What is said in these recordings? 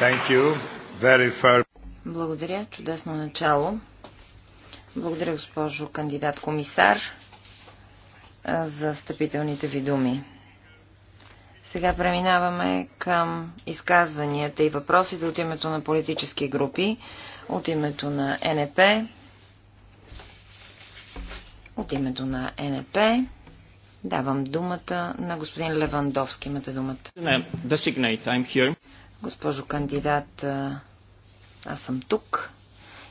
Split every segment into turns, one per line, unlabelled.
Thank you. Very
Благодаря. Чудесно начало. Благодаря, госпожо кандидат комисар, за стъпителните ви думи. Сега преминаваме към изказванията и въпросите от името на политически групи, от името на НП, от името на НП. Давам думата на господин Левандовски. Имате думата. Госпожо кандидат, аз съм тук.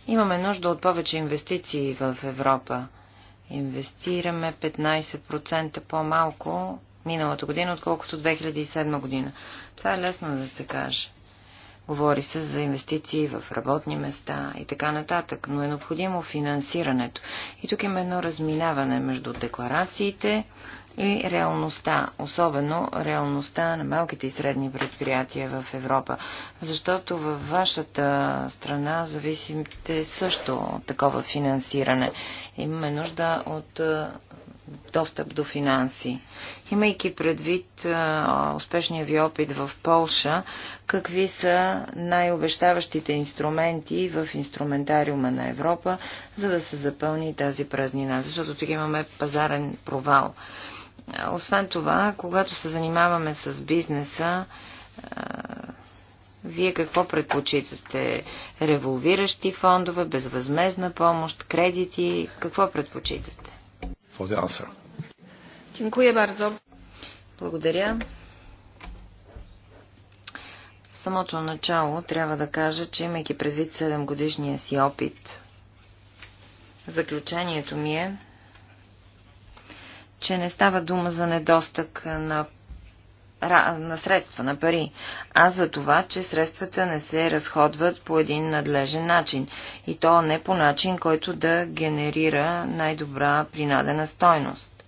Имаме нужда от повече инвестиции в Европа. Инвестираме 15% по-малко миналата година, отколкото 2007 година. Това е лесно да се каже. Говори се за инвестиции в работни места и така нататък, но е необходимо финансирането. И тук има едно разминаване между декларациите и реалността, особено реалността на малките и средни предприятия в Европа. Защото във вашата страна зависимите също от такова финансиране. Имаме нужда от достъп до финанси. Имайки предвид успешния ви опит в Полша, какви са най-обещаващите инструменти в инструментариума на Европа, за да се запълни тази празнина? Защото тук имаме пазарен провал. Освен това, когато се занимаваме с бизнеса, вие какво предпочитате? Револвиращи фондове, безвъзмезна помощ, кредити? Какво предпочитате? Благодаря. В самото начало трябва да кажа, че имайки предвид 7 годишния си опит, заключението ми е, че не става дума за недостъг на на средства, на пари, а за това, че средствата не се разходват по един надлежен начин. И то не по начин, който да генерира най-добра принадена стойност.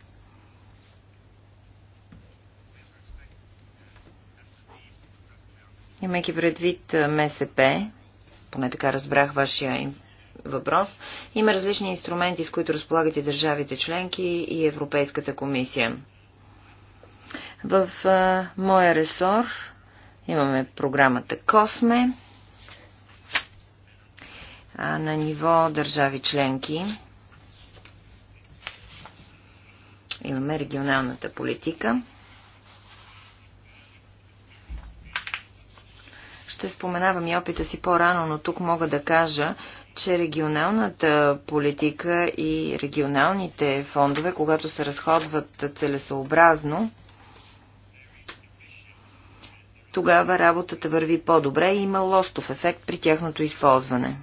Имайки предвид МСП, поне така разбрах вашия въпрос. Има различни инструменти, с които разполагат и държавите членки и Европейската комисия. В а, моя ресор имаме програмата Косме а, на ниво държави членки. Имаме регионалната политика. Ще споменавам и опита си по-рано, но тук мога да кажа, че регионалната политика и регионалните фондове, когато се разходват целесообразно, тогава работата върви по-добре и има лостов ефект при тяхното използване.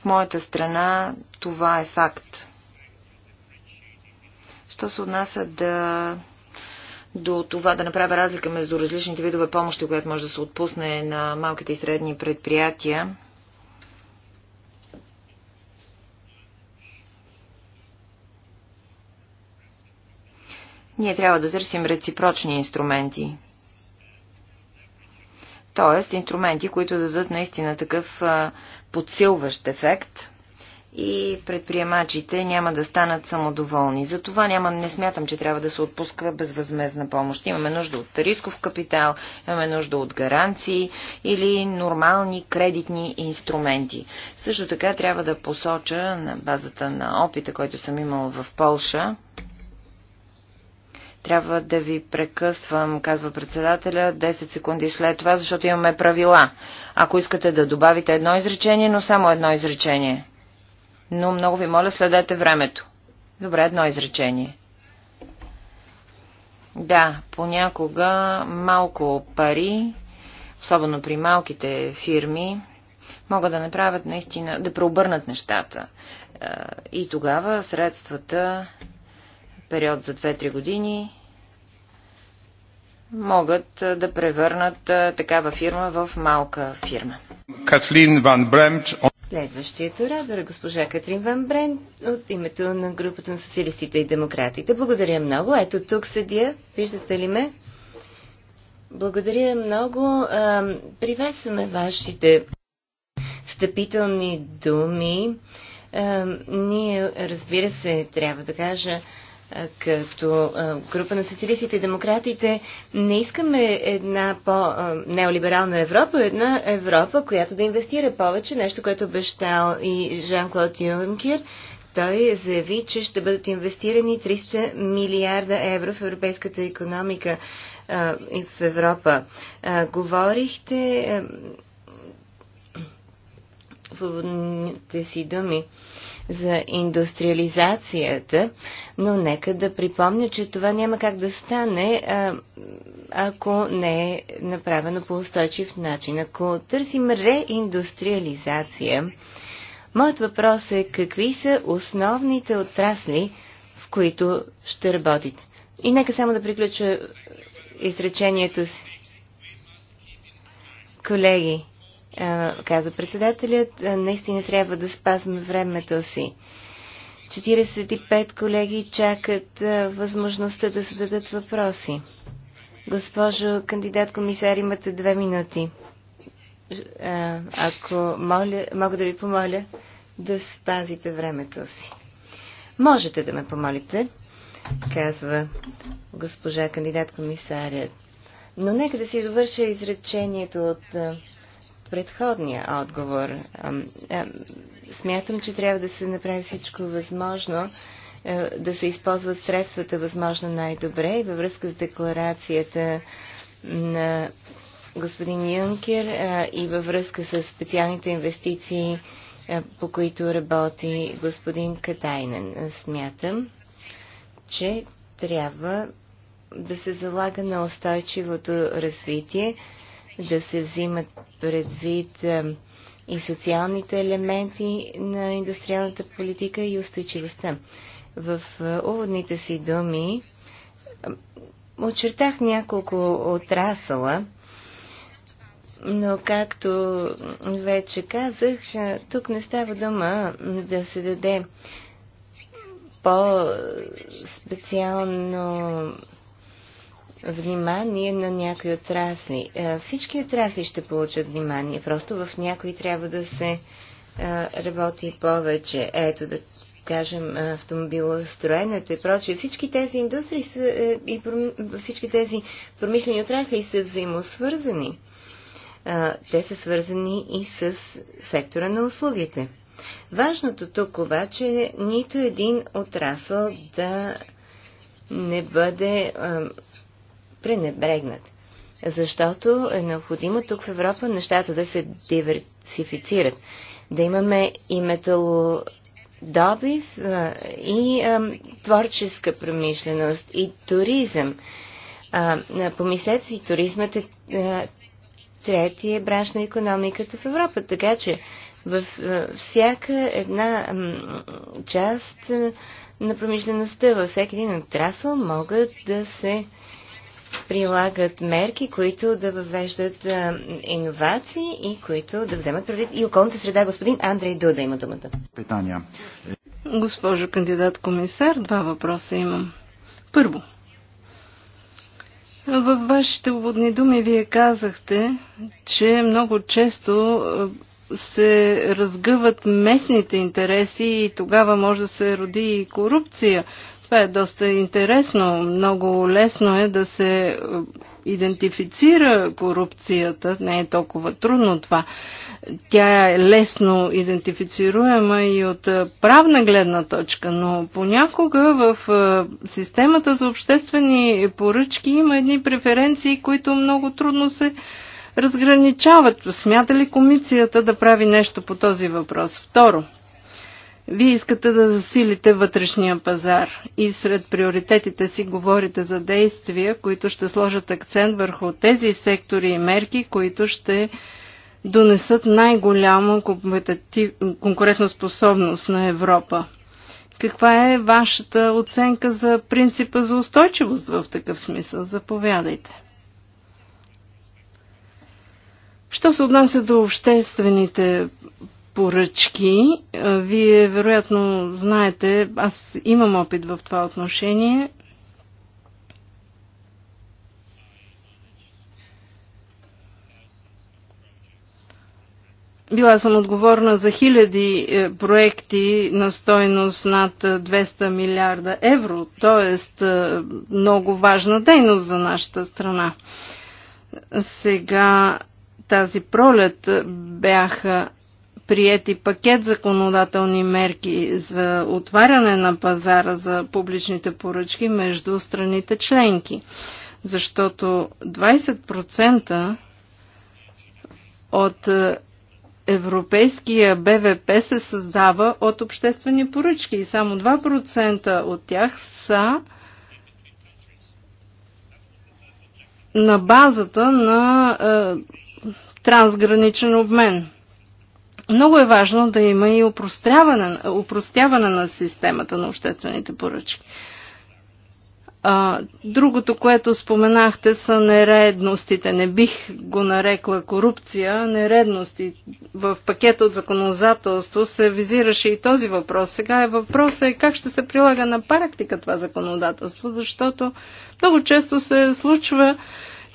В моята страна това е факт. Що се отнася да до това да направя разлика между различните видове помощи, която може да се отпусне на малките и средни предприятия. Ние трябва да търсим реципрочни инструменти. Тоест, инструменти, които дадат наистина такъв подсилващ ефект – и предприемачите няма да станат самодоволни. Затова няма, не смятам, че трябва да се отпуска безвъзмезна помощ. Имаме нужда от рисков капитал, имаме нужда от гаранции или нормални кредитни инструменти. Също така трябва да посоча на базата на опита, който съм имал в Полша, трябва да ви прекъсвам, казва председателя, 10 секунди след това, защото имаме правила. Ако искате да добавите едно изречение, но само едно изречение но много ви моля, следете времето. Добре, едно изречение. Да, понякога малко пари, особено при малките фирми, могат да направят наистина, да преобърнат нещата. Е, и тогава средствата, период за 2-3 години, могат е, да превърнат е, такава фирма в малка фирма.
Катлин Ван Бремч.
Следващият оратор е госпожа
Катрин Ван Брен от името на групата на социалистите и демократите. Благодаря много. Ето тук седя. Виждате ли ме? Благодаря много. Приветстваме вашите стъпителни думи. Ние, разбира се, трябва да кажа, като група на социалистите и демократите не искаме една по-неолиберална Европа, една Европа, която да инвестира повече, нещо, което обещал и Жан-Клод Юнкер. Той заяви, че ще бъдат инвестирани 300 милиарда евро в европейската економика и в Европа. Говорихте предходните си думи за индустриализацията, но нека да припомня, че това няма как да стане, а, ако не е направено по устойчив начин. Ако търсим реиндустриализация, моят въпрос е какви са основните отрасли, в които ще работите. И нека само да приключа изречението си. Колеги, каза председателят, наистина трябва да спазваме времето си. 45 колеги чакат възможността да зададат въпроси. Госпожо кандидат комисар, имате две минути. Ако моля, мога да ви помоля да спазите времето си. Можете да ме помолите, казва госпожа кандидат комисарят. Но нека да си довърша изречението от предходния отговор. Смятам, че трябва да се направи всичко възможно е, да се използват средствата възможно най-добре и във връзка с декларацията на господин Юнкер е, и във връзка с специалните инвестиции, е, по които работи господин Катайнен. Смятам, че трябва да се залага на устойчивото развитие да се взимат предвид е, и социалните елементи на индустриалната политика и устойчивостта. В е, уводните си думи е, очертах няколко отрасъла, но както вече казах, тук не става дума да се даде по-специално внимание на някои отрасли. Е, всички отрасли ще получат внимание, просто в някои трябва да се е, работи повече. Ето да кажем е, автомобилостроенето и прочее. Всички тези индустрии са, и всички тези промишлени отрасли са взаимосвързани. Те са свързани и с сектора на услугите. Важното тук обаче е нито един отрасъл да не бъде пренебрегнат. Защото е необходимо тук в Европа нещата да се диверсифицират. Да имаме и металодобив, и а, творческа промишленост, и туризъм. А, помислете си, туризмът е а, третия бранш на економиката в Европа, така че в всяка една част на промишлеността, във всеки един отрасъл могат да се прилагат мерки, които да въвеждат иновации и които да вземат предвид и околната среда. Господин Андрей Дуда има думата.
Питания.
Госпожо кандидат комисар, два въпроса имам. Първо, във вашите уводни думи вие казахте, че много често се разгъват местните интереси и тогава може да се роди и корупция. Това е доста интересно. Много лесно е да се е, идентифицира корупцията. Не е толкова трудно това. Тя е лесно идентифицируема и от е, правна гледна точка, но понякога в е, системата за обществени поръчки има едни преференции, които много трудно се разграничават. Смята ли комисията да прави нещо по този въпрос? Второ, вие искате да засилите вътрешния пазар и сред приоритетите си говорите за действия, които ще сложат акцент върху тези сектори и мерки, които ще донесат най-голяма конкурентоспособност на Европа. Каква е вашата оценка за принципа за устойчивост в такъв смисъл? Заповядайте. Що се отнася до обществените поръчки. Вие вероятно знаете, аз имам опит в това отношение. Била съм отговорна за хиляди е, проекти на стойност над 200 е, милиарда евро, т.е. много важна дейност за нашата страна. Сега тази пролет бяха приети пакет законодателни мерки за отваряне на пазара за публичните поръчки между страните членки, защото 20% от е, европейския БВП се създава от обществени поръчки и само 2% от тях са на базата на е, трансграничен обмен. Много е важно да има и упростяване, упростяване на системата на обществените поръчки. А, другото, което споменахте, са нередностите. Не бих го нарекла корупция, нередности. В пакета от законодателство се визираше и този въпрос. Сега е въпросът е как ще се прилага на практика това законодателство, защото много често се случва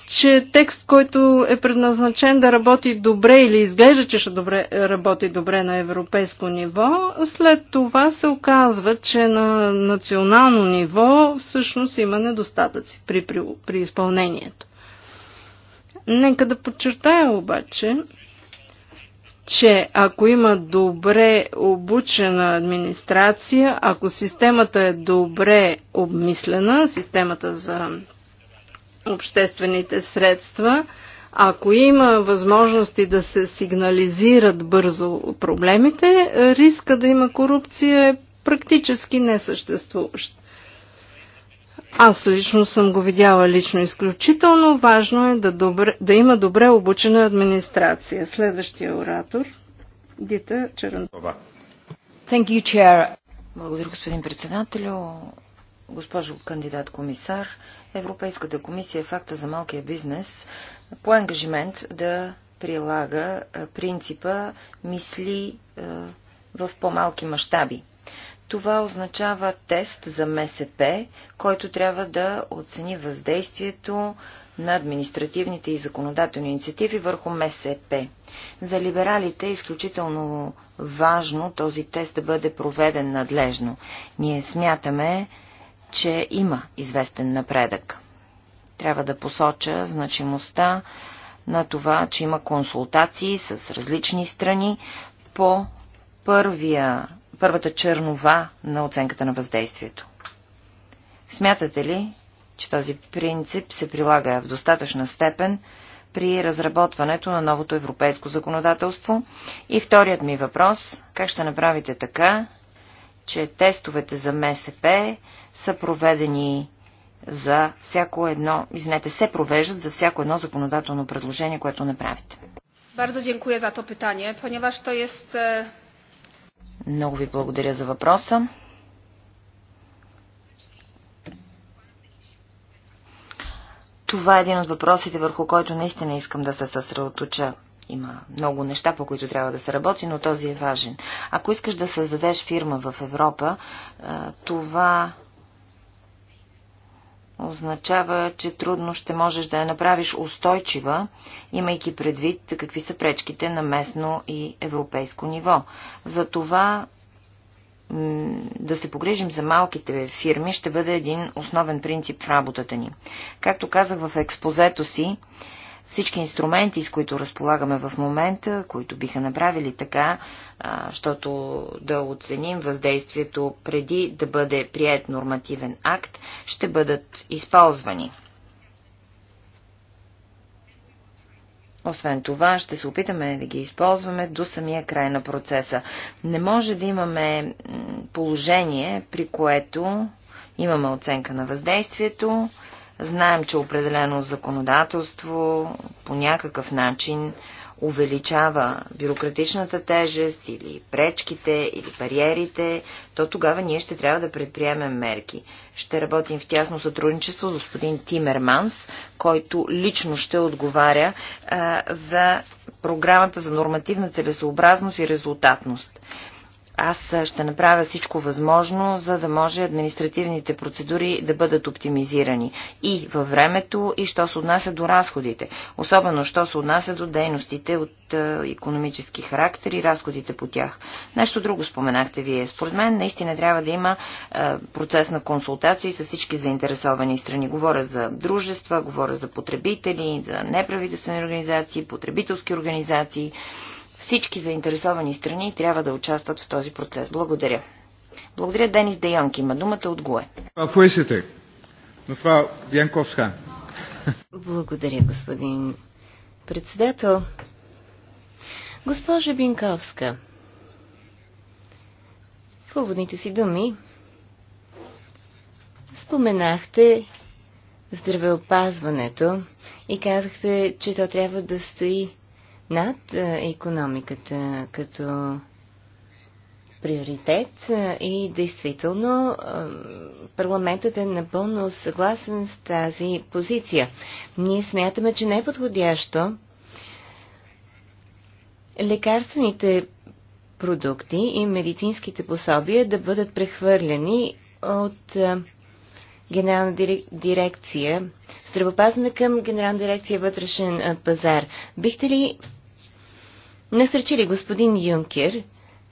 че текст, който е предназначен да работи добре или изглежда, че ще добре, е, работи добре на европейско ниво, след това се оказва, че на национално ниво всъщност има недостатъци при, при, при изпълнението. Нека да подчертая обаче, че ако има добре обучена администрация, ако системата е добре обмислена, системата за обществените средства. Ако има възможности да се сигнализират бързо проблемите, риска да има корупция е практически несъществуващ. Аз лично съм го видяла лично изключително. Важно е да, добре, да има добре обучена администрация. Следващия оратор – Дита Чернова. Thank
you, chair. Благодаря, господин председателю. Госпожо кандидат комисар, Европейската комисия е факта за малкия бизнес по ангажимент да прилага принципа мисли в по-малки мащаби. Това означава тест за МСП, който трябва да оцени въздействието на административните и законодателни инициативи върху МСП. За либералите е изключително важно този тест да бъде проведен надлежно. Ние смятаме, че има известен напредък. Трябва да посоча значимостта на това, че има консултации с различни страни по първия, първата чернова на оценката на въздействието. Смятате ли, че този принцип се прилага в достатъчна степен при разработването на новото европейско законодателство? И вторият ми въпрос – как ще направите така, че тестовете за МСП са проведени за всяко едно, извинете, се провеждат за всяко едно законодателно предложение, което направите.
Бардо dziękuję за to питание, ponieważ то jest... E,
Много ви благодаря за въпроса. Това е един от въпросите, върху който наистина искам да се съсредоточа. Има много неща, по които трябва да се работи, но този е важен. Ако искаш да създадеш фирма в Европа, това означава, че трудно ще можеш да я направиш устойчива, имайки предвид какви са пречките на местно и европейско ниво. Затова да се погрижим за малките фирми ще бъде един основен принцип в работата ни. Както казах в експозето си, всички инструменти, с които разполагаме в момента, които биха направили така, защото да оценим въздействието преди да бъде прият нормативен акт, ще бъдат използвани. Освен това, ще се опитаме да ги използваме до самия край на процеса. Не може да имаме положение, при което имаме оценка на въздействието Знаем, че определено законодателство по някакъв начин увеличава бюрократичната тежест или пречките или бариерите, то тогава ние ще трябва да предприемем мерки. Ще работим в тясно сътрудничество с господин Тимерманс, който лично ще отговаря а, за програмата за нормативна целесообразност и резултатност. Аз ще направя всичко възможно, за да може административните процедури да бъдат оптимизирани и във времето, и що се отнася до разходите. Особено, що се отнася до дейностите от економически характер и разходите по тях. Нещо друго споменахте вие. Според мен наистина трябва да има процес на консултации с всички заинтересовани страни. Говоря за дружества, говоря за потребители, за неправителствени организации, потребителски организации. Всички заинтересовани страни трябва да участват в този процес. Благодаря. Благодаря Денис Деянки. Има думата от ГУЕ. Благодаря, господин председател.
Госпожа Бинковска, в уводните си думи споменахте здравеопазването и казахте, че то трябва да стои над економиката като приоритет е, и действително е, парламентът е напълно съгласен с тази позиция. Ние смятаме, че не е подходящо лекарствените продукти и медицинските пособия да бъдат прехвърлени от е, Генерална дирекция здравопазване към Генерална дирекция вътрешен пазар. Бихте ли ли господин Юнкер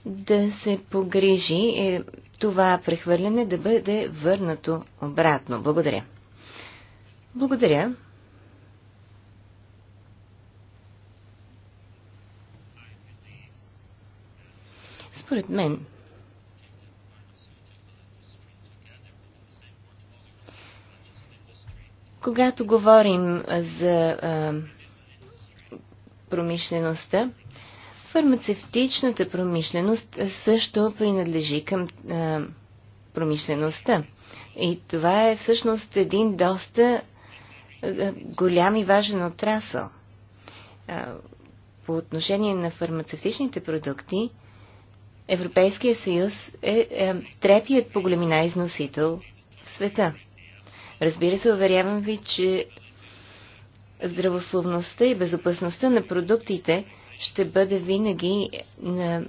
да се погрижи е, това прехвърляне да бъде върнато обратно. Благодаря. Благодаря. Според мен, когато говорим за а, промишлеността, Фармацевтичната промишленост също принадлежи към а, промишлеността. И това е всъщност един доста а, голям и важен отрасъл. А, по отношение на фармацевтичните продукти, Европейския съюз е, е третият по големина износител в света. Разбира се, уверявам ви, че здравословността и безопасността на продуктите ще бъде винаги на,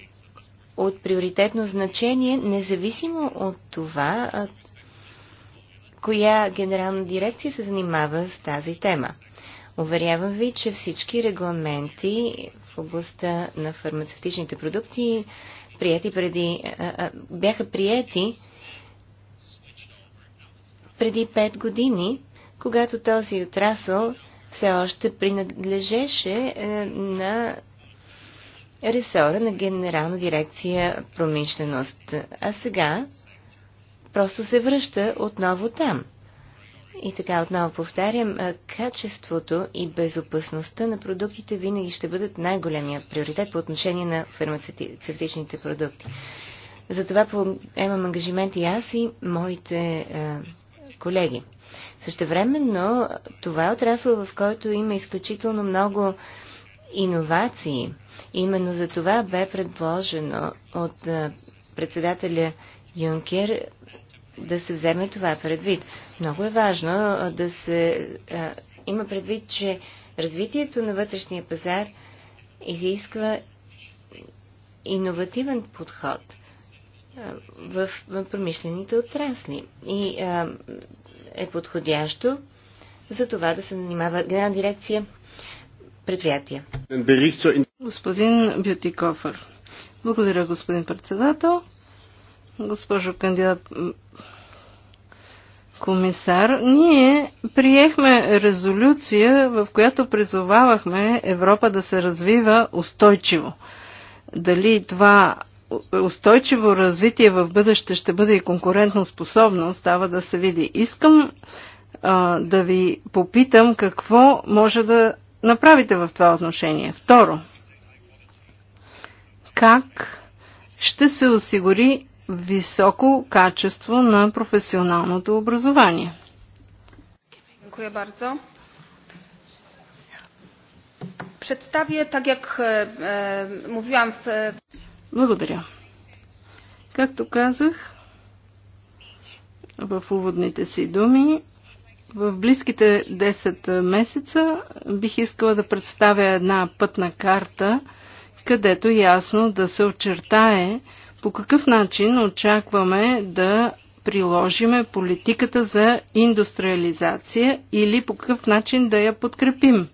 от приоритетно значение, независимо от това, а, коя генерална дирекция се занимава с тази тема. Уверявам ви, че всички регламенти в областта на фармацевтичните продукти прияти преди, а, а, бяха прияти преди 5 години, когато този отрасъл все още принадлежеше е, на ресора на Генерална дирекция промишленост. А сега просто се връща отново там. И така отново повтарям, е, качеството и безопасността на продуктите винаги ще бъдат най-големия приоритет по отношение на фармацевтичните продукти. Затова имам ангажимент и аз и моите е, колеги. Същевременно това е отрасъл, в който има изключително много иновации. Именно за това бе предложено от председателя Юнкер да се вземе това предвид. Много е важно да се има предвид, че развитието на вътрешния пазар изисква иновативен подход в промишлените отрасли. И а, е подходящо за това да се занимава Генерална дирекция предприятия.
Господин Бютикофър. Благодаря, господин председател. Госпожо кандидат комисар, ние приехме резолюция, в която призовавахме Европа да се развива устойчиво. Дали това устойчиво развитие в бъдеще ще бъде и конкурентно способно, става да се види. Искам а, да ви попитам какво може да направите в това отношение. Второ, как ще се осигури високо качество на професионалното образование?
Представя bardzo. Przedstawię, tak jak e, e mówiłam w... Благодаря. Както
казах в уводните си думи, в близките 10 месеца бих искала да представя една пътна карта, където ясно да се очертае по какъв начин очакваме да приложиме политиката за индустриализация или по какъв начин да я подкрепим.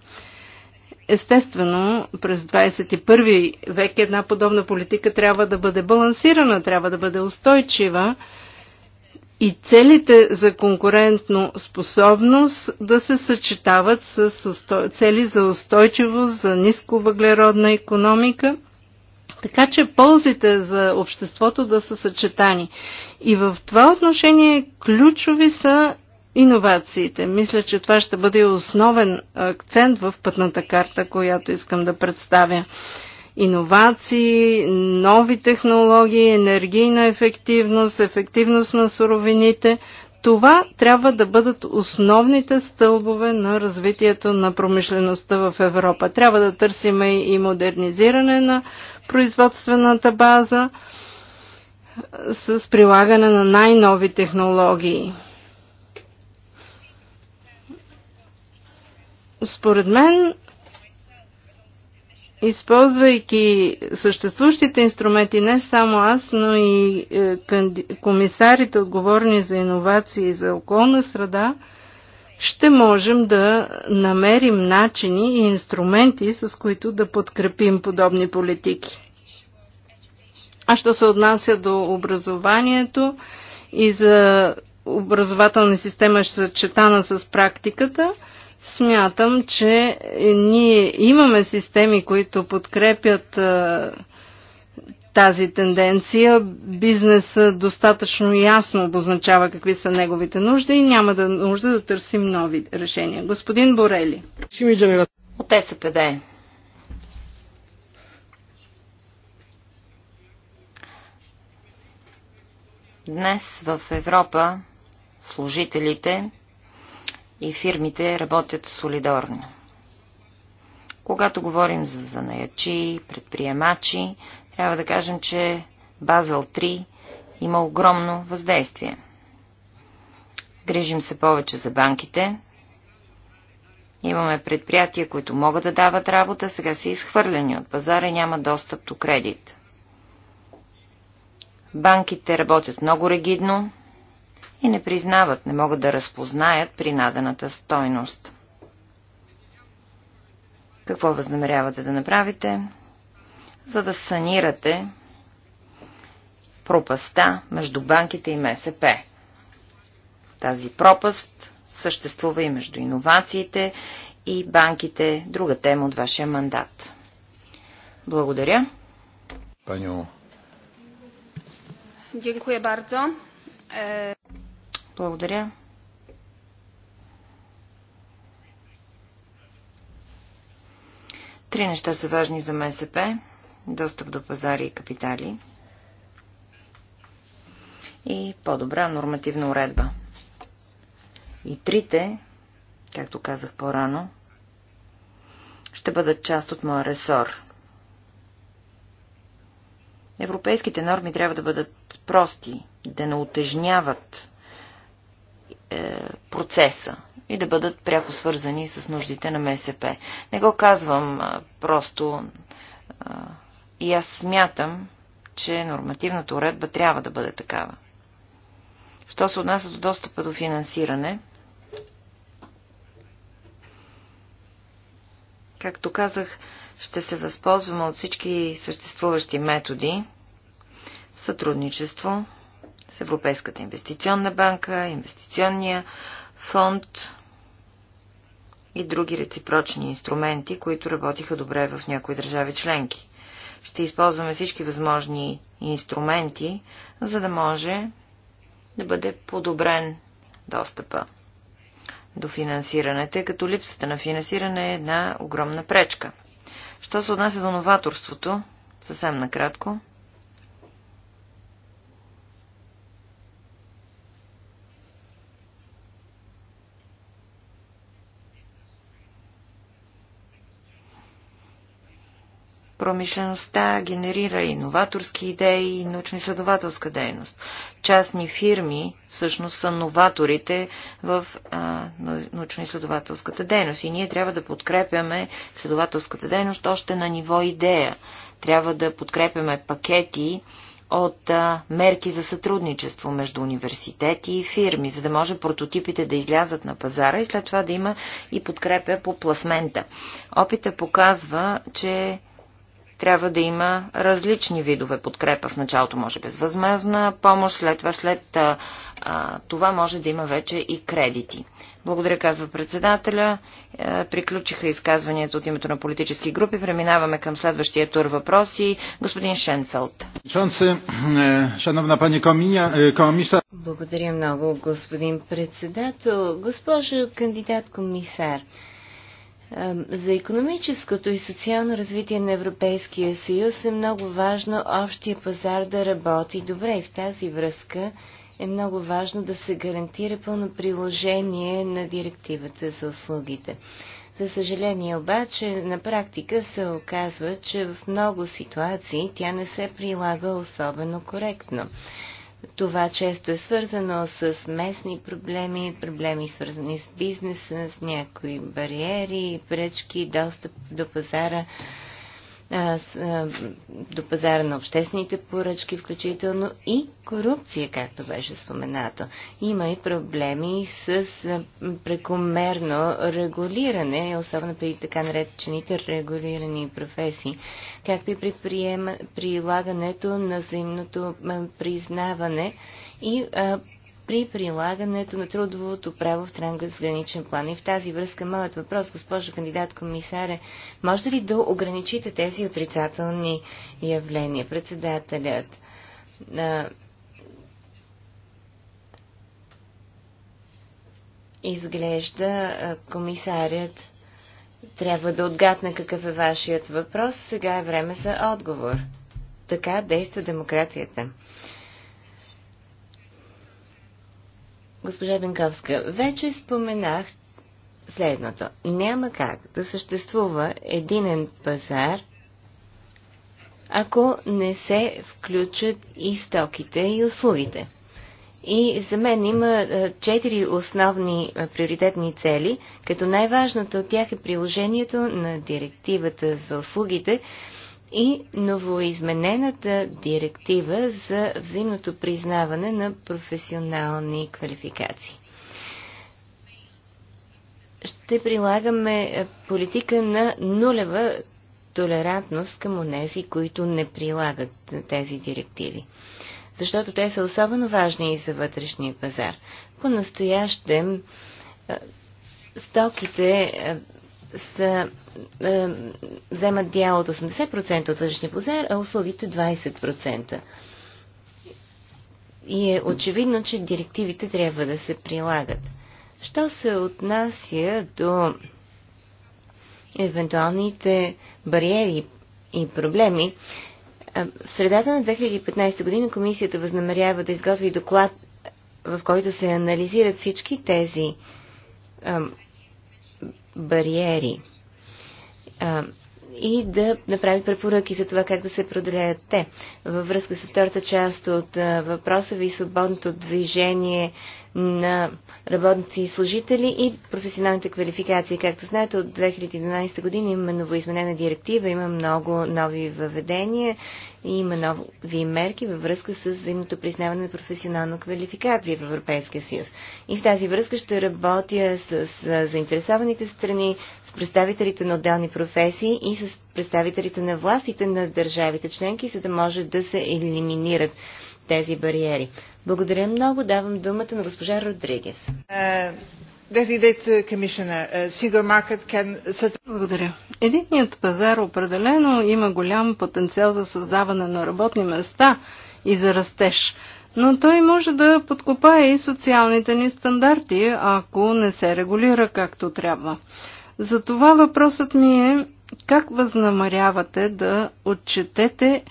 Естествено, през 21 век една подобна политика трябва да бъде балансирана, трябва да бъде устойчива и целите за конкурентно способност да се съчетават с цели за устойчивост, за ниско въглеродна економика, така че ползите за обществото да са съчетани. И в това отношение ключови са иновациите. Мисля, че това ще бъде основен акцент в пътната карта, която искам да представя. Иновации, нови технологии, енергийна ефективност, ефективност на суровините. Това трябва да бъдат основните стълбове на развитието на промишлеността в Европа. Трябва да търсиме и модернизиране на производствената база с прилагане на най-нови технологии Според мен, използвайки съществуващите инструменти, не само аз, но и е, комисарите, отговорни за иновации и за околна среда, ще можем да намерим начини и инструменти, с които да подкрепим подобни политики. А що се отнася до образованието и за образователна система, съчетана с практиката – Смятам, че ние имаме системи, които подкрепят тази тенденция. Бизнес достатъчно ясно обозначава какви са неговите нужди и няма да нужда да търсим нови решения. Господин Борели. От СПД.
Днес в Европа служителите и фирмите работят солидорно. Когато говорим за занаячи, предприемачи, трябва да кажем, че Базъл 3 има огромно въздействие. Грижим се повече за банките. Имаме предприятия, които могат да дават работа, сега са изхвърлени от пазара и няма достъп до кредит. Банките работят много регидно, и не признават, не могат да разпознаят принадената стойност. Какво възнамерявате да направите, за да санирате пропаста между банките и МСП? Тази пропаст съществува и между иновациите и банките, друга тема от вашия мандат. Благодаря. Паню. Дякую. Благодаря. Три неща са важни за МСП. Достъп до пазари и капитали. И по-добра нормативна уредба. И трите, както казах по-рано, ще бъдат част от моя ресор. Европейските норми трябва да бъдат прости, да не отежняват е, процеса и да бъдат пряко свързани с нуждите на МСП. Не го казвам просто и аз смятам, че нормативната уредба трябва да бъде такава. Що се отнася до достъпа до финансиране, както казах, ще се възползваме от всички съществуващи методи, сътрудничество, с Европейската инвестиционна банка, инвестиционния фонд и други реципрочни инструменти, които работиха добре в някои държави членки. Ще използваме всички възможни инструменти, за да може да бъде подобрен достъпа до финансиране, тъй като липсата на финансиране е една огромна пречка. Що се отнася до новаторството, съвсем накратко, Промишлеността генерира иноваторски идеи и научно-изследователска дейност. Частни фирми всъщност са новаторите в научно-изследователската дейност и ние трябва да подкрепяме следователската дейност още на ниво идея. Трябва да подкрепяме пакети, от а, мерки за сътрудничество между университети и фирми, за да може прототипите да излязат на пазара и след това да има и подкрепя по пласмента. Опита показва, че трябва да има различни видове подкрепа. В началото може безвъзмезна помощ, след това, след а, това може да има вече и кредити. Благодаря, казва председателя. Е, приключиха изказванията от името на политически групи. Преминаваме към следващия тур въпроси. Господин Шенфелд.
Е, е,
Благодаря много, господин председател. Госпожо кандидат комисар, за економическото и социално развитие на Европейския съюз е много важно общия пазар да работи добре и в тази връзка е много важно да се гарантира пълно приложение на директивата за услугите. За съжаление обаче, на практика се оказва, че в много ситуации тя не се прилага особено коректно. Това често е свързано с местни проблеми, проблеми свързани с бизнеса, с някои бариери, пречки, достъп до пазара до пазара на обществените поръчки, включително и корупция, както беше споменато. Има и проблеми с прекомерно регулиране, особено при така наречените регулирани професии, както и при приема, прилагането на взаимното признаване и при прилагането на трудовото право в трансграничен план. И в тази връзка моят въпрос, госпожо кандидат комисаре, може ли да ограничите тези отрицателни явления? Председателят на изглежда комисарят трябва да отгадне какъв е вашият въпрос. Сега е време за отговор. Така действа демокрацията. Госпожа Бенковска, вече споменах следното. Няма как да съществува единен пазар, ако не се включат и стоките и услугите. И за мен има четири основни приоритетни цели, като най-важното от тях е приложението на директивата за услугите, и новоизменената директива за взаимното признаване на професионални квалификации. Ще прилагаме е, политика на нулева толерантност към онези, които не прилагат тези директиви, защото те са особено важни и за вътрешния пазар. По-настоящем е, стоките е, са, е, вземат дял от 80% от вътрешния пазар, а услугите 20%. И е очевидно, че директивите трябва да се прилагат. Що се отнася до евентуалните бариери и проблеми, е, в средата на 2015 година комисията възнамерява да изготви доклад, в който се анализират всички тези бариери а, и да направи препоръки за това как да се преодолеят те. Във връзка с втората част от а, въпроса ви, свободното движение на работници и служители и професионалните квалификации. Както знаете, от 2012 година има новоизменена директива, има много нови въведения и има нови мерки във връзка с взаимното признаване на професионална квалификация в Европейския съюз. И в тази връзка ще работя с, с заинтересованите страни, с представителите на отделни професии и с представителите на властите на държавите членки, за да може да се елиминират тези бариери. Благодаря много. Давам думата на госпожа Родригес. Е, е,
Благодаря. Единният пазар определено има голям потенциал за създаване на работни места и за растеж. Но той може да подкопае и социалните ни стандарти, ако не се регулира както трябва. Затова въпросът ми е как възнамарявате да отчетете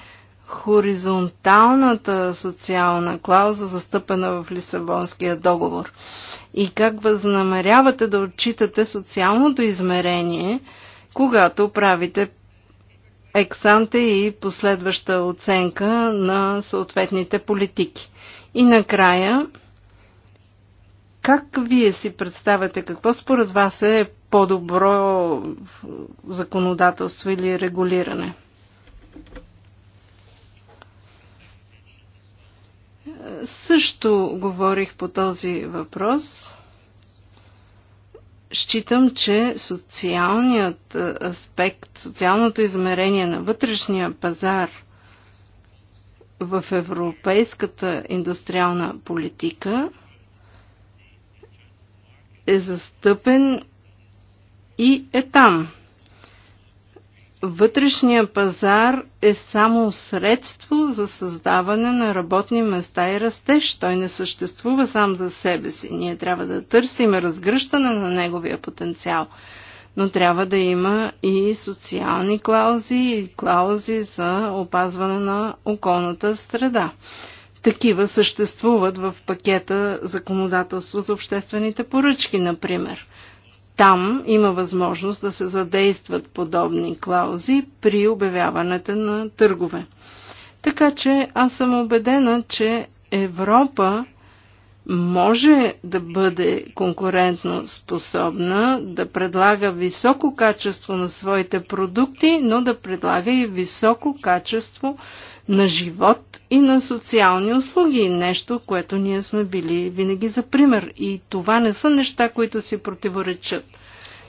хоризонталната социална клауза, застъпена в Лисабонския договор? И как възнамерявате да отчитате социалното измерение, когато правите ексанте и последваща оценка на съответните политики? И накрая, как вие си представяте, какво според вас е по-добро законодателство или регулиране? също говорих по този въпрос. Считам, че социалният аспект, социалното измерение на вътрешния пазар в европейската индустриална политика е застъпен и е там. Вътрешният пазар е само средство за създаване на работни места и растеж. Той не съществува сам за себе си. Ние трябва да търсим разгръщане на неговия потенциал. Но трябва да има и социални клаузи и клаузи за опазване на околната среда. Такива съществуват в пакета законодателство за обществените поръчки, например там има възможност да се задействат подобни клаузи при обявяването на търгове. Така че аз съм убедена, че Европа може да бъде конкурентно способна, да предлага високо качество на своите продукти, но да предлага и високо качество на на живот и на социални услуги. Нещо, което ние сме били винаги за пример. И това не са неща, които си противоречат.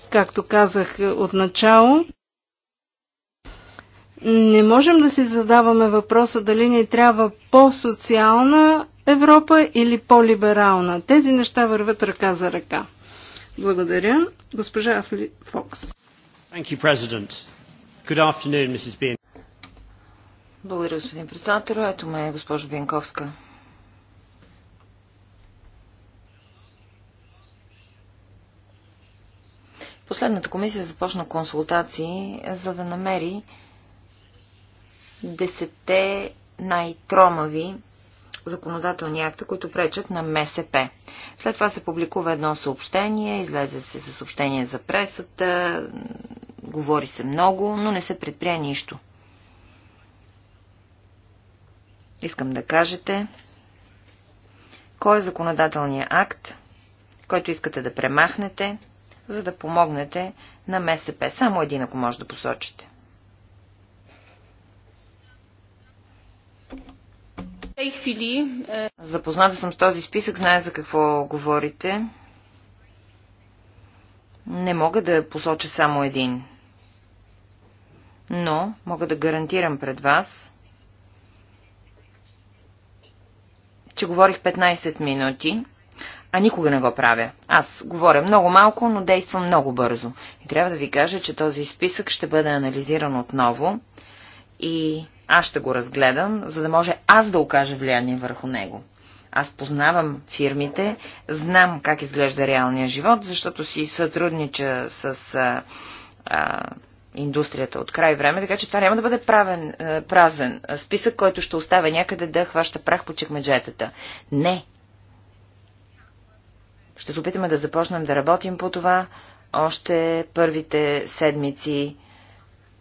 Както казах е, отначало, не можем да си задаваме въпроса дали ни трябва по-социална Европа или по-либерална. Тези неща върват ръка за ръка. Благодаря. Госпожа Афли Фокс.
Thank you, President. Good afternoon, Mrs. Bean.
Благодаря, господин председател. Ето ме, госпожо Бенковска. Последната комисия започна консултации, за да намери десете най-тромави законодателни акта, които пречат на МСП. След това се публикува едно съобщение, излезе се със съобщение за пресата, говори се много, но не се предприе нищо. Искам да кажете кой е законодателният акт, който искате да премахнете, за да помогнете на МСП. Само един, ако може да посочите. Запозната съм с този списък, знае за какво говорите. Не мога да посоча само един. Но мога да гарантирам пред вас, че говорих 15 минути, а никога не го правя. Аз говоря много малко, но действам много бързо. И трябва да ви кажа, че този списък ще бъде анализиран отново и аз ще го разгледам, за да може аз да окажа влияние върху него. Аз познавам фирмите, знам как изглежда реалния живот, защото си сътруднича с а, а, индустрията от край време, така че това няма да бъде правен, е, празен списък, който ще оставя някъде да хваща прах по чекмеджетата. Не. Ще се опитаме да започнем да работим по това още първите седмици,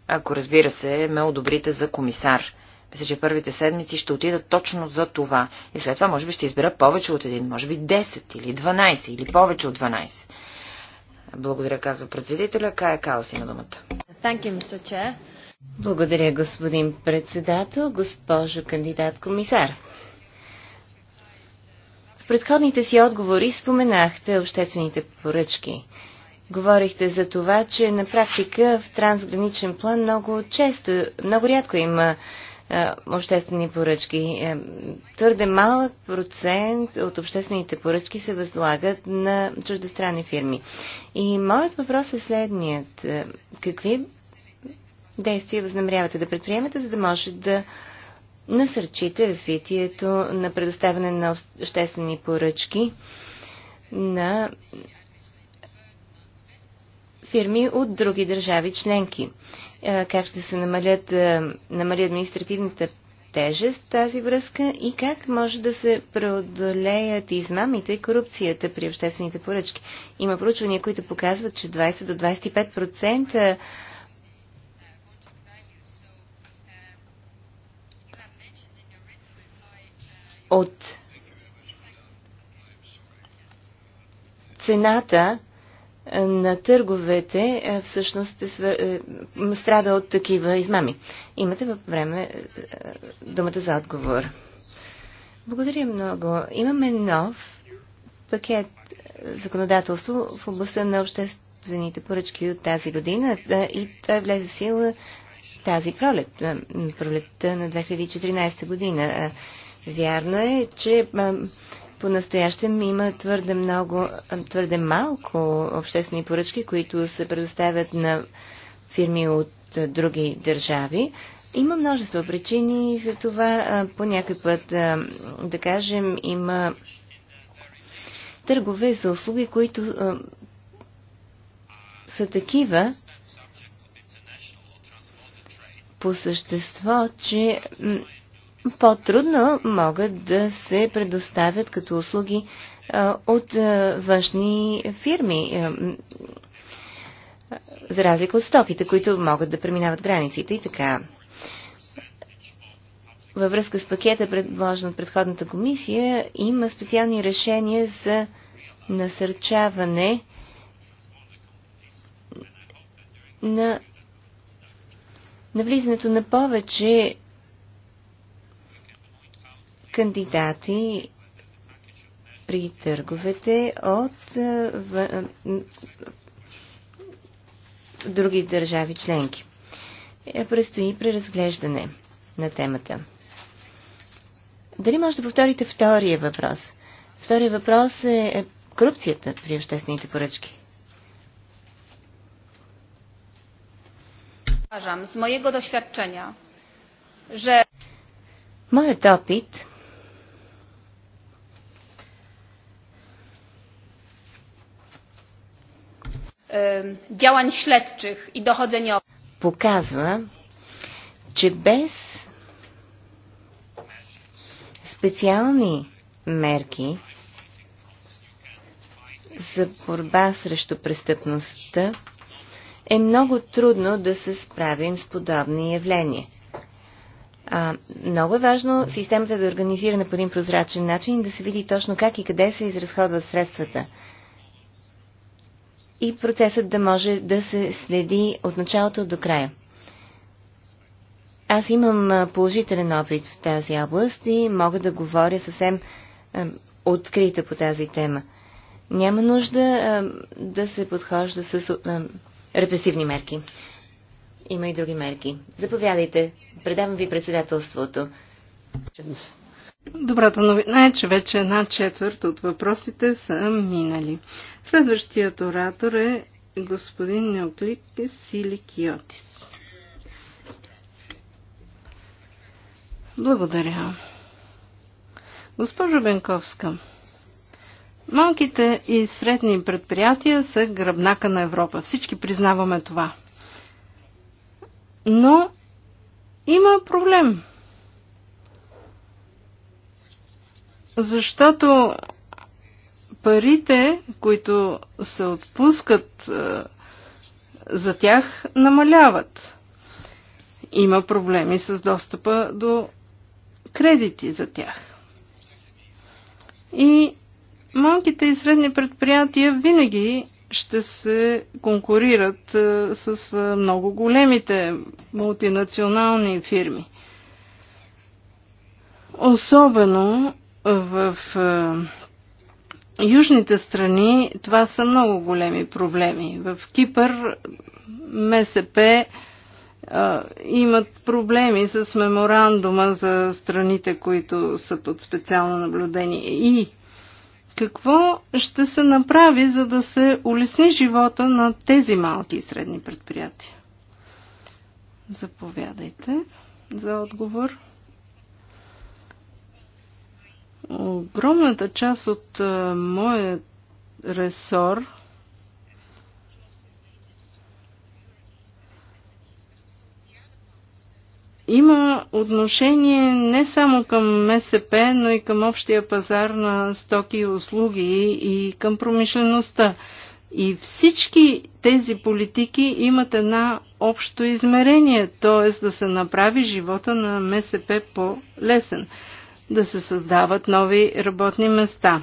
ако разбира се, ме одобрите за комисар. Мисля, че първите седмици ще отида точно за това. И след това, може би, ще избера повече от един, може би 10 или 12 или повече от 12. Благодаря, казва председателя. Кая Калас има думата.
Thank you, Благодаря, господин председател, госпожо кандидат комисар. В предходните си отговори споменахте обществените поръчки. Говорихте за това, че на практика в трансграничен план много често, много рядко има обществени поръчки. Е, твърде малък процент от обществените поръчки се възлагат на чуждестранни фирми. И моят въпрос е следният. Е, какви действия възнамерявате да предприемете, за да може да насърчите развитието на предоставяне на обществени поръчки на фирми от други държави членки. Е, как ще се намалят, е, намали административната тежест в тази връзка и как може да се преодолеят измамите и корупцията при обществените поръчки. Има проучвания, които показват, че 20 до 25% от цената на търговете е, всъщност е, е страда от такива измами. Имате във време е, думата за отговор. Благодаря много. Имаме нов пакет законодателство в областта на обществените поръчки от тази година и той влезе в сила тази пролет, пролетта на 2014 година. Вярно е, че по-настоящем има твърде, много, твърде малко обществени поръчки, които се предоставят на фирми от други държави. Има множество причини за това. По някой път, да кажем, има търгове за услуги, които са такива по същество, че по-трудно могат да се предоставят като услуги от външни фирми, за разлика от стоките, които могат да преминават границите и така. Във връзка с пакета, предложен от предходната комисия, има специални решения за насърчаване на навлизането на повече кандидати при търговете от е, е, други държави членки. Е, Престои преразглеждане на темата. Дали може да повторите втория въпрос? Втория въпрос е корупцията при обществените поръчки. Моят опит.
działań śledczych i dochodzeniowych
показва, че без специални мерки за борба срещу престъпността е много трудно да се справим с подобни явления. А, много е важно системата да е организирана по един прозрачен начин и да се види точно как и къде се изразходват средствата и процесът да може да се следи от началото до края. Аз имам положителен опит в тази област и мога да говоря съвсем открито открита по тази тема. Няма нужда да се подхожда
с репресивни
мерки. Има и други мерки. Заповядайте. Предавам ви председателството.
Добрата новина е, че вече една четвърт от въпросите са минали. Следващият оратор е господин Неоклипис Киотис. Благодаря. Госпожо Бенковска, малките и средни предприятия са гръбнака на Европа. Всички признаваме това. Но има проблем. Защото парите, които се отпускат е, за тях, намаляват. Има проблеми с достъпа до кредити за тях. И малките и средни предприятия винаги ще се конкурират е, с е, много големите мултинационални фирми. Особено в е, южните страни това са много големи проблеми. В Кипър МСП а, е, имат проблеми с меморандума за страните, които са под специално наблюдение. И какво ще се направи, за да се улесни живота на тези малки и средни предприятия? Заповядайте за отговор. Огромната част от моят ресор има отношение не само към МСП, но и към общия пазар на стоки и услуги и към промишлеността. И всички тези политики имат една общо измерение, т.е. да се направи живота на МСП по-лесен да се създават нови работни места.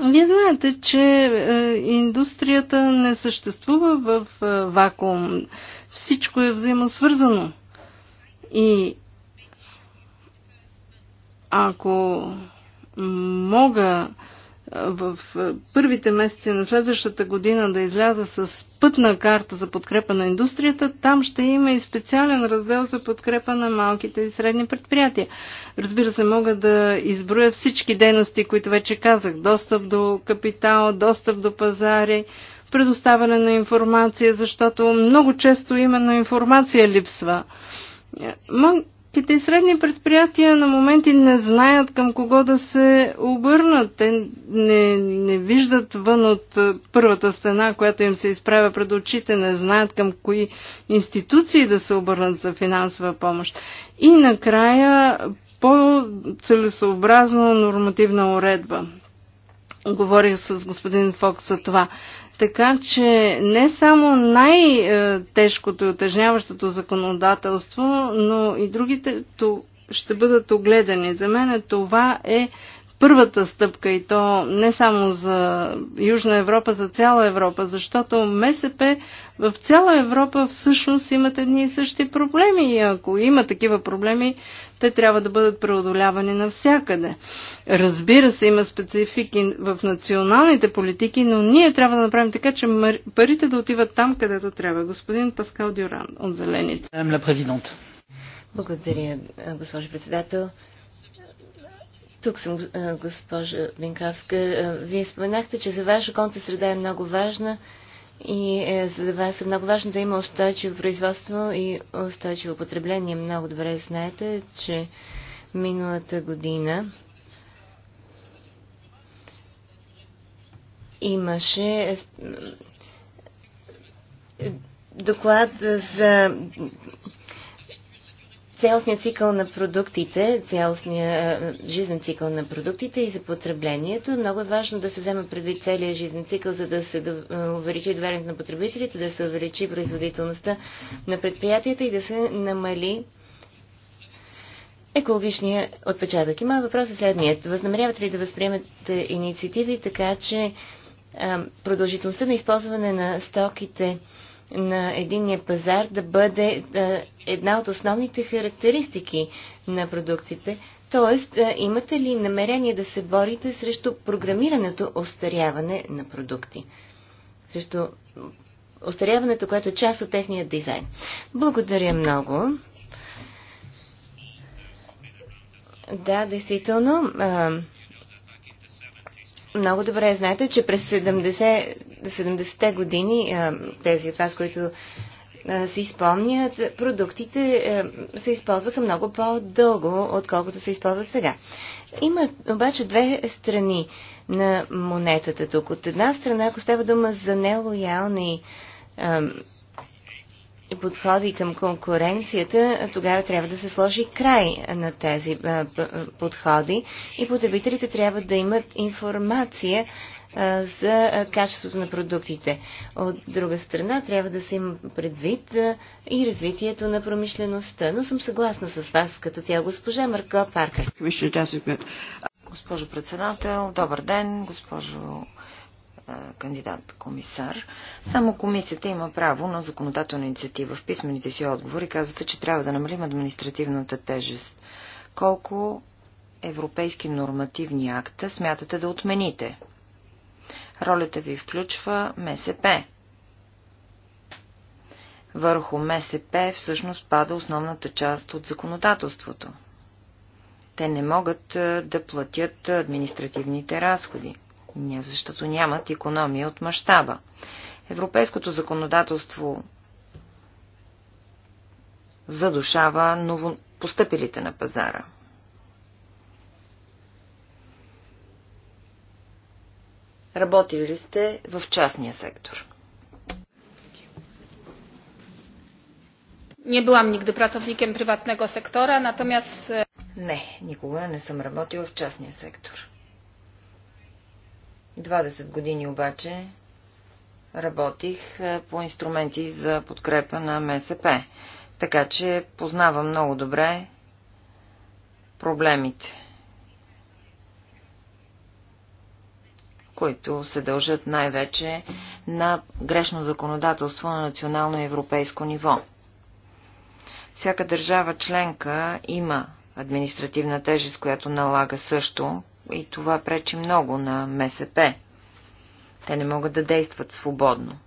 Вие знаете, че е, индустрията не съществува в е, вакуум. Всичко е взаимосвързано. И ако мога в е, първите месеци на следващата година да изляза с пътна карта за подкрепа на индустрията, там ще има и специален раздел за подкрепа на малките и средни предприятия. Разбира се, мога да изброя всички дейности, които вече казах. Достъп до капитал, достъп до пазари, предоставяне на информация, защото много често именно информация липсва. Малките и средни предприятия на моменти не знаят към кого да се обърнат. Те не, не виждат вън от е, първата стена, която им се изправя пред очите, не знаят към кои институции да се обърнат за финансова помощ. И накрая по-целесообразно нормативна уредба. Говорих с господин Фокс за това. Така че не само най-тежкото и отежняващото законодателство, но и другите ще бъдат огледани. За мен това е първата стъпка и то не само за Южна Европа, за цяла Европа, защото МСП в цяла Европа всъщност имат едни и същи проблеми и ако има такива проблеми, те трябва да бъдат преодолявани навсякъде. Разбира се, има специфики в националните политики, но ние трябва да направим така, че парите да отиват там, където трябва. Господин Паскал Дюран от Зелените. Благодаря, госпожо председател. Тук съм, госпожа
Бенкавска. Вие споменахте, че за ваша конта среда е много важна и е, за вас е много важно да има устойчиво производство и устойчиво потребление. Много добре знаете, че миналата година имаше е, доклад за цялостния цикъл на продуктите, цялостния е, жизнен цикъл на продуктите и за потреблението. Много е важно да се вземе предвид целият жизнен цикъл, за да се е, увеличи доверието на потребителите, да се увеличи производителността на предприятията и да се намали екологичния отпечатък. И моят въпрос е следният. Възнамерявате ли да възприемете инициативи така, че е, продължителността на използване на стоките на единния пазар да бъде една от основните характеристики на продуктите. Тоест, имате ли намерение да се борите срещу програмираното остаряване на продукти? Срещу остаряването, което е част от техния дизайн. Благодаря много. Да, действително много добре знаете, че през 70, те години тези от вас, които си спомнят, продуктите се използваха много по-дълго, отколкото се използват сега. Има обаче две страни на монетата тук. От една страна, ако става дума за нелоялни подходи към конкуренцията, тогава трябва да се сложи край на тези подходи и потребителите трябва да имат информация за качеството на продуктите. От друга страна, трябва да се има предвид и развитието на промишлеността. Но съм съгласна
с вас като цяло госпожа Марко Паркър. Госпожо председател, добър ден, госпожо кандидат-комисар. Само комисията има право на законодателна инициатива. В писмените си отговори казвате, че трябва да намалим административната тежест. Колко европейски нормативни акта смятате да отмените? Ролята ви включва МСП. Върху МСП всъщност пада основната част от законодателството. Те не могат да платят административните разходи защото нямат економия от мащаба. Европейското законодателство задушава новопостъпилите на пазара. Работили ли сте в частния сектор?
Nie byłam nigdy pracownikiem prywatnego sektora, натомяс... Е,
не, никога не съм работила в частния сектор. 20 години обаче работих по инструменти за подкрепа на МСП, така че познавам много добре проблемите, които се дължат най-вече на грешно законодателство на национално и европейско ниво. Всяка държава членка има административна тежест, която налага също и това пречи много на МСП. Те не могат да действат свободно.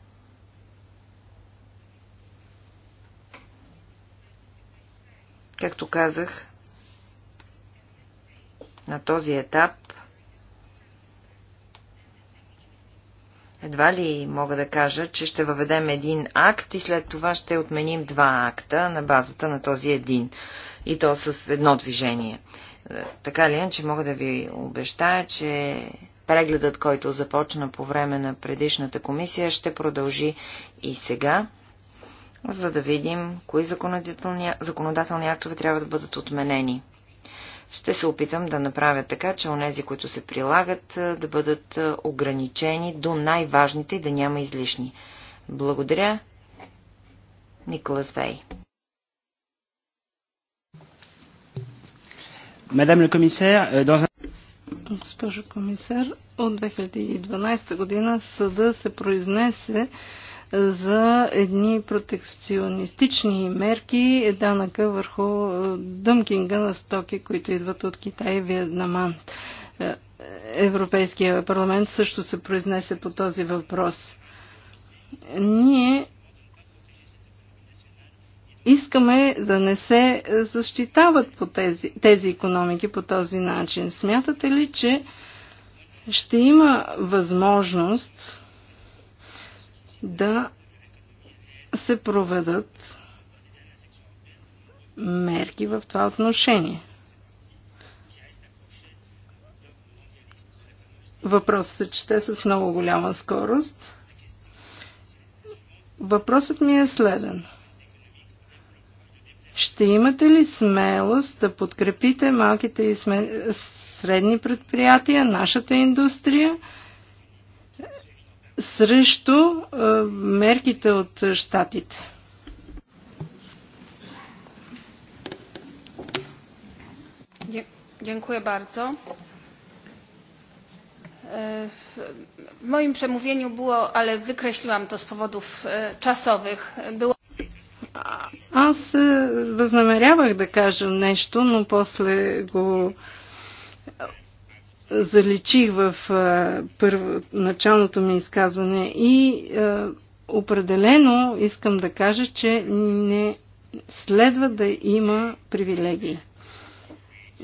Както казах, на този етап едва ли мога да кажа, че ще въведем един акт и след това ще отменим два акта на базата на този един. И то с едно движение. Така ли е, че мога да ви обещая, че прегледът, който започна по време на предишната комисия, ще продължи и сега, за да видим кои законодателни, законодателни актове трябва да бъдат отменени. Ще се опитам да направя така, че онези, които се прилагат, да бъдат ограничени до най-важните и да няма излишни. Благодаря. Николас Вей.
Мадам ле комисар,
Госпожо комисар, от 2012 година съда се произнесе е, за едни протекционистични мерки е, данъка върху е, дъмкинга на стоки, които идват от Китай и Виетнаман. Европейския парламент също се произнесе по този въпрос. Ние искаме да не се защитават по тези, тези економики по този начин. Смятате ли, че ще има възможност да се проведат мерки в това отношение? Въпросът се чете с много голяма скорост. Въпросът ми е следен. Ще имате ли смелост да подкрепите малките и средни предприятия, нашата индустрия, срещу мерките от щатите?
Dziękuję bardzo. W е, moim przemówieniu było, ale wykreśliłam to z powodów e, czasowych, było
аз е, възнамерявах да кажа нещо, но после го е, заличих в е, първо, началното ми изказване и е, определено искам да кажа, че не следва да има привилегии.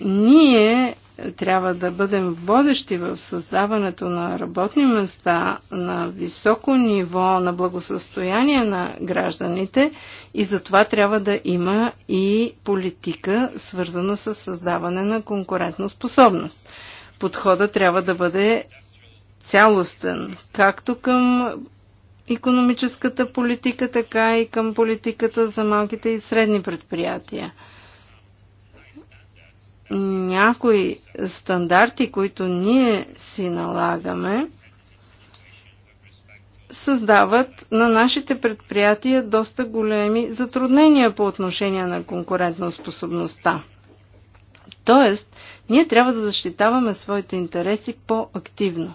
Ние трябва да бъдем водещи в създаването на работни места на високо ниво на благосъстояние на гражданите и затова трябва да има и политика, свързана с създаване на конкурентна способност. Подхода трябва да бъде цялостен, както към економическата политика, така и към политиката за малките и средни предприятия някои стандарти, които ние си налагаме, създават на нашите предприятия доста големи затруднения по отношение на конкурентоспособността. Тоест, ние трябва да защитаваме своите интереси по-активно.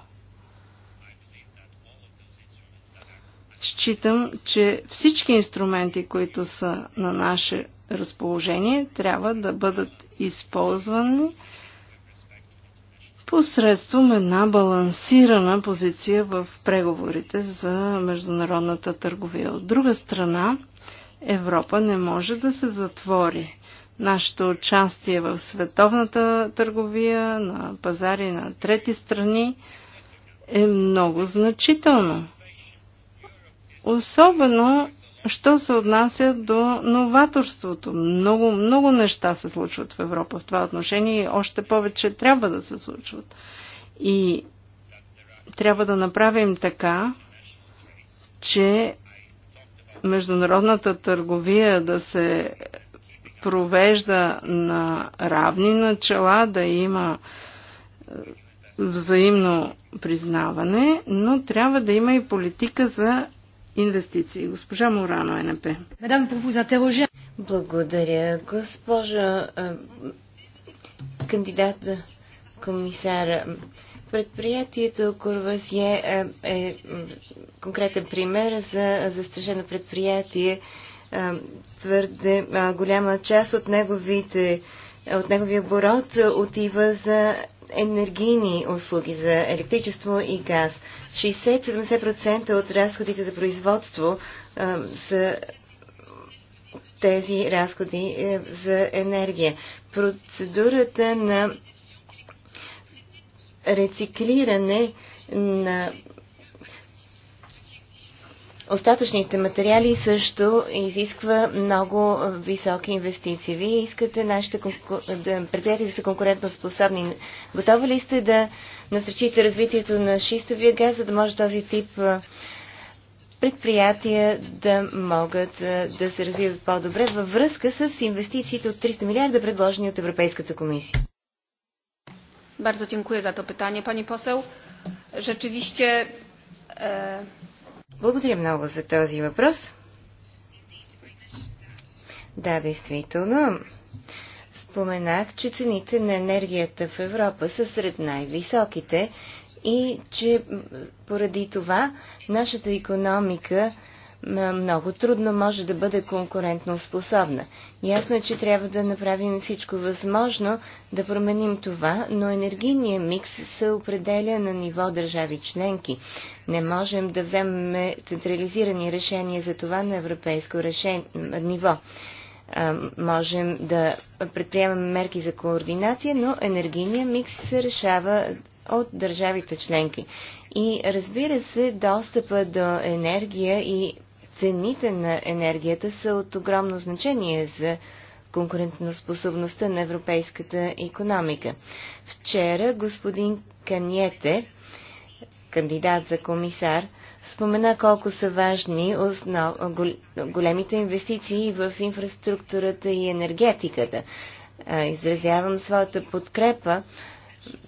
Считам, че всички инструменти, които са на наше разположение, трябва да бъдат използвани посредством една балансирана позиция в преговорите за международната търговия. От друга страна, Европа не може да се затвори. Нашето участие в световната търговия, на пазари на трети страни е много значително. Особено, що се отнася до новаторството. Много, много неща се случват в Европа в това отношение и още повече трябва да се случват. И трябва да направим така, че международната търговия да се провежда на равни начала, да има е, взаимно признаване, но трябва да има и политика за инвестиции. Госпожа Морано, НП.
Мадам, pour vous Благодаря, госпожа кандидат комисар. Предприятието Курвасие е, е конкретен пример за застрашено предприятие. Твърде голяма част от неговите от неговия оборот отива за енергийни услуги за електричество и газ. 60-70% от разходите за производство а, са тези разходи а, е, за енергия. Процедурата на рециклиране на Остатъчните материали също изисква много високи инвестиции. Вие искате нашите да предприятия да са конкурентно способни. Готови ли сте да насречите развитието на шистовия газ, за да може този тип предприятия да могат да се развиват по-добре във връзка с инвестициите от 300 милиарда, предложени от Европейската комисия?
Bardzo dziękuję za to pytanie, pani poseł. Rzeczywiście e,
благодаря много за този въпрос. Да, действително. Споменах, че цените на енергията в Европа са сред най-високите и че поради това нашата економика много трудно може да бъде конкурентно способна. Ясно е, че трябва да направим всичко възможно да променим това, но енергийният микс се определя на ниво държави членки. Не можем да вземем централизирани решения за това на европейско решение, ниво. можем да предприемаме мерки за координация, но енергийният микс се решава от държавите членки. И разбира се, достъпа до енергия и цените на енергията са от огромно значение за конкурентоспособността на европейската економика. Вчера господин Каньете, кандидат за комисар, спомена колко са важни основ... големите инвестиции в инфраструктурата и енергетиката. Изразявам своята подкрепа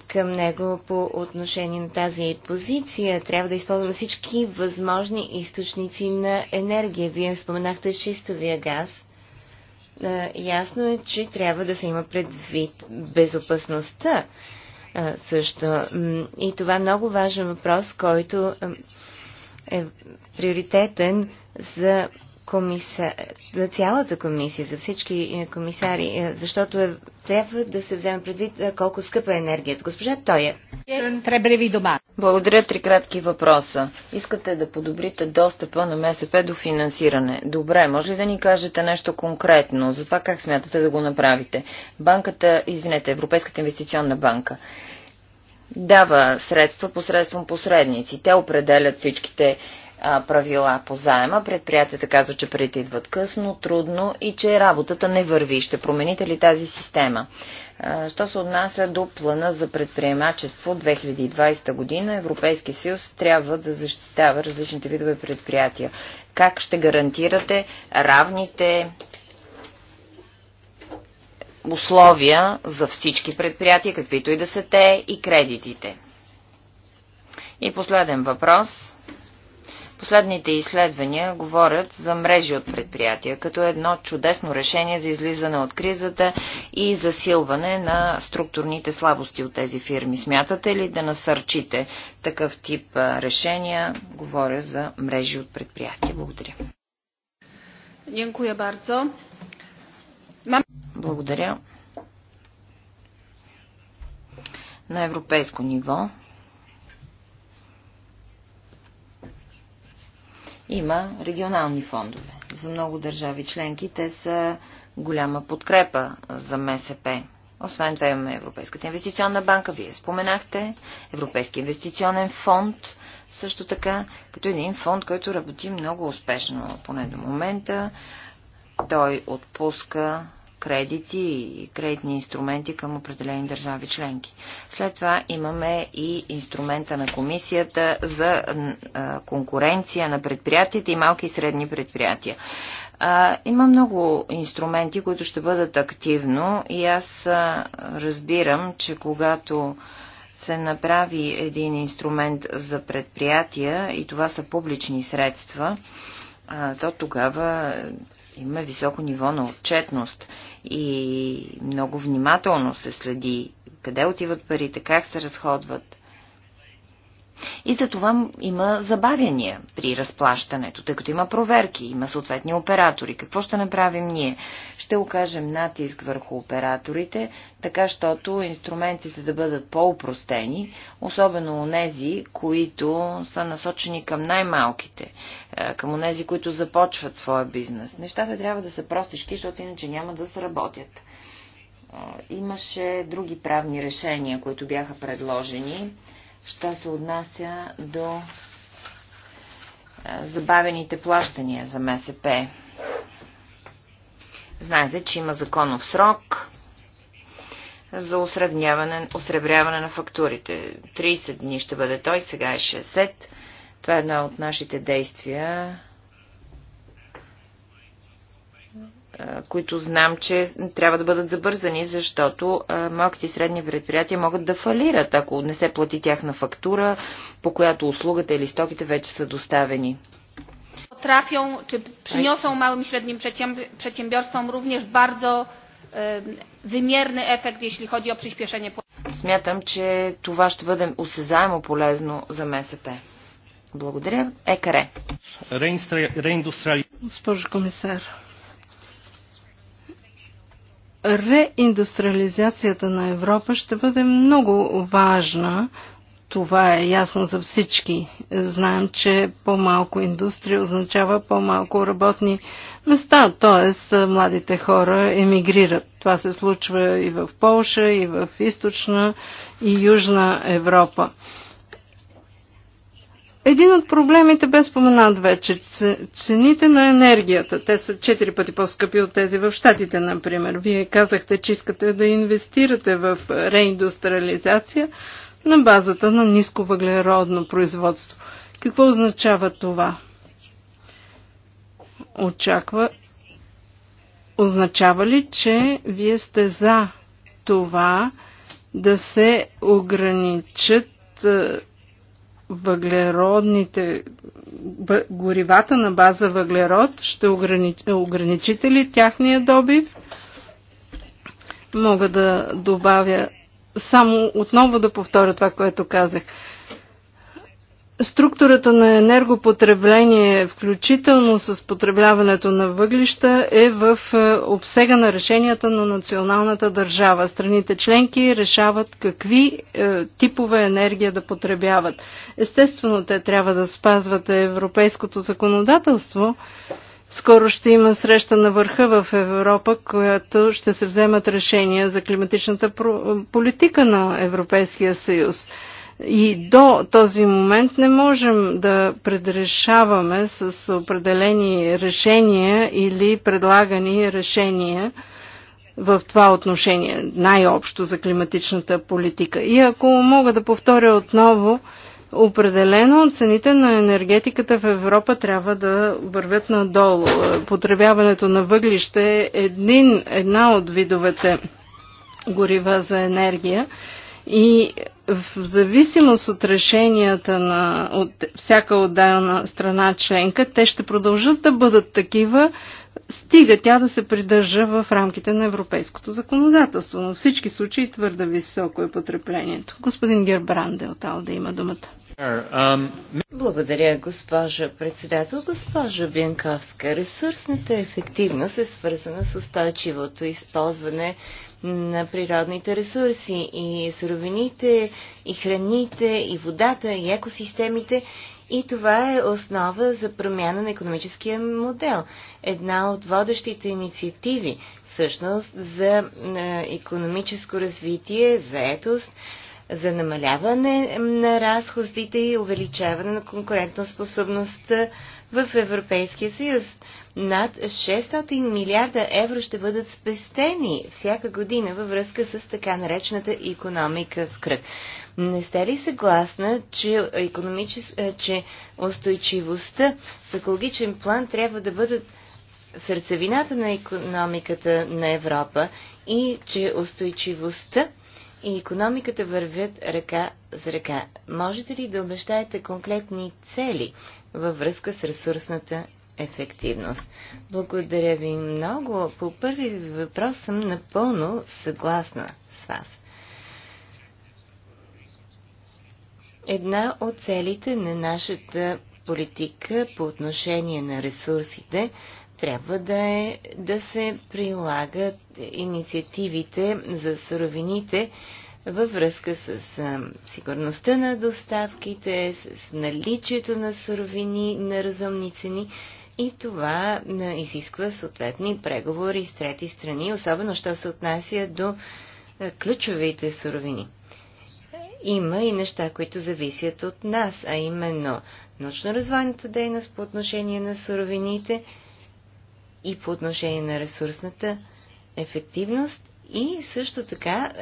към него по отношение на тази позиция. Трябва да използваме всички възможни източници на енергия. Вие споменахте чистовия газ. Ясно е, че трябва да се има предвид безопасността също. И това е много важен въпрос, който е приоритетен за комисар, за цялата комисия, за всички е, комисари, е, защото е, трябва да се вземе предвид е, колко скъпа е енергията. Госпожа Тоя. Требреви
дома. Благодаря. Три кратки въпроса. Искате да подобрите достъпа на МСП до финансиране. Добре, може ли да ни кажете нещо конкретно за това как смятате да го направите? Банката, извинете, Европейската инвестиционна банка дава средства посредством посредници. Те определят всичките правила по заема. Предприятията казва, че парите идват късно, трудно и че работата не върви. Ще промените ли тази система? Що се отнася до плана за предприемачество 2020 година, Европейския съюз трябва да защитава различните видове предприятия. Как ще гарантирате равните условия за всички предприятия, каквито и да са те, и кредитите? И последен въпрос Последните изследвания говорят за мрежи от предприятия, като едно чудесно решение за излизане от кризата и засилване на структурните слабости от тези фирми. Смятате ли да насърчите такъв тип решения? Говоря за мрежи от предприятия. Благодаря. Благодаря. На европейско ниво Има регионални фондове. За много държави членки те са голяма подкрепа за МСП. Освен това имаме Европейската инвестиционна банка, вие споменахте, Европейски инвестиционен фонд, също така, като един фонд, който работи много успешно, поне до момента. Той отпуска кредити и кредитни инструменти към определени държави членки. След това имаме и инструмента на комисията за конкуренция на предприятията и малки и средни предприятия. А, има много инструменти, които ще бъдат активно и аз а, разбирам, че когато се направи един инструмент за предприятия и това са публични средства, а, то тогава има високо ниво на отчетност и много внимателно се следи къде отиват парите, как се разходват. И за това има забавяния при разплащането, тъй като има проверки, има съответни оператори. Какво ще направим ние? Ще окажем натиск върху операторите, така щото инструментите да бъдат по-упростени, особено нези, които са насочени към най-малките, е, към онези, които започват своя бизнес. Нещата трябва да са простички, защото иначе няма да сработят. Е, имаше други правни решения, които бяха предложени що се отнася до забавените плащания за МСП. Знаете, че има законов срок за осребряване на фактурите. 30 дни ще бъде той, сега е 60. Това е една от нашите действия които знам, че трябва да бъдат забързани, защото малките и средни предприятия могат да фалират, ако не се плати тяхна фактура, по която услугата или стоките вече са доставени.
Trafią, czy przyniosą małym i średnim przedsiębiorstwom również bardzo e, wymierny efekt, jeśli chodzi o przyspieszenie.
Смятам, че това ще бъде осезаемо полезно за МСП. Благодаря. Екаре.
Реиндустриализация.
Госпожо комисар, реиндустриализацията на Европа ще бъде много важна. Това е ясно за всички. Знаем, че по-малко индустрия означава по-малко работни места, т.е. младите хора емигрират. Това се случва и в Полша, и в източна, и южна Европа. Един от проблемите бе споменат вече. Цените на енергията. Те са четири пъти по-скъпи от тези в Штатите, например. Вие казахте, че искате да инвестирате в реиндустриализация на базата на ниско въглеродно производство. Какво означава това? Очаква... Означава ли, че вие сте за това да се ограничат е, въглеродните горивата на база въглерод, ще ограничите, ограничите ли тяхния добив? Мога да добавя само отново да повторя това, което казах структурата на енергопотребление, включително с потребляването на въглища, е в е, обсега на решенията на националната държава. Страните членки решават какви е, типове енергия да потребяват. Естествено, те трябва да спазват европейското законодателство. Скоро ще има среща на върха в Европа, която ще се вземат решения за климатичната политика на Европейския съюз. И до този момент не можем да предрешаваме с определени решения или предлагани решения в това отношение, най-общо за климатичната политика. И ако мога да повторя отново, Определено цените на енергетиката в Европа трябва да вървят надолу. Потребяването на въглище е един, една от видовете горива за енергия и в зависимост от решенията на от всяка отделна страна членка, те ще продължат да бъдат такива, стига тя да се придържа в рамките на европейското законодателство. Но всички случаи твърде високо е потреблението. Господин Гербранде от Алда има думата.
Um, Благодаря, госпожа председател. Госпожа Бянковска, ресурсната ефективност е свързана с устойчивото използване на природните ресурси и суровините, и храните, и водата, и екосистемите. И това е основа за промяна на економическия модел. Една от водещите инициативи, всъщност, за е, економическо развитие, заетост, за намаляване на разходите и увеличаване на конкурентоспособността в Европейския съюз. Над 600 милиарда евро ще бъдат спестени всяка година във връзка с така наречената економика в кръг. Не сте ли съгласна, че, економичес... Е, че устойчивостта в екологичен план трябва да бъдат сърцевината на економиката на Европа и че устойчивостта и економиката вървят ръка за ръка. Можете ли да обещаете конкретни цели във връзка с ресурсната ефективност? Благодаря ви много. По първи въпрос съм напълно съгласна с вас. Една от целите на нашата политика по отношение на ресурсите трябва да, е, да се прилагат инициативите за суровините във връзка с а, сигурността на доставките, с наличието на суровини на разумни цени и това а, изисква съответни преговори с трети страни, особено що се отнася до а, ключовите суровини. Има и неща, които зависят от нас, а именно научно-развойната дейност по отношение на суровините – и по отношение на ресурсната ефективност и също така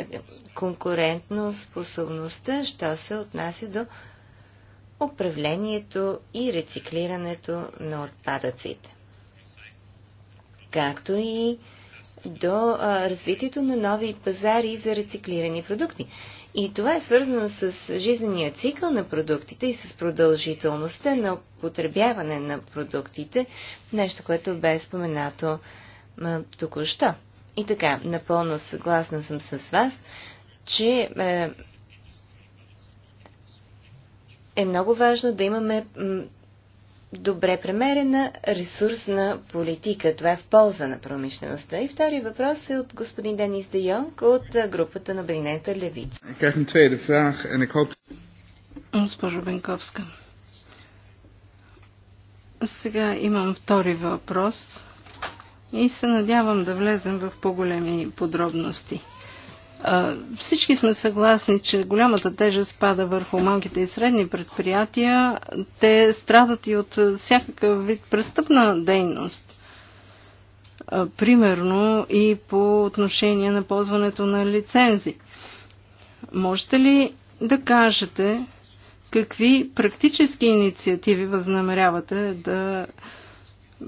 конкурентно способността, що се отнася до управлението и рециклирането на отпадъците. Както и до а, развитието на нови пазари за рециклирани продукти. И това е свързано с жизнения цикъл на продуктите и с продължителността на употребяване на продуктите, нещо, което бе споменато току-що. И така, напълно съгласна съм с вас, че е, е много важно да имаме добре премерена ресурсна политика. Това е в полза на промишлеността. И втори въпрос е от господин Денис Де
Йонг от групата на Бринента Леви. Госпожо Бенковска, сега имам втори въпрос и се надявам да влезем в по-големи подробности. Всички сме съгласни, че голямата тежест пада върху малките и средни предприятия. Те страдат и от всякакъв вид престъпна дейност. Примерно и по отношение на ползването на лицензи. Можете ли да кажете какви практически инициативи възнамерявате да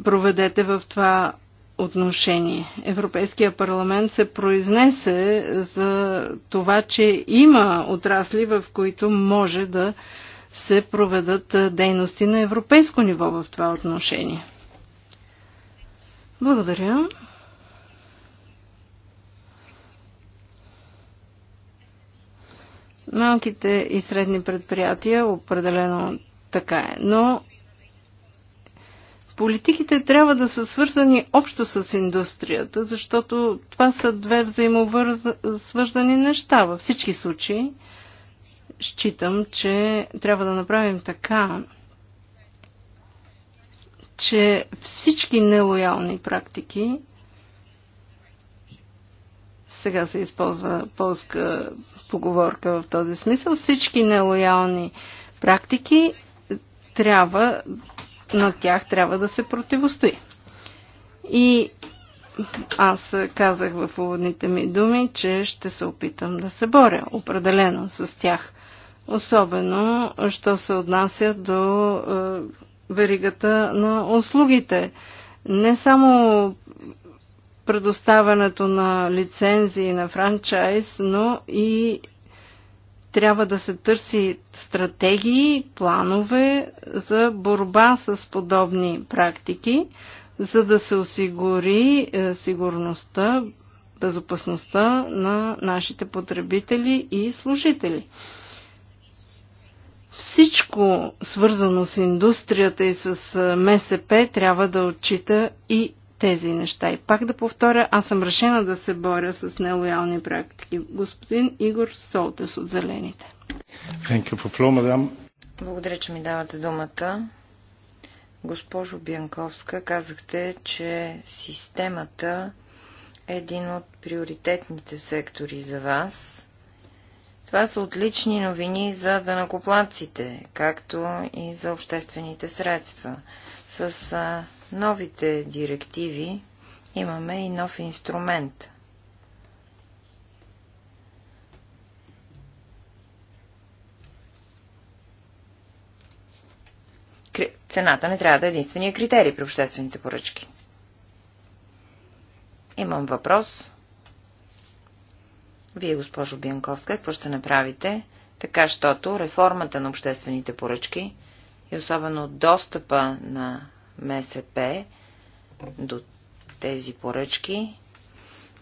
проведете в това отношение. Европейския парламент се произнесе за това, че има отрасли, в които може да се проведат дейности на европейско ниво в това отношение. Благодаря. Малките и средни предприятия определено така е, но Политиките трябва да са свързани общо с индустрията, защото това са две взаимосвързани неща. Във всички случаи считам, че трябва да направим така, че всички нелоялни практики сега се използва полска поговорка в този смисъл, всички нелоялни практики трябва на тях трябва да се противостои. И аз казах в уводните ми думи, че ще се опитам да се боря определено с тях. Особено, що се отнася до е, веригата на услугите. Не само предоставянето на лицензии на франчайз, но и трябва да се търси стратегии, планове за борба с подобни практики, за да се осигури е, сигурността, безопасността на нашите потребители и служители. Всичко свързано с индустрията и с е, МСП трябва да отчита и тези неща. И пак да повторя, аз съм решена да се боря с нелоялни практики. Господин Игор Солтес от Зелените. Благодаря, че ми давате думата. Госпожо Бянковска,
казахте, че системата е един от приоритетните сектори за вас. Това са отлични новини за данакоплаците, както и за обществените средства. С новите директиви имаме и нов инструмент. Цената не трябва да е единствения критерий при обществените поръчки. Имам въпрос. Вие, госпожо Бянковска, какво ще направите, така щото реформата на обществените поръчки и особено достъпа на МСП до тези поръчки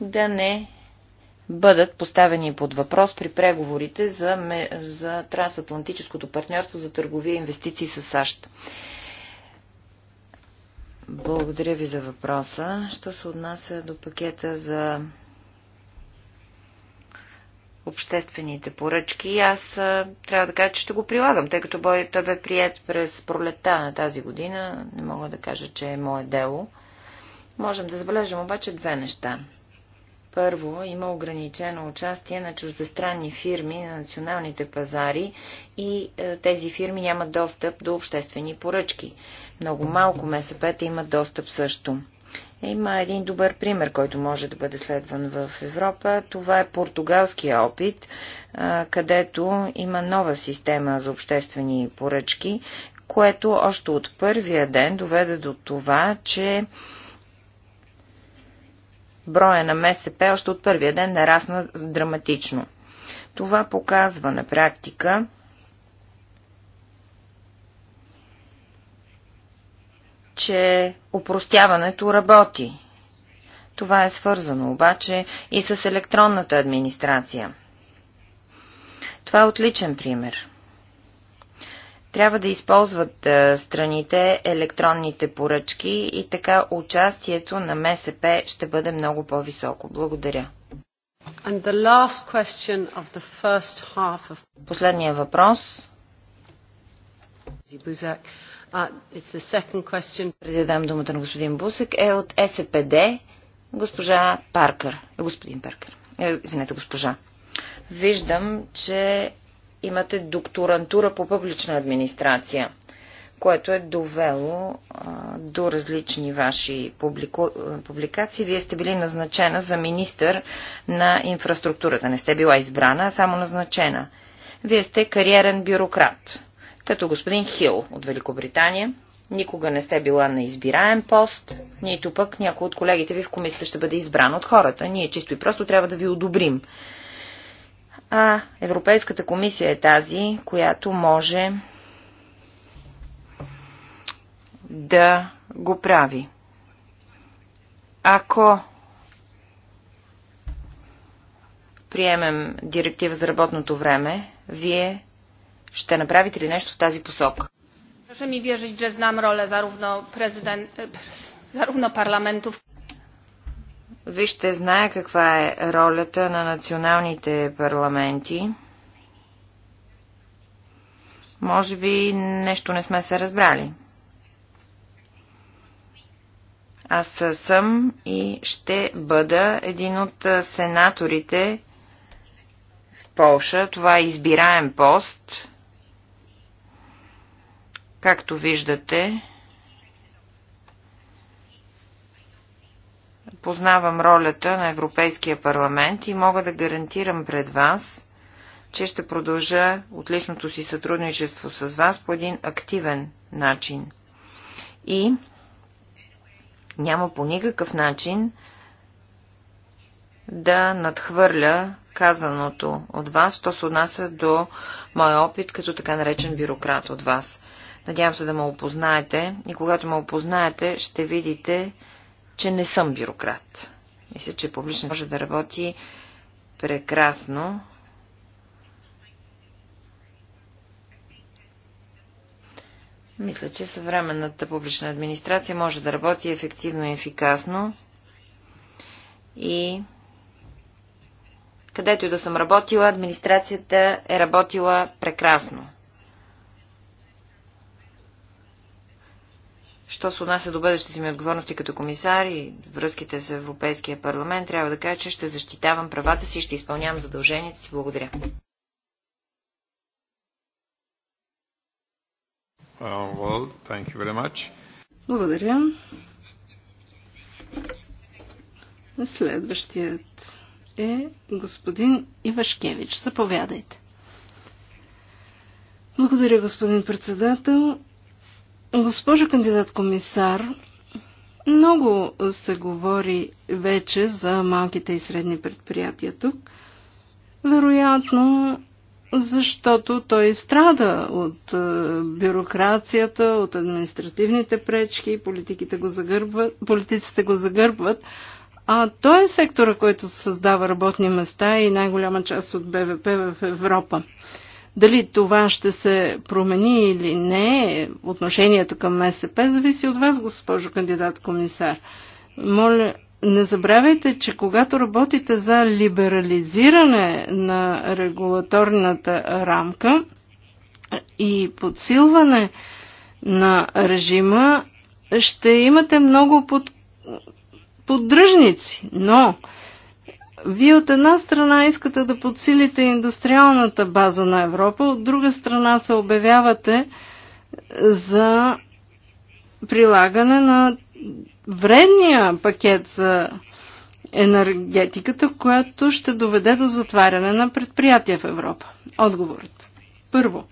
да не бъдат поставени под въпрос при преговорите за, за трансатлантическото партньорство за търговия и инвестиции с САЩ. Благодаря ви за въпроса. Що се отнася до пакета за обществените поръчки и аз трябва да кажа, че ще го прилагам, тъй като бой, той бе прият през пролета на тази година. Не мога да кажа, че е мое дело. Можем да забележим обаче две неща. Първо, има ограничено участие на чуждестранни фирми на националните пазари и е, тези фирми нямат достъп до обществени поръчки. Много малко МСП-та имат достъп също. Има един добър пример, който може да бъде следван в Европа. Това е португалския опит, където има нова система за обществени поръчки, което още от първия ден доведе до това, че броя на МСП още от първия ден нарасна драматично. Това показва на практика, че упростяването работи. Това е свързано обаче и с електронната администрация. Това е отличен пример. Трябва да използват страните електронните поръчки и така участието на МСП ще бъде много по-високо. Благодаря.
Of...
Последния въпрос. Преди да дам думата на господин Бусек, е от СПД госпожа Паркър. Господин Паркър. Е, извинете, госпожа. Виждам, че имате докторантура по публична администрация, което е довело а, до различни ваши публику... публикации. Вие сте били назначена за министър на инфраструктурата. Не сте била избрана, а само назначена. Вие сте кариерен бюрократ като господин Хил от Великобритания. Никога не сте била на избираем пост, нито пък някой от колегите ви в комисията ще бъде избран от хората. Ние чисто и просто трябва да ви одобрим. А Европейската комисия е тази, която може да го прави. Ако приемем директива за работното време, вие ще направите ли нещо в тази посока?
Proszę ми wierzyć, че знам роля zarówno, prezydent, e, zarówno parlamentów.
Вижте, знае каква е ролята на националните парламенти. Може би нещо не сме се разбрали. Аз съм и ще бъда един от сенаторите в Полша. Това е избираем пост Както виждате, познавам ролята на Европейския парламент и мога да гарантирам пред вас, че ще продължа отличното си сътрудничество с вас по един активен начин. И няма по никакъв начин да надхвърля казаното от вас, що се отнася до моя опит като така наречен бюрократ от вас. Надявам се да ме опознаете и когато ме опознаете, ще видите, че не съм бюрократ. Мисля, че публично може да работи прекрасно. Мисля, че съвременната публична администрация може да работи ефективно и ефикасно. И където и да съм работила, администрацията е работила прекрасно. Що се отнася до бъдещите ми отговорности като комисар и връзките с Европейския парламент, трябва да кажа, че ще защитавам правата си и ще изпълнявам задълженията си. Благодаря.
Uh, well,
Благодаря. Следващият е господин Ивашкевич. Заповядайте. Благодаря, господин председател. Госпожо кандидат комисар, много се говори вече за малките и средни предприятия тук. Вероятно, защото той страда от е, бюрокрацията, от административните пречки, политиките го загърбват, политиците го загърбват, а той е сектора, който създава работни места и най-голяма част от БВП в Европа. Дали това ще се промени или не, отношението към МСП зависи от вас, госпожо кандидат комисар. Моля, не забравяйте, че когато работите за либерализиране на регулаторната рамка и подсилване на режима, ще имате много под... поддръжници, но вие от една страна искате да подсилите индустриалната база на Европа, от друга страна се обявявате за прилагане на вредния пакет за енергетиката, която ще доведе до затваряне на предприятия в Европа. Отговорът. Първо,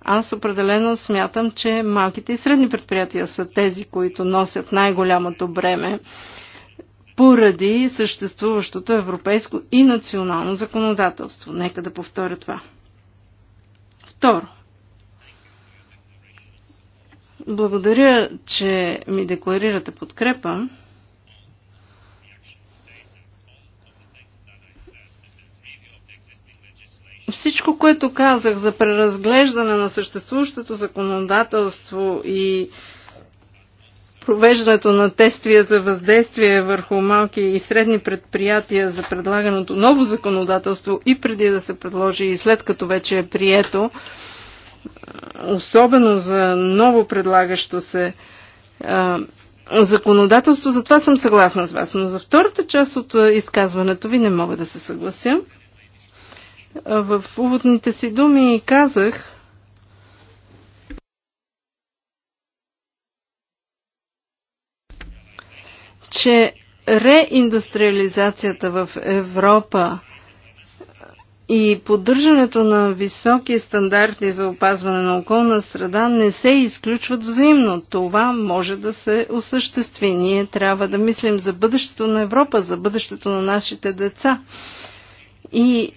аз определено смятам, че малките и средни предприятия са тези, които носят най-голямото бреме поради съществуващото европейско и национално законодателство. Нека да повторя това. Второ, благодаря, че ми декларирате подкрепа. Всичко, което казах за преразглеждане на съществуващото законодателство и провеждането на тествия за въздействие върху малки и средни предприятия за предлаганото ново законодателство и преди да се предложи и след като вече е прието, особено за ново предлагащо се а, законодателство, затова съм съгласна с вас. Но за втората част от изказването ви не мога да се съглася. В уводните си думи казах, че реиндустриализацията в Европа и поддържането на високи стандарти за опазване на околна среда не се изключват взаимно. Това може да се осъществи. Ние трябва да мислим за бъдещето на Европа, за бъдещето на нашите деца. И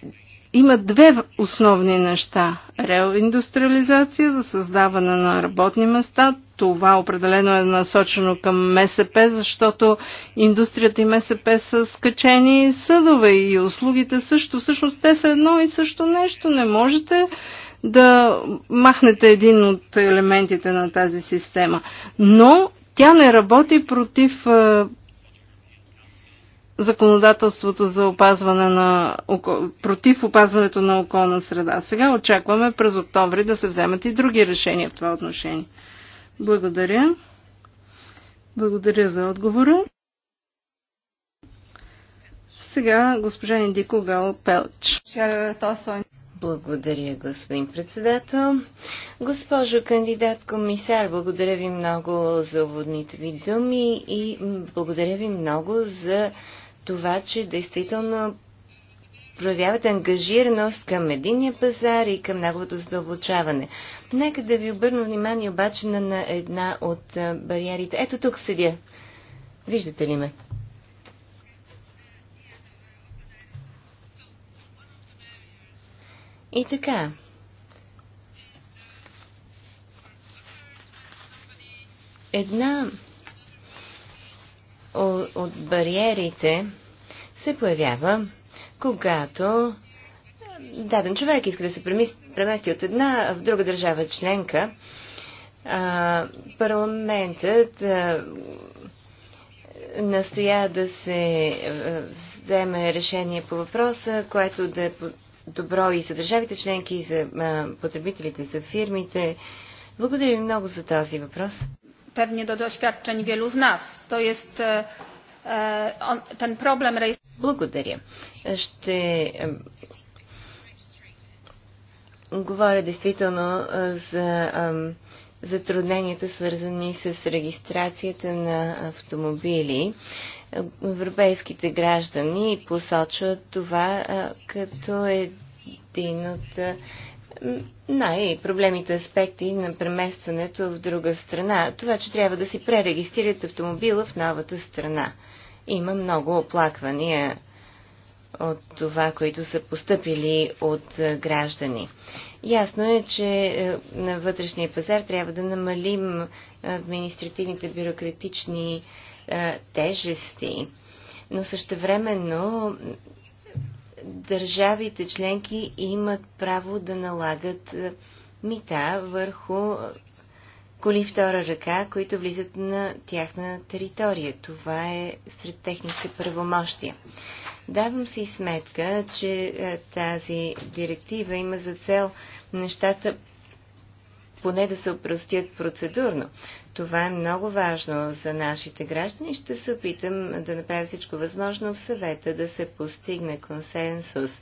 има две основни неща. Реиндустриализация за създаване на работни места, това определено е насочено към МСП, защото индустрията и МСП са скачени съдове и услугите също. Всъщност те са едно и също нещо. Не можете да махнете един от елементите на тази система. Но тя не работи против е, законодателството за опазване на, против опазването на околна среда. Сега очакваме през октомври да се вземат и други решения в това отношение. Благодаря. Благодаря за отговора. Сега госпожа Индико Гал Пелч. Благодаря, господин председател.
Госпожо кандидат комисар, благодаря ви много за уводните ви думи и благодаря ви много за това, че действително Проявявате ангажираност към единния пазар и към неговото задълбочаване. Нека да ви обърна внимание обаче на една от бариерите. Ето тук седя. Виждате ли ме? И така. Една от бариерите се появява когато даден човек иска да се премести от една в друга държава членка, парламентът настоя да се вземе решение по въпроса, което да е добро и за държавите членки, и за потребителите, за фирмите. Благодаря ви много за този въпрос.
Певни до doświadczeń wielu z нас. То jest e, e, ten problem rejestracji. Благодаря.
Ще говоря действително е, за затрудненията, свързани с регистрацията на автомобили. Европейските граждани посочват това е, като един от е, най-проблемите аспекти на преместването в друга страна. Това, че трябва да си пререгистрират автомобила в новата страна. Има много оплаквания от това, които са поступили от е, граждани. Ясно е, че е, на вътрешния пазар трябва да намалим е, административните бюрократични тежести, но същевременно държавите членки имат право да налагат мита върху коли втора ръка, които влизат на тяхна територия. Това е сред техните правомощия. Давам си сметка, че е, тази директива има за цел нещата поне да се опростят процедурно. Това е много важно за нашите граждани. Ще се опитам да направя всичко възможно в съвета да се постигне консенсус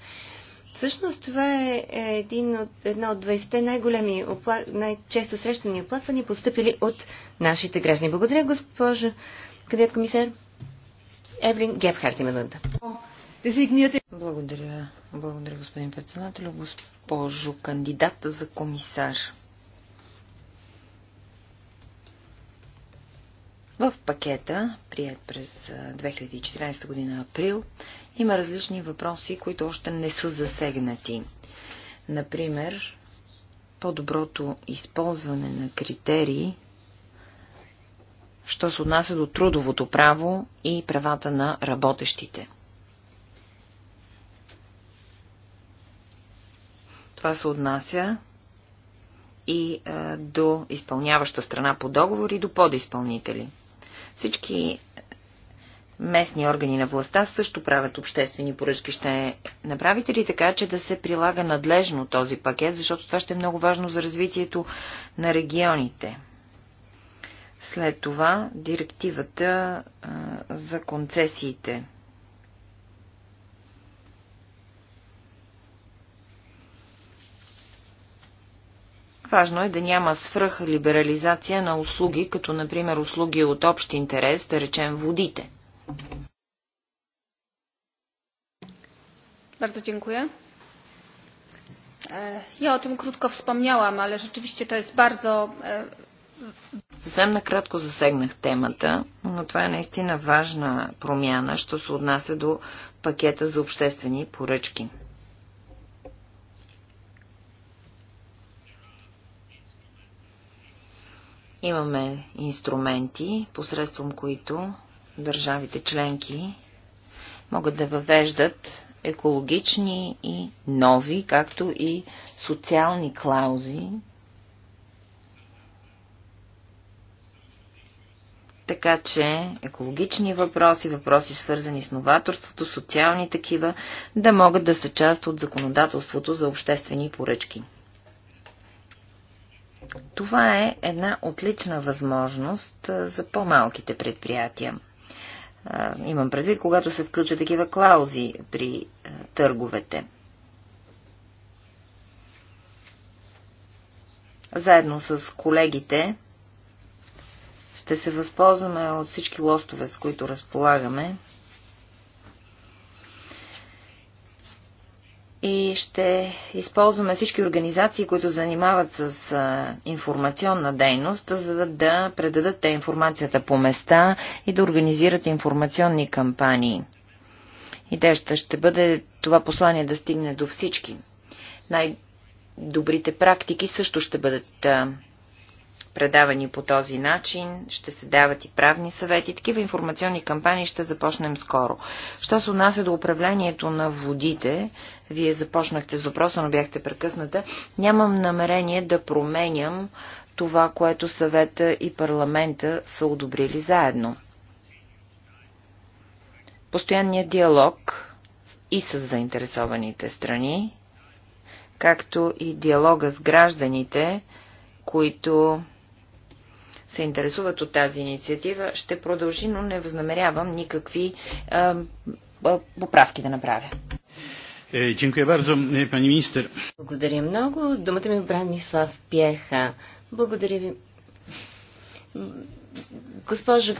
Всъщност това е един от, едно от 20-те най-големи, опла... най-често срещани оплаквания, поступили от нашите граждани. Благодаря, госпожо кандидат комисар. Евлин Гепхарт има
думата.
Благодаря. Благодаря, господин председател. Госпожо кандидат за комисар. В пакета, прият през 2014 година април, има различни въпроси, които още не са засегнати. Например, по-доброто използване на критерии, що се отнася до трудовото право и правата на работещите. Това се отнася и а, до изпълняваща страна по договор и до подизпълнители. Всички местни органи на властта също правят обществени поръчки. Ще направите ли така, че да се прилага надлежно този пакет, защото това ще е много важно за развитието на регионите? След това директивата а, за концесиите – Важно е да няма свръхлиберализация на услуги, като например услуги от общ интерес, да речем
водите. Bardzo dziękuję. E, ja o tym krótko wspomniałam, ale rzeczywiście to jest bardzo. E,
Съвсем накратко засегнах темата, но това е наистина важна промяна, що се отнася до пакета за обществени поръчки. Имаме инструменти, посредством които държавите членки могат да въвеждат екологични и нови, както и социални клаузи, така че екологични въпроси, въпроси свързани с новаторството, социални такива, да могат да са част от законодателството за обществени поръчки. Това е една отлична възможност за по-малките предприятия. Имам предвид, когато се включат такива клаузи при търговете. Заедно с колегите ще се възползваме от всички лостове, с които разполагаме, и ще използваме всички организации, които занимават с информационна дейност, за да предадат те информацията по места и да организират информационни кампании. Идеята ще бъде това послание да стигне до всички. Най-добрите практики също ще бъдат предавани по този начин, ще се дават и правни съвети. Такива информационни кампании ще започнем скоро. Що се отнася до управлението на водите, вие започнахте с въпроса, но бяхте прекъсната, нямам намерение да променям това, което съвета и парламента са одобрили заедно. Постоянният диалог и с заинтересованите страни, както и диалога с гражданите, които се интересуват от тази инициатива, ще продължи, но не възнамерявам никакви а, а, поправки да направя.
Е, е,
Благодаря много. Думата ми е Бранислав Пеха. Благодаря ви. Госпожо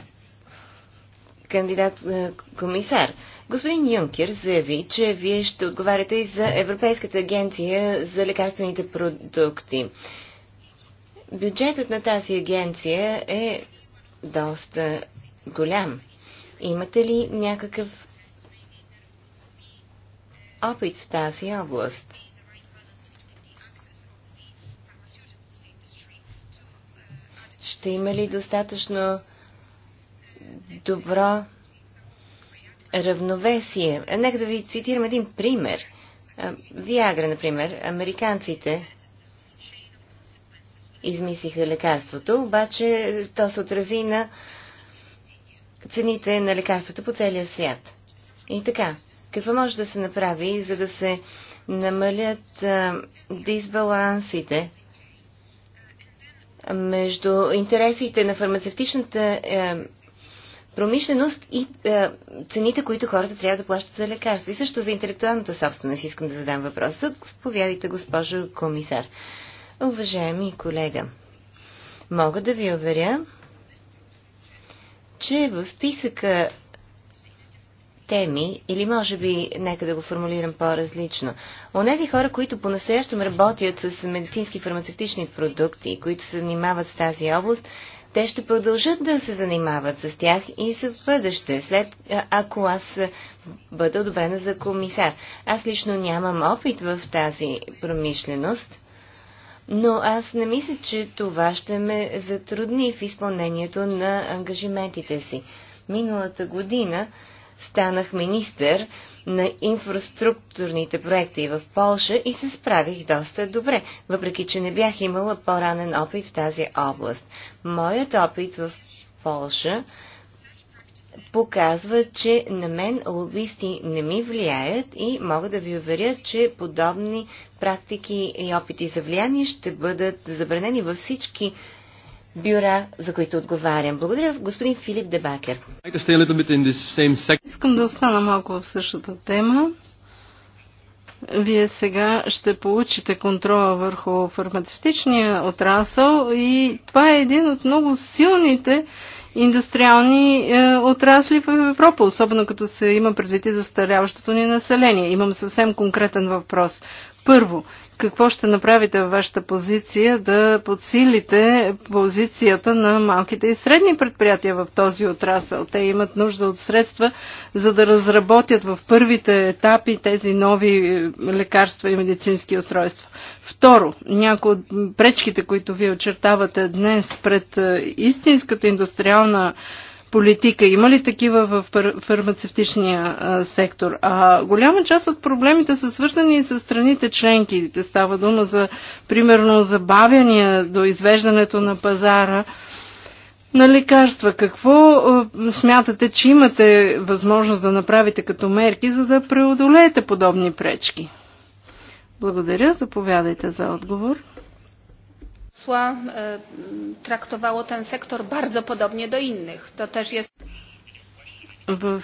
кандидат е, комисар, господин Юнкер заяви, че вие ще отговаряте и за Европейската агенция за лекарствените продукти. Бюджетът на тази агенция е доста голям. Имате ли някакъв опит в тази област? Ще има ли достатъчно добро равновесие? Нека да ви цитирам един пример. Виагра, например. Американците измислиха лекарството, обаче то се отрази на цените на лекарствата по целия свят. И така, какво може да се направи, за да се намалят дисбалансите между интересите на фармацевтичната е, промишленост и е, цените, които хората трябва да плащат за лекарства. И също за интелектуалната собственост искам да задам въпроса. Повядайте, госпожо комисар. Уважаеми колега, мога да ви уверя, че в списъка теми, или може би, нека да го формулирам по-различно, онези хора, които по-настоящем работят с медицински фармацевтични продукти, които се занимават с тази област, те ще продължат да се занимават с тях и в бъдеще, след ако аз бъда одобрена за комисар. Аз лично нямам опит в тази промишленост, но аз не мисля, че това ще ме затрудни в изпълнението на ангажиментите си. Миналата година станах министър на инфраструктурните проекти в Полша и се справих доста добре, въпреки че не бях имала по-ранен опит в тази област. Моят опит в Полша показва, че на мен лобисти не ми влияят и мога да ви уверя, че подобни практики и опити за влияние ще бъдат забранени във всички бюра, за които отговарям. Благодаря, господин Филип Дебакер.
Искам да остана малко в същата тема. Вие сега ще получите контрола върху фармацевтичния отрасъл и това е един от много силните индустриални е, отрасли в Европа, особено като се има предвид и застаряващото ни население. Имам съвсем конкретен въпрос. Първо, какво ще направите във вашата позиция да подсилите позицията на малките и средни предприятия в този отрасъл. Те имат нужда от средства, за да разработят в първите етапи тези нови е, лекарства и медицински устройства. Второ, някои от пречките, които вие очертавате днес пред е, истинската индустриална политика. Има ли такива в фармацевтичния сектор? А голяма част от проблемите са свързани с страните членки. Става дума за, примерно, забавяния до извеждането на пазара на лекарства. Какво смятате, че имате възможност да направите като мерки, за да преодолеете подобни пречки? Благодаря. Заповядайте за отговор
posła e, traktowało ten sektor bardzo podobnie do innych. To też jest.
В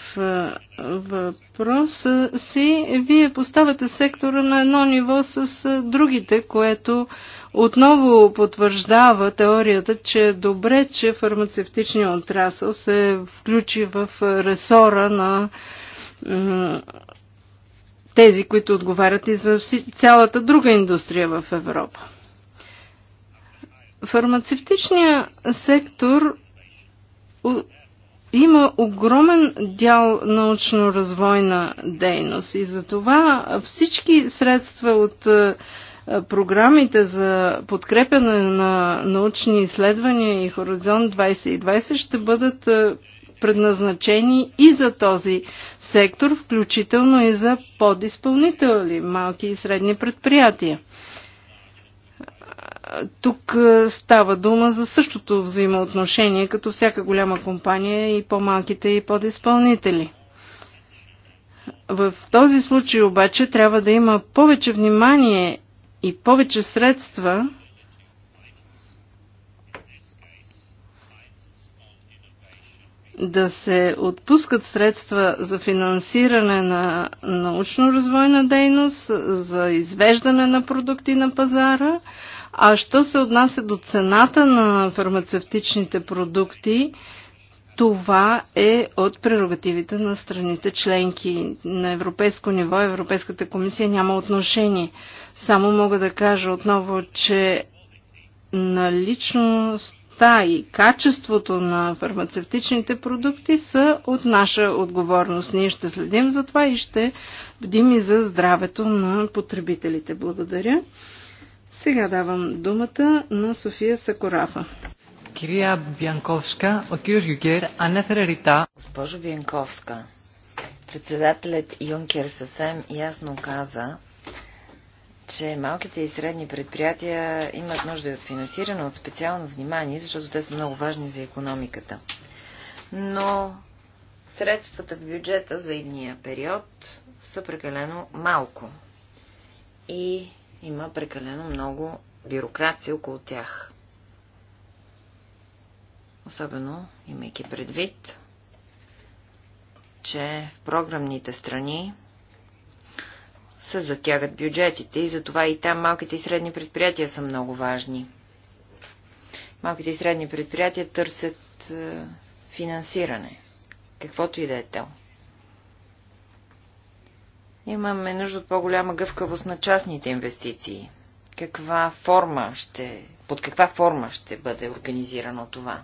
въпроса си вие поставяте сектора на едно ниво с другите, което отново потвърждава теорията, че е добре, че фармацевтичният отрасъл се включи в ресора на тези, които отговарят и за цялата друга индустрия в Европа. Фармацевтичният сектор има огромен дял научно-развойна дейност и затова всички средства от е, програмите за подкрепяне на научни изследвания и Хоризонт 2020 ще бъдат е, предназначени и за този сектор, включително и за подиспълнители, малки и средни предприятия тук е, става дума за същото взаимоотношение, като всяка голяма компания и по-малките и подизпълнители. В този случай обаче трябва да има повече внимание и повече средства, да се отпускат средства за финансиране на научно-развойна дейност, за извеждане на продукти на пазара – а що се отнася до цената на фармацевтичните продукти, това е от прерогативите на страните членки. На европейско ниво Европейската комисия няма отношение. Само мога да кажа отново, че наличността и качеството на фармацевтичните продукти са от наша отговорност. Ние ще следим за това и ще бдим и за здравето на потребителите. Благодаря. Сега давам думата на София Сакорафа. Кирия Бянковска, от κύριος а не ρητά... Госпожо
Бянковска, председателят Юнкер съвсем ясно каза, че малките и средни предприятия имат нужда и от финансиране, от специално внимание, защото те са много важни за економиката. Но средствата в бюджета за едния период са прекалено малко. И има прекалено много бюрокрация около тях. Особено имайки предвид, че в програмните страни се затягат бюджетите и затова и там малките и средни предприятия са много важни. Малките и средни предприятия търсят е, финансиране, каквото и да е то. Имаме нужда от по-голяма гъвкавост на частните инвестиции. Каква форма ще, под каква форма ще бъде организирано това?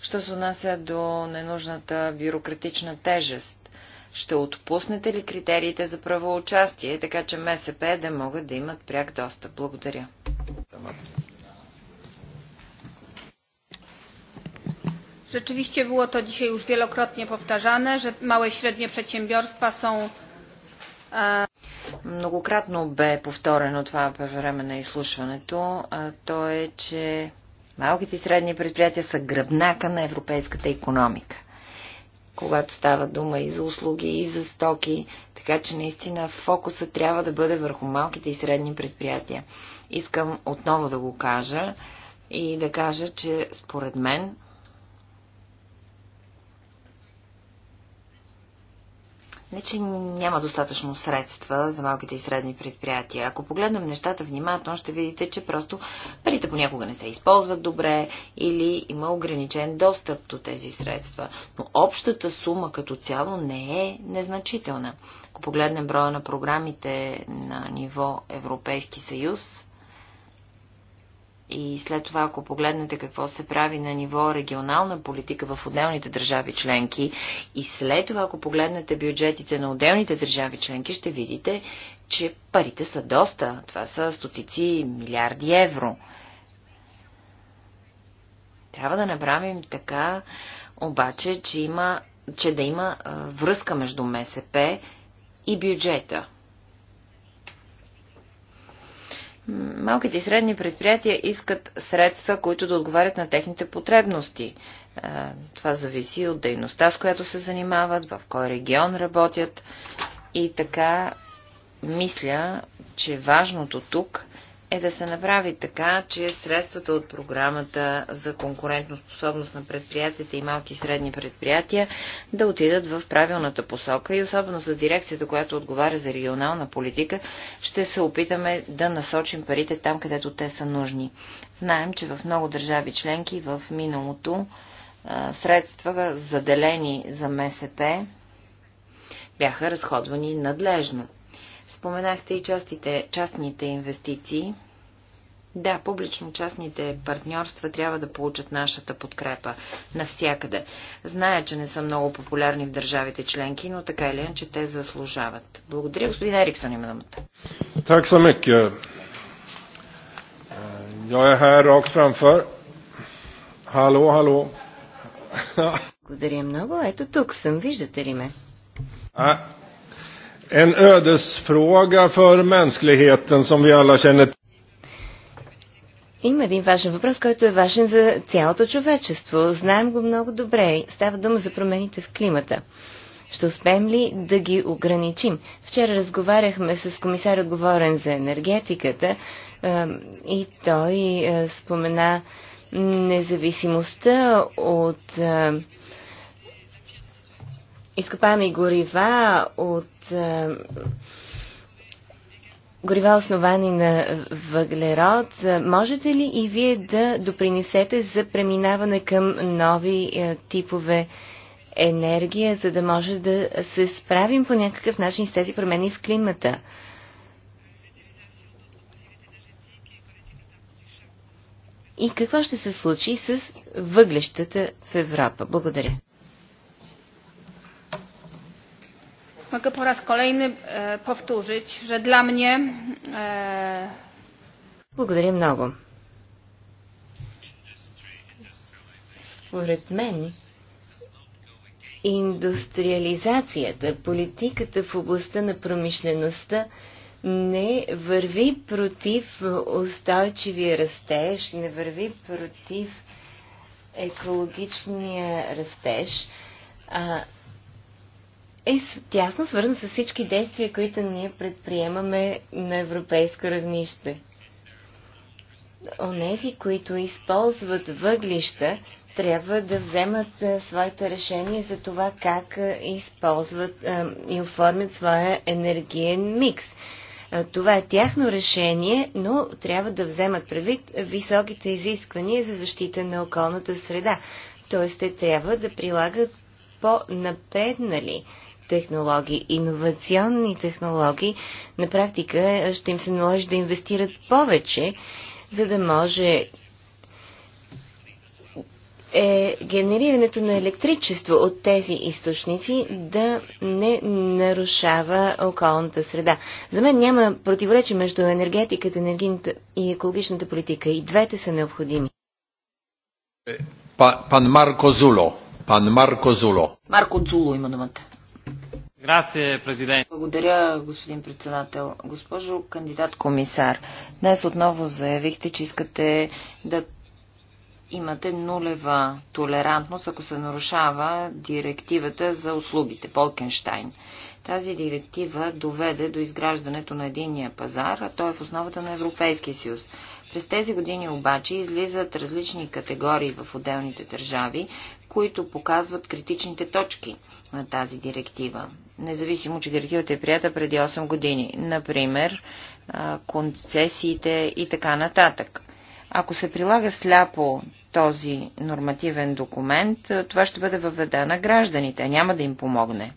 Що се отнася до ненужната бюрократична тежест? Ще отпуснете ли критериите за правоучастие, така че МСП да могат да имат пряк достъп? Благодаря.
Rzeczywiście było to dzisiaj już wielokrotnie powtarzane, że małe i średnie przedsiębiorstwa są e,
Многократно бе повторено това по време на изслушването. Е, то е, че малките и средни предприятия са гръбнака на европейската економика. Когато става дума и за услуги, и за стоки, така че наистина фокуса трябва да бъде върху малките и средни предприятия. Искам отново да го кажа и да кажа, че според мен не че няма достатъчно средства за малките и средни предприятия. Ако погледнем нещата внимателно, ще видите, че просто парите понякога не се използват добре или има ограничен достъп до тези средства. Но общата сума като цяло не е незначителна. Ако погледнем броя на програмите на ниво Европейски съюз, и след това, ако погледнете какво се прави на ниво регионална политика в отделните държави членки, и след това, ако погледнете бюджетите на отделните държави членки, ще видите, че парите са доста. Това са стотици милиарди евро. Трябва да направим така, обаче, че, има, че да има връзка между МСП и бюджета. Малките и средни предприятия искат средства, които да отговарят на техните потребности. Е, това зависи от дейността, с която се занимават, в кой регион работят. И така, мисля, че важното тук е да се направи така, че средствата от програмата за конкурентоспособност на предприятията и малки и средни предприятия да отидат в правилната посока и особено с дирекцията, която отговаря за регионална политика, ще се опитаме да насочим парите там, където те са нужни. Знаем, че в много държави членки в миналото средства заделени за МСП бяха разходвани надлежно. Споменахте и частите, частните инвестиции. Да, публично-частните партньорства трябва да получат нашата подкрепа навсякъде. Зная, че не са много популярни в държавите членки, но така или иначе те заслужават. Благодаря, господин Ериксон, има думата.
Так са mycket. Я э, е här rakt фрамфър. Хало, хало. Благодаря много. Ето тук съм. Виждате ли ме? А, En ödesfråga för mänskligheten som vi alla känner till. Има един важен въпрос, който е важен за цялото човечество. Знаем го много добре. Става дума за промените в климата. Ще успеем ли да ги ограничим? Вчера разговаряхме с комисар отговорен за енергетиката и той спомена независимостта от изкопаеми горива от е, горива основани на въглерод, можете ли и вие да допринесете за преминаване към нови е, типове енергия, за да може да се справим по някакъв начин с тези промени в климата? И какво ще се случи с въглещата в Европа? Благодаря.
Mogę po raz kolejny e, powtórzyć, że dla mnie... E,
Благодаря много. Според мен, индустриализацията, политиката в областта на промишлеността не върви против устойчивия растеж, не върви против екологичния растеж, а е тясно свързан с всички действия, които ние предприемаме на европейско равнище. Онези, които използват въглища, трябва да вземат е, своите решения за това как е, използват е, и оформят своя енергиен микс. Това е тяхно решение, но трябва да вземат предвид високите изисквания за защита на околната среда. Т.е. те трябва да прилагат по-напреднали технологии, иновационни технологии, на практика е, ще им се наложи да инвестират повече, за да може е генерирането на електричество от тези източници да не нарушава околната среда. За мен няма противоречие между енергетиката, енергийната и екологичната политика. И двете са необходими.
Пан Марко
Зуло. Пан Марко Зуло.
Марко Зуло има думата. Благодаря, господин председател. Госпожо кандидат комисар, днес отново заявихте, че искате да имате нулева толерантност, ако се нарушава директивата за услугите, Полкенштайн. Тази директива доведе до изграждането на единния пазар, а той е в основата на Европейския съюз. През тези години обаче излизат различни категории в отделните държави, които показват критичните точки на тази директива независимо, че директивата е прията преди 8 години. Например, концесиите и така нататък. Ако се прилага сляпо този нормативен документ, това ще бъде въведа на гражданите, няма да им помогне.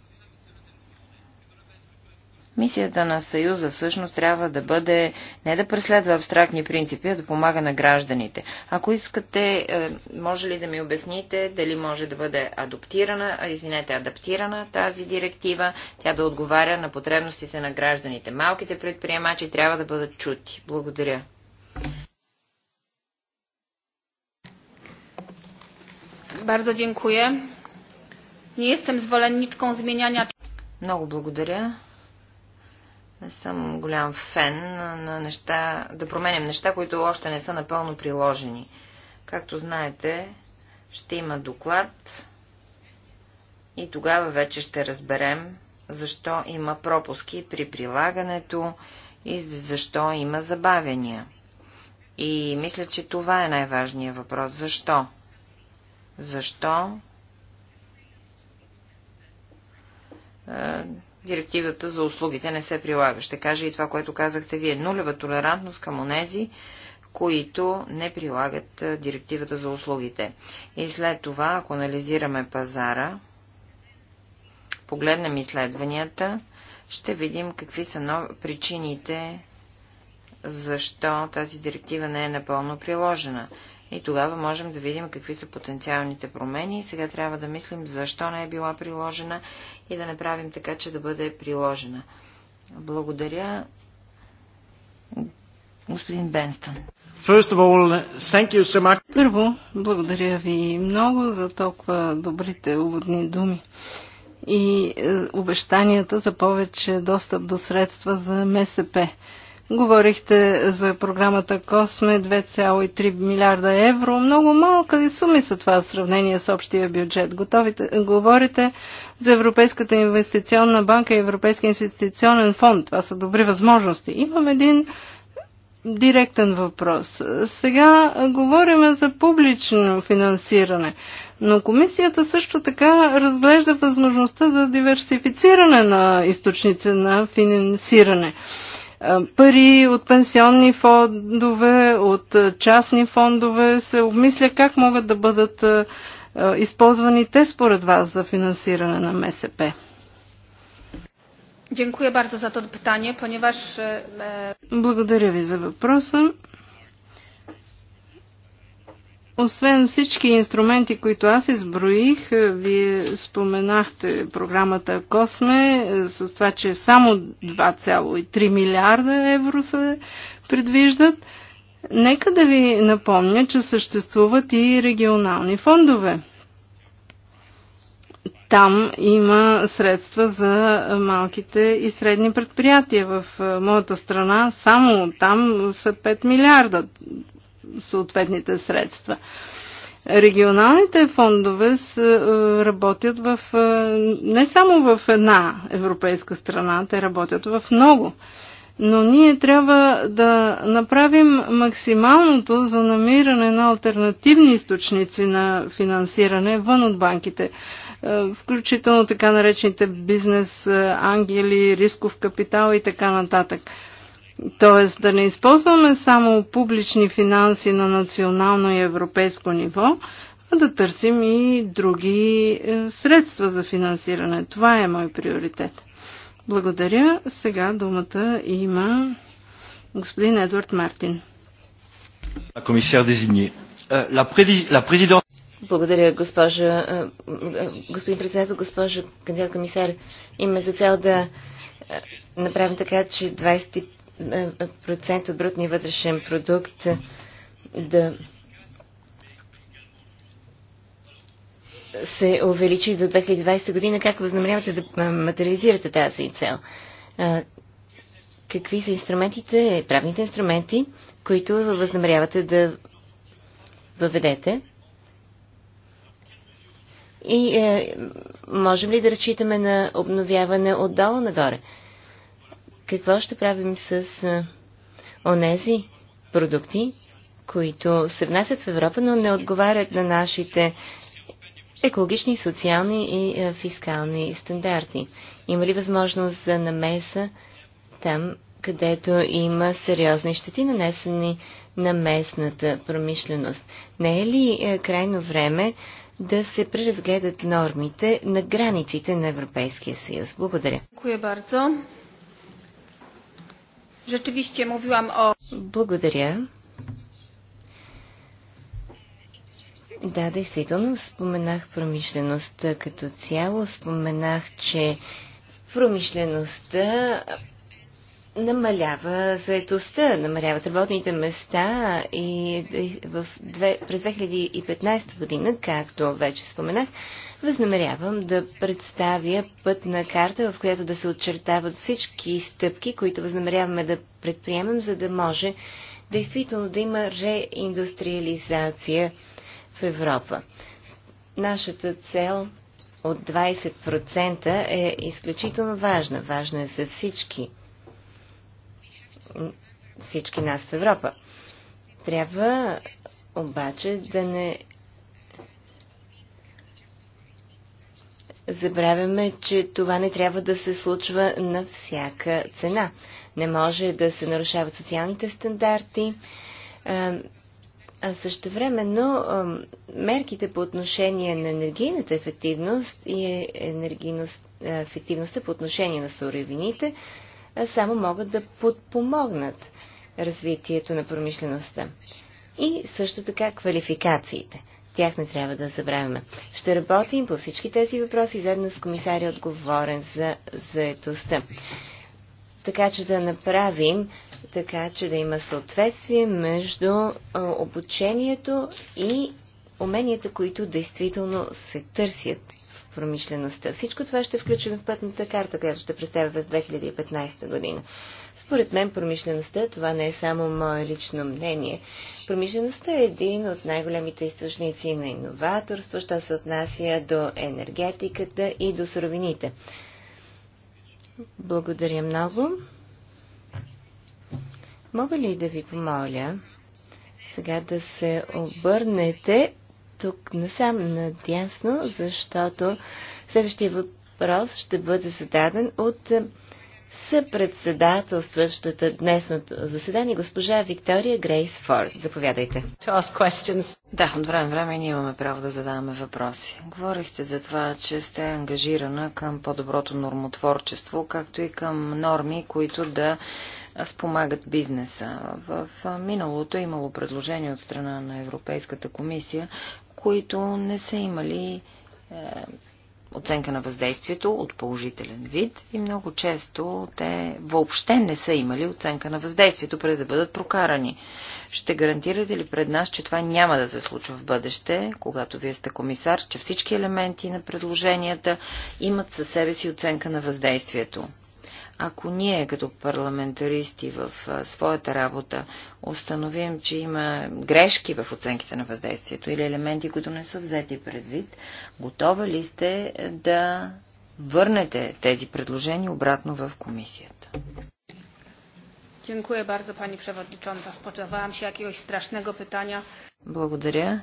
Мисията на Съюза всъщност трябва да бъде не да преследва абстрактни принципи, а да помага на гражданите. Ако искате, е, може ли да ми обясните дали може да бъде адаптирана, извинете, адаптирана тази директива, тя да отговаря на потребностите на гражданите. Малките предприемачи трябва да бъдат чути. Благодаря.
Bardzo dziękuję. Nie jestem zwolenniczką zmieniania.
Много благодаря. Не съм голям фен на неща, да променям неща, които още не са напълно приложени. Както знаете, ще има доклад и тогава вече ще разберем защо има пропуски при прилагането и защо има забавения. И мисля, че това е най-важният въпрос. Защо? Защо? Е, директивата за услугите не се прилага. Ще кажа и това, което казахте вие. Нулева толерантност към онези, които не прилагат директивата за услугите. И след това, ако анализираме пазара, погледнем изследванията, ще видим какви са нови, причините, защо тази директива не е напълно приложена. И тогава можем да видим какви са потенциалните промени. сега трябва да мислим защо не е била приложена и да направим така, че да бъде приложена. Благодаря, господин Бенстън. All, so
Първо, благодаря ви много за толкова добрите уводни думи и е, обещанията за повече достъп до средства за МСП. Говорихте за програмата Косме 2,3 милиарда евро. Много малка и суми са това в сравнение с общия бюджет. Готовите, говорите за Европейската инвестиционна банка и Европейския инвестиционен фонд. Това са добри възможности. Имам един директен въпрос. Сега говорим за публично финансиране, но комисията също така разглежда възможността за диверсифициране на източници на финансиране. Е, пари от пенсионни фондове, от е, частни фондове, се обмисля как могат да бъдат е, използвани те според вас за финансиране на МСП. Благодаря ви за въпроса. Освен всички инструменти, които аз изброих, е, вие споменахте програмата Косме е, с това, че само 2,3 милиарда евро се предвиждат. Нека да ви напомня, че съществуват и регионални фондове. Там има средства за малките и средни предприятия. В е, моята страна само там са 5 милиарда съответните средства. Регионалните фондове е, работят в, е, не само в една европейска страна, те работят в много. Но ние трябва да направим максималното за намиране на альтернативни източници на финансиране вън от банките е, включително така наречените бизнес ангели, рисков капитал и така нататък. Т.е. да не използваме само публични финанси на национално и европейско ниво, а да търсим и други е, средства за финансиране. Това е мой приоритет. Благодаря. Сега думата има господин Едвард Мартин.
Euh, Благодаря,
госпожа,
е, е, господин председател, госпожа кандидат комисар. Има за цел да направим така, че процент от брутния вътрешен продукт да се увеличи до 2020 година. Как възнамерявате да материализирате тази цел? Какви са инструментите, правните инструменти, които възнамерявате да въведете? И е, можем ли да разчитаме на обновяване отдолу нагоре? какво ще правим с онези продукти, които се внасят в Европа, но не отговарят на нашите екологични, социални и фискални стандарти. Има ли възможност за намеса там, където има сериозни щети, нанесени на местната промишленост? Не е ли крайно време да се преразгледат нормите на границите на Европейския съюз? Благодаря.
Rzeczywiście mówiłam o...
Благодаря. Да, действително споменах промишлеността като цяло. Споменах, че промишлеността намалява заетостта, намаляват работните места и в две, през 2015 година, както вече споменах, възнамерявам да представя пътна карта, в която да се очертават всички стъпки, които възнамеряваме да предприемем, за да може действително да има реиндустриализация в Европа. Нашата цел от 20% е изключително важна. Важна е за всички всички нас в Европа. Трябва обаче да не забравяме, че това не трябва да се случва на всяка цена. Не може да се нарушават социалните стандарти, а също времено мерките по отношение на енергийната ефективност и е- енергийност, ефективността по отношение на суровините само могат да подпомогнат развитието на промишлеността. И също така квалификациите. Тях не трябва да забравяме. Ще работим по всички тези въпроси заедно с комисаря отговорен за заетостта. Така че да направим така, че да има съответствие между обучението и уменията, които действително се търсят промишлеността. Всичко това ще включим в пътната карта, която ще представя през 2015 година. Според мен промишлеността, това не е само мое лично мнение, промишлеността е един от най-големите източници на иноваторство, що се отнася до енергетиката и до суровините. Благодаря много. Мога ли да ви помоля сега да се обърнете тук насам надясно, защото следващия въпрос ще бъде зададен от е, съпредседателстващата днесното заседание госпожа Виктория Грейс Форд. Заповядайте.
Да, от време време ние имаме право да задаваме въпроси. Говорихте за това, че сте ангажирана към по-доброто нормотворчество, както и към норми, които да спомагат бизнеса. В миналото е имало предложения от страна на Европейската комисия, които не са имали е, оценка на въздействието от положителен вид и много често те въобще не са имали оценка на въздействието преди да бъдат прокарани. Ще гарантирате ли пред нас, че това няма да се случва в бъдеще, когато вие сте комисар, че всички елементи на предложенията имат със себе си оценка на въздействието? Ако ние като парламентаристи в своята работа установим, че има грешки в оценките на въздействието или елементи, които не са взети предвид, готова ли сте да върнете тези предложения обратно в комисията? Благодаря, Благодаря.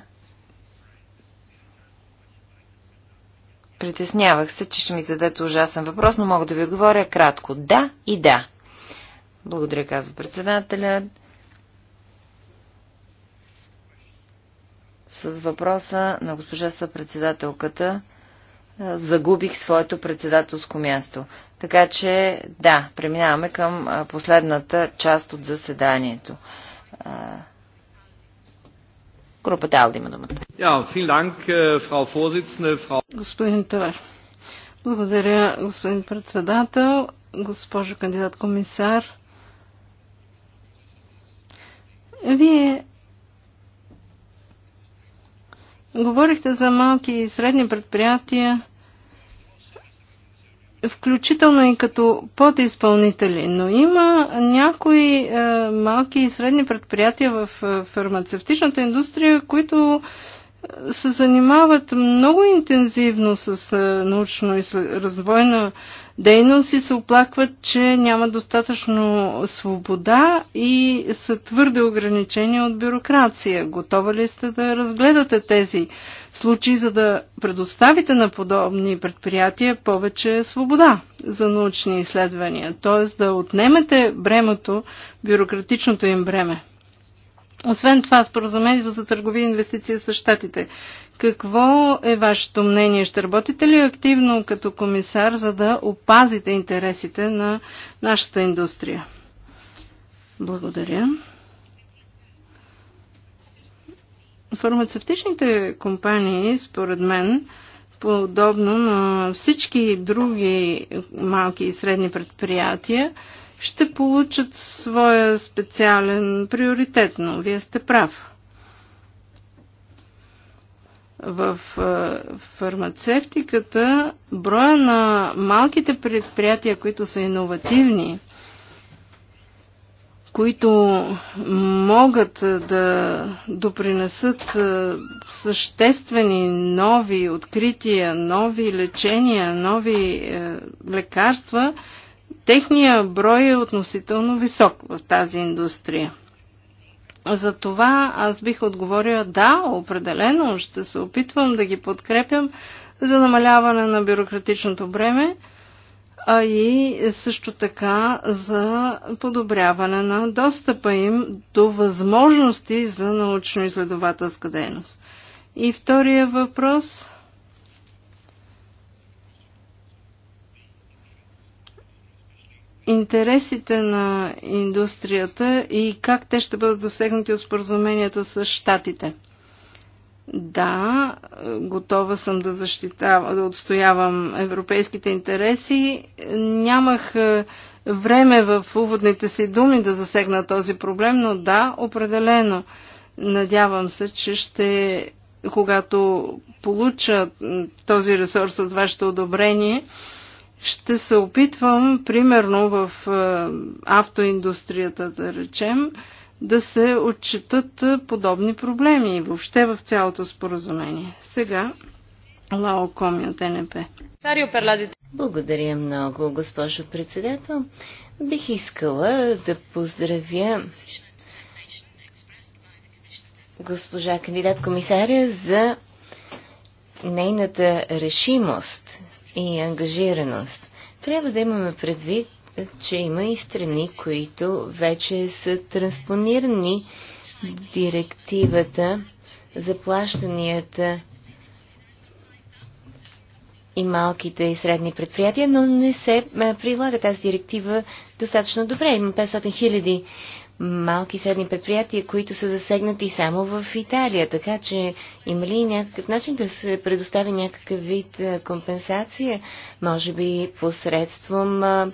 Притеснявах се, че ще ми зададете ужасен въпрос, но мога да ви отговоря кратко. Да и да. Благодаря, казва председателя. С въпроса на госпожа съпредседателката загубих своето председателско място. Така че, да, преминаваме към последната част от заседанието.
Групата Алда има думата.
Äh,
господин Товар. Благодаря, господин председател, госпожо кандидат комисар. Вие говорихте за малки и средни предприятия включително и като подизпълнители, но има някои е, малки и средни предприятия в е, фармацевтичната индустрия, които се занимават много интензивно с научно-развойна и дейност и се оплакват, че няма достатъчно свобода и са твърде ограничени от бюрокрация. Готова ли сте да разгледате тези случаи, за да предоставите на подобни предприятия повече свобода за научни изследвания, т.е. да отнемете бремето, бюрократичното им бреме? Освен това, споразумението за търговия и инвестиция с щатите. Какво е вашето мнение? Ще работите ли активно като комисар, за да опазите интересите на нашата индустрия? Благодаря. Фармацевтичните компании, според мен, подобно на всички други малки и средни предприятия, ще получат своя специален приоритет, но вие сте прав. В е, фармацевтиката броя на малките предприятия, които са иновативни, които могат да допринесат е, съществени нови открития, нови лечения, нови е, лекарства, Техния брой е относително висок в тази индустрия. За това аз бих отговорила да, определено ще се опитвам да ги подкрепям за намаляване на бюрократичното бреме, а и също така за подобряване на достъпа им до възможности за научно-изследователска дейност. И втория въпрос интересите на индустрията и как те ще бъдат засегнати от споразумението с щатите. Да, готова съм да защитавам, да отстоявам европейските интереси. Нямах е, време в уводните си думи да засегна този проблем, но да, определено. Надявам се, че ще, когато получа този ресурс от вашето одобрение, ще се опитвам, примерно в е, автоиндустрията, да речем, да се отчитат е, подобни проблеми и въобще в цялото споразумение. Сега Лао Коми от НП. Благодаря много, госпожо
председател.
Бих искала да поздравя госпожа кандидат комисаря за нейната решимост и ангажираност. Трябва да имаме предвид, че има и страни, които вече са транспонирани директивата за плащанията и малките и средни предприятия, но не се прилага тази директива достатъчно добре. Има 500 хиляди малки и средни предприятия, които са засегнати само в Италия. Така че има ли някакъв начин да се предостави някакъв вид компенсация, може би посредством а,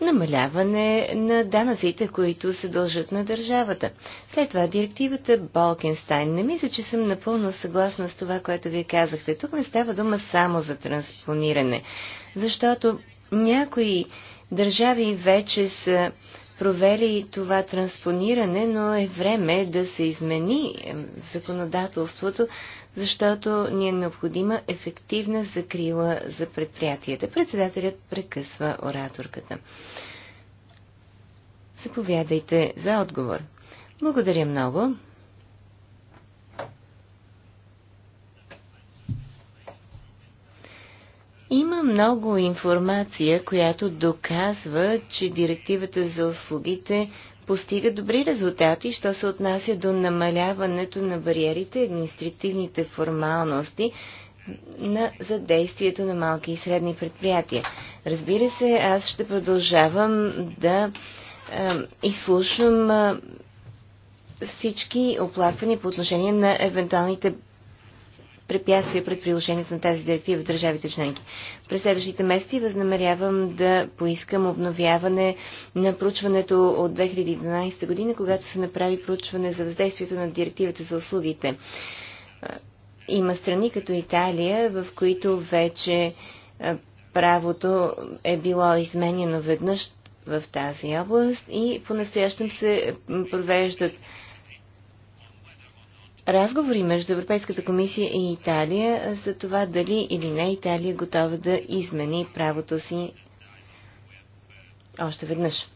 намаляване на данъците, които се дължат на държавата. След това директивата Болкенстайн. Не мисля, че съм напълно съгласна с това, което вие казахте. Тук не става дума само за транспониране, защото някои държави вече са провери това транспониране, но е време да се измени законодателството, защото ни е необходима ефективна закрила за предприятията. Председателят прекъсва ораторката. Заповядайте за отговор. Благодаря много. Има много информация, която доказва, че директивата за услугите постига добри резултати, що се отнася до намаляването на бариерите, административните формалности на, за действието на малки и средни предприятия. Разбира се, аз ще продължавам да е, изслушам е, всички оплаквания по отношение на евентуалните препятствия пред приложението на тази директива в държавите членки. През следващите месеци възнамерявам да поискам обновяване на проучването от 2012 година, когато се направи проучване за въздействието на директивата за услугите. Има страни като Италия, в които вече правото е било изменено веднъж в тази област и по-настоящем се провеждат разговори между Европейската комисия и Италия за това дали или не Италия е готова да измени правото си още веднъж.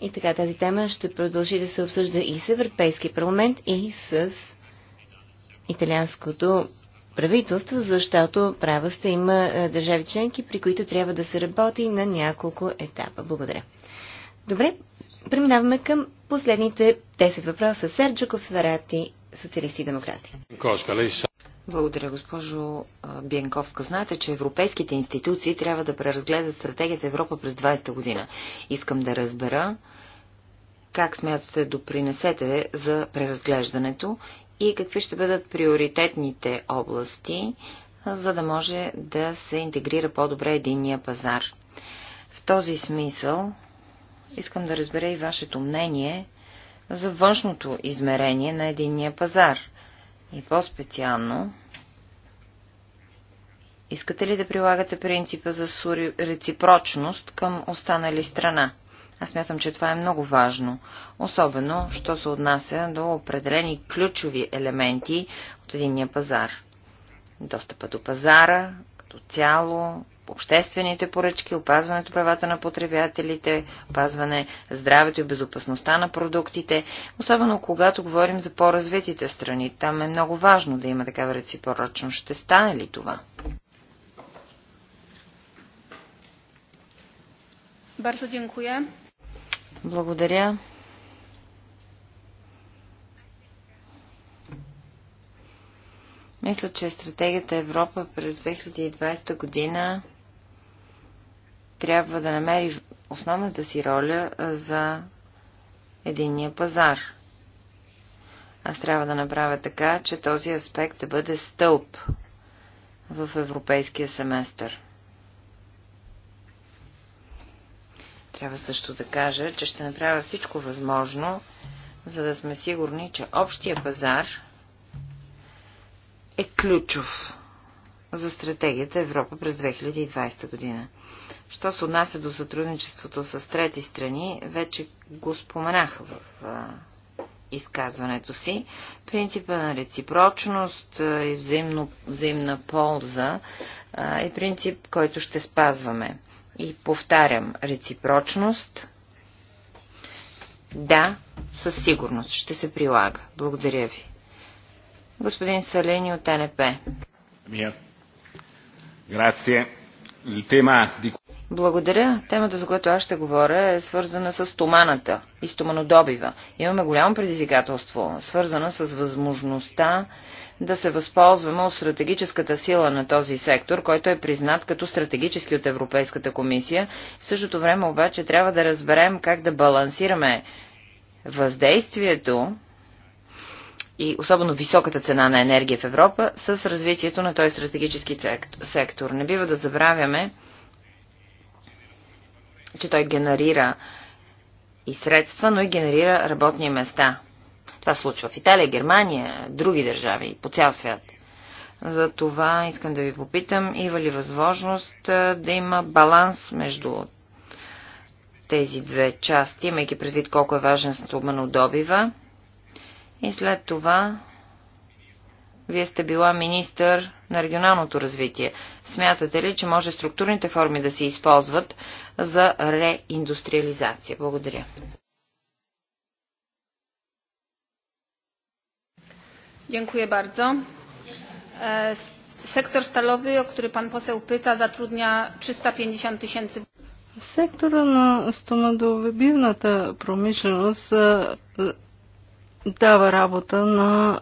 И така тази тема ще продължи да се обсъжда и с Европейския парламент, и с италианското правителство, защото права сте има е, държави членки, при които трябва да се работи на няколко етапа. Благодаря. Добре, Преминаваме към последните
10 въпроса. Серджо Ковсварати, социалисти и демократи. Благодаря, госпожо Бенковска. Знаете, че европейските институции трябва да преразгледат стратегията Европа през 20-та година. Искам да разбера как смятате да допринесете за преразглеждането и какви ще бъдат приоритетните области, за да може да се интегрира по-добре единния пазар. В този смисъл Искам да разбера и вашето мнение за външното измерение на единния пазар. И по-специално, искате ли да прилагате принципа за реципрочност към останали страна? Аз мятам, че това е много важно, особено, що се отнася до определени ключови елементи от единния пазар. Достъпа до пазара, като цяло, обществените поръчки, опазването правата на потребителите, опазване здравето и безопасността на продуктите, особено когато говорим за по-развитите страни. Там е много важно да има такава реципорочност. Ще стане ли това? Благодаря. Мисля, че стратегията Европа през 2020 година трябва да намери основната си роля за единния пазар. Аз трябва да направя така, че този аспект да бъде стълб в европейския семестър. Трябва също да кажа, че ще направя всичко възможно, за да сме сигурни, че общия пазар е ключов за стратегията Европа през 2020 година. Що се отнася до сътрудничеството с трети страни, вече го споменах в изказването си. Принципа на реципрочност и взаимно, взаимна полза е принцип, който ще спазваме. И повтарям, реципрочност, да, със сигурност ще се прилага. Благодаря ви. Господин Салени от НП.
Грация. Тема,
благодаря. Темата, за която аз ще говоря, е свързана с стоманата и стоманодобива. Имаме голямо предизвикателство, свързана с възможността да се възползваме от стратегическата сила на този сектор, който е признат като стратегически от Европейската комисия. В същото време обаче трябва да разберем как да балансираме въздействието и особено високата цена на енергия в Европа с развитието на този стратегически сектор. Не бива да забравяме, че той генерира и средства, но и генерира работни места. Това се случва в Италия, Германия, други държави, по цял свят. За това искам да ви попитам, има ли възможност да има баланс между тези две части, имайки предвид колко е важен добива. И след това вие сте била министър на регионалното развитие. Смятате ли, че може структурните форми да се използват за реиндустриализация? Благодаря.
Dziękuję bardzo. E, sektor stalowy, o który pan poseł pyta, zatrudnia 350 tysięcy.
Сектора на стомадовебивната промишленост дава работа на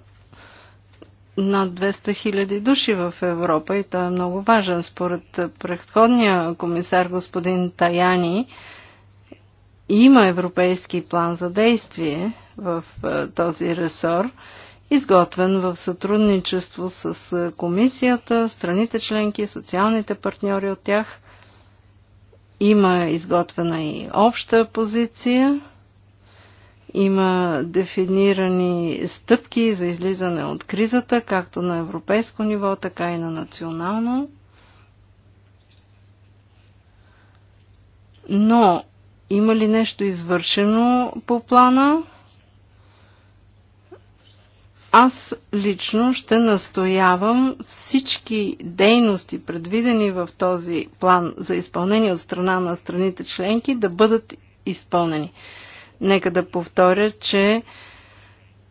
над 200 хиляди души в Европа и той е много важен. Според предходния комисар господин Таяни, има европейски план за действие в е, този ресор, изготвен в сътрудничество с е, комисията, страните членки, социалните партньори от тях. Има изготвена и обща позиция – има дефинирани стъпки за излизане от кризата, както на европейско ниво, така и на национално. Но има ли нещо извършено по плана? Аз лично ще настоявам всички дейности, предвидени в този план за изпълнение от страна на страните членки, да бъдат изпълнени. Нека да повторя, че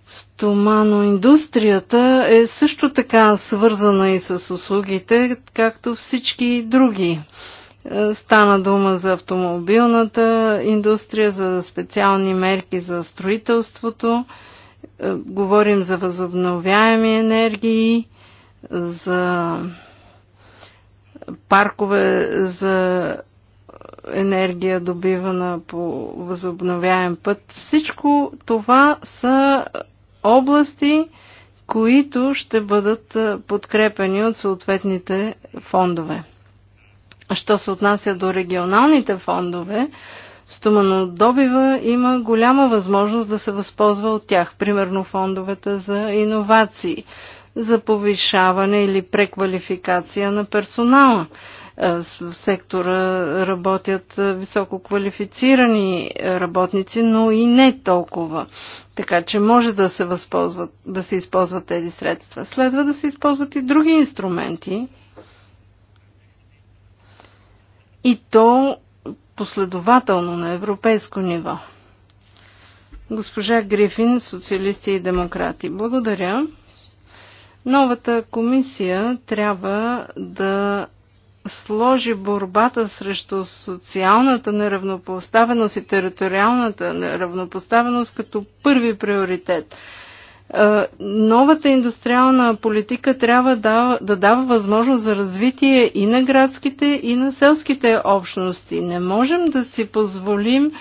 стоманоиндустрията е също така свързана и с услугите, както всички други. Е, стана дума за автомобилната индустрия, за специални мерки за строителството. Е, говорим за възобновяеми енергии, за паркове за енергия, добивана по възобновяем път. Всичко това са области, които ще бъдат подкрепени от съответните фондове. Що се отнася до регионалните фондове, стоманодобива има голяма възможност да се възползва от тях. Примерно фондовете за иновации, за повишаване или преквалификация на персонала. В е, сектора работят е, високо квалифицирани работници, но и не толкова. Така че може да се, възползват, да се използват тези средства. Следва да се използват и други инструменти. И то последователно на европейско ниво. Госпожа Грифин, социалисти и демократи. Благодаря. Новата комисия трябва да сложи борбата срещу социалната неравнопоставеност и териториалната неравнопоставеност като първи приоритет. Е, новата индустриална политика трябва да, да дава възможност за развитие и на градските, и на селските общности. Не можем да си позволим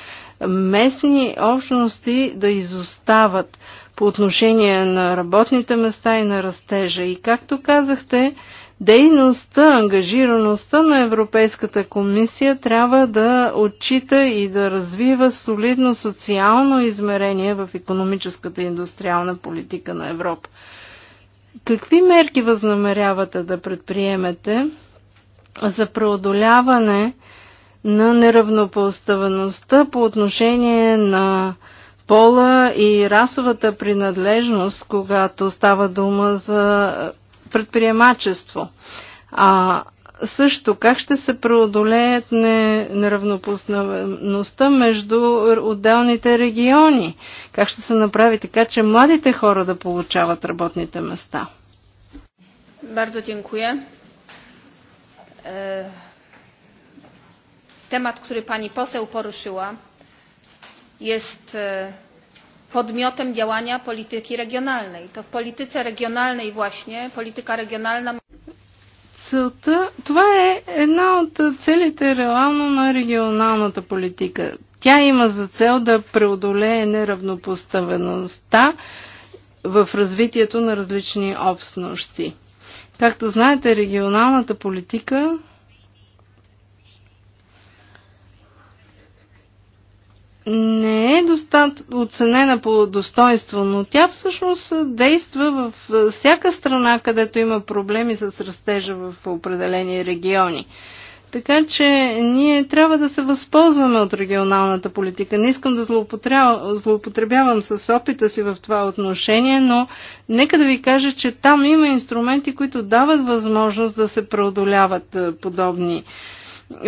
местни общности да изостават по отношение на работните места и на растежа. И както казахте, дейността, ангажираността на Европейската комисия трябва да отчита и да развива солидно социално измерение в економическата и индустриална политика на Европа. Какви мерки възнамерявате да предприемете за преодоляване на неравнопоставеността по отношение на пола и расовата принадлежност, когато става дума за предприемачество. А също как ще се преодолеят неравнопознаността между отделните региони? Как ще се направи така, че младите хора да получават работните места?
Бардо дякуя. Е, темат, който пани посел порушила, е podmiotem działania polityki regionalnej. To w polityce regionalnej właśnie polityka regionalna.
Целта, това е една от целите реално на регионалната политика. Тя има за цел да преодолее неравнопоставеността в развитието на различни общности. Както знаете, регионалната политика не е достат, оценена по достоинство, но тя всъщност действа в всяка страна, където има проблеми с растежа в определени региони. Така че ние трябва да се възползваме от регионалната политика. Не искам да злоупотребявам с опита си в това отношение, но нека да ви кажа, че там има инструменти, които дават възможност да се преодоляват подобни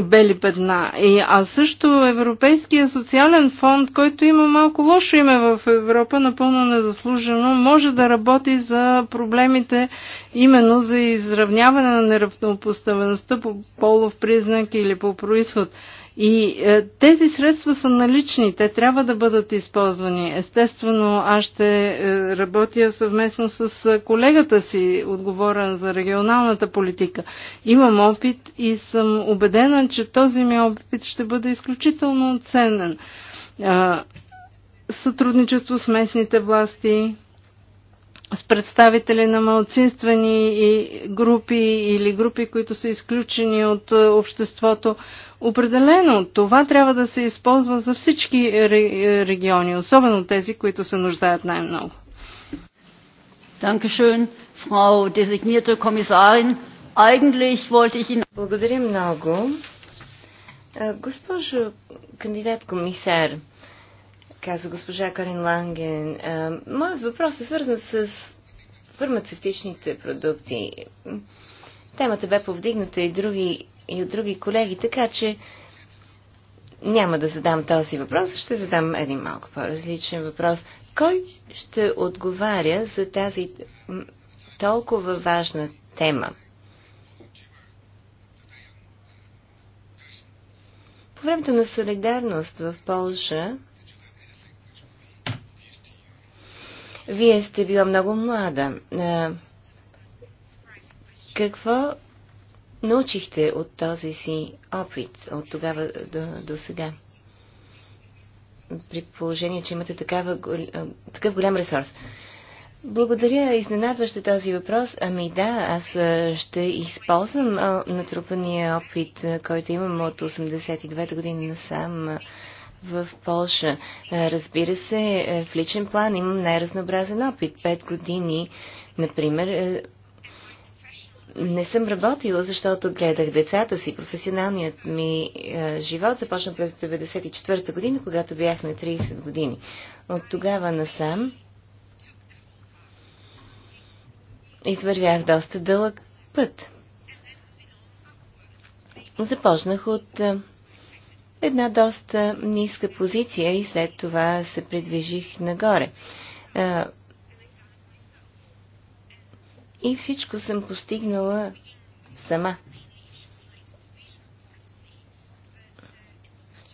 бели петна. И, а също Европейския социален фонд, който има малко лошо име в Европа, напълно незаслужено, може да работи за проблемите именно за изравняване на неравнопоставеността по полов признак или по происход. И е, тези средства са налични, те трябва да бъдат използвани. Естествено, аз ще е, работя съвместно с е, колегата си, отговорен за регионалната политика. Имам опит и съм убедена, че този ми опит ще бъде изключително ценен. Е, сътрудничество с местните власти, с представители на малцинствени групи или групи, които са изключени от е, обществото. Определено това трябва да се използва за всички региони, особено тези, които се нуждаят най-много. Dankeschön, Frau designierte Kommissarin. Eigentlich wollte ich Благодаря много. Е, госпожо
кандидат-комисар, каза госпожа Карин Ланген, е, моят въпрос е свързан с фармацевтичните продукти. Темата бе повдигната и други и от други колеги, така че няма да задам този въпрос, ще задам един малко по-различен въпрос. Кой ще отговаря за тази толкова важна тема? По времето на солидарност в Полша, вие сте била много млада. Какво научихте от този си опит от тогава до, до сега? При положение, че имате такава, такъв голям ресурс. Благодаря, изненадваща е този въпрос. Ами да, аз ще използвам натрупания опит, който имам от 82-та година насам в Польша. Разбира се, в личен план имам най-разнообразен опит. Пет години, например, не съм работила, защото гледах децата си. Професионалният ми е, живот започна през 1994 година, когато бях на 30 години. От тогава насам извървях доста дълъг път. Започнах от е, една доста ниска позиция и след това се придвижих нагоре. Е, и всичко съм постигнала сама.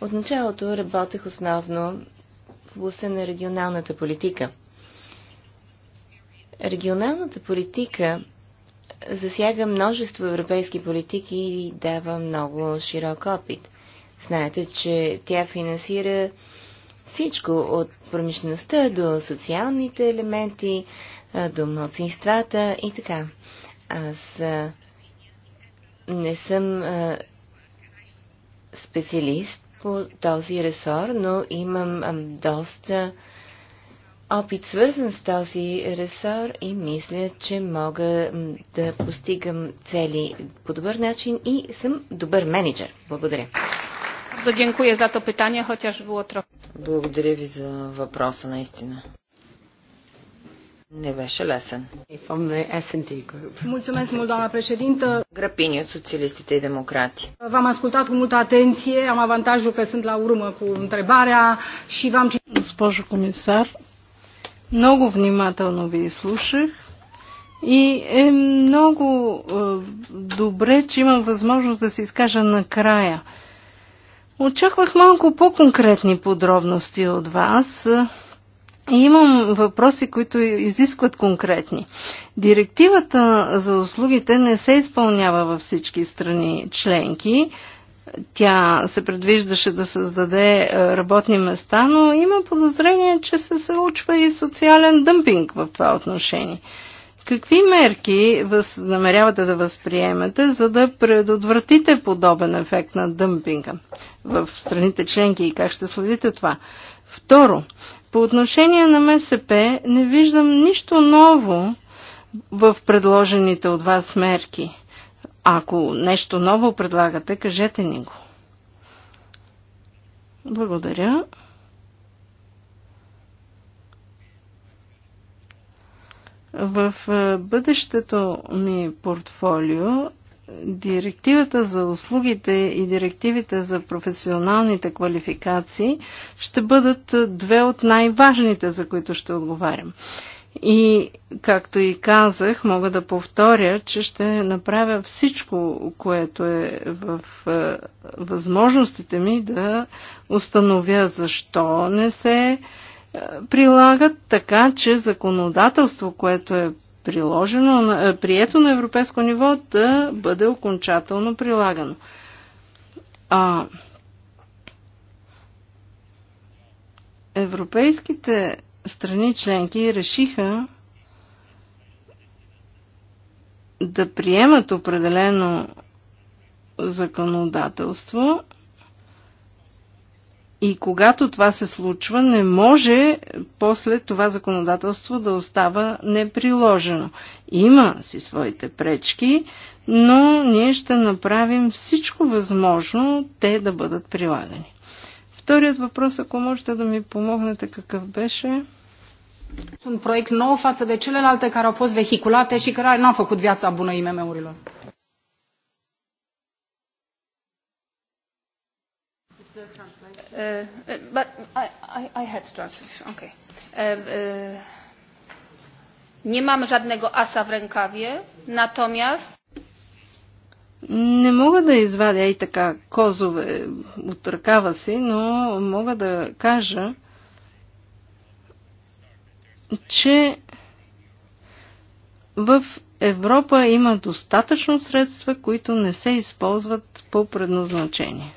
От началото работех основно в областта на регионалната политика. Регионалната политика засяга множество европейски политики и дава много широк опит. Знаете, че тя финансира всичко от промишлеността до социалните елементи, до младсинствата и така. Аз не съм специалист по този ресор, но имам доста опит свързан с този ресор и мисля, че мога да постигам цели по добър начин и съм добър менеджер. Благодаря.
Благодаря ви за въпроса, наистина. Не беше лесен.
Mulțumesc mult, doamna
președintă.
Grăpini от социалистите и демократи.
V-am ascultat cu multă atenție, am avantajul că sunt la urmă cu întrebarea și v-am... Госпожо комисар, много внимателно ви слушах и е много е, добре, че имам възможност да се изкажа накрая. Очаквах малко по-конкретни подробности от вас. И имам въпроси, които изискват конкретни. Директивата за услугите не се изпълнява във всички страни членки. Тя се предвиждаше да създаде е, работни места, но има подозрение, че се случва и социален дъмпинг в това отношение. Какви мерки въз... намерявате да възприемете, за да предотвратите подобен ефект на дъмпинга в страните членки и как ще следите това? Второ, по отношение на МСП не виждам нищо ново в предложените от вас мерки. Ако нещо ново предлагате, кажете ни го. Благодаря. В е, бъдещето ми портфолио директивата за услугите и директивите за професионалните квалификации ще бъдат две от най-важните, за които ще отговарям. И, както и казах, мога да повторя, че ще направя всичко, което е в е, възможностите ми да установя защо не се е, прилагат, така че законодателство, което е приложено, е, прието на европейско ниво да бъде окончателно прилагано. А, европейските страни членки решиха да приемат определено законодателство, и когато това се случва, не може после това законодателство да остава неприложено. Има си своите пречки, но ние ще направим всичко възможно те да бъдат прилагани. Вторият въпрос, ако можете да ми помогнете, какъв беше?
Un proiect nou față de celelalte care au fost vehiculate și care n-au făcut viața bună IMM-urilor. Uh, but I, I, I had translation. Okay. Uh, uh, nie mam żadnego asa w rękawie, natomiast...
Не мога да извадя и така козове от ръкава си, но мога да кажа, че в Европа има достатъчно средства, които не се използват по предназначение.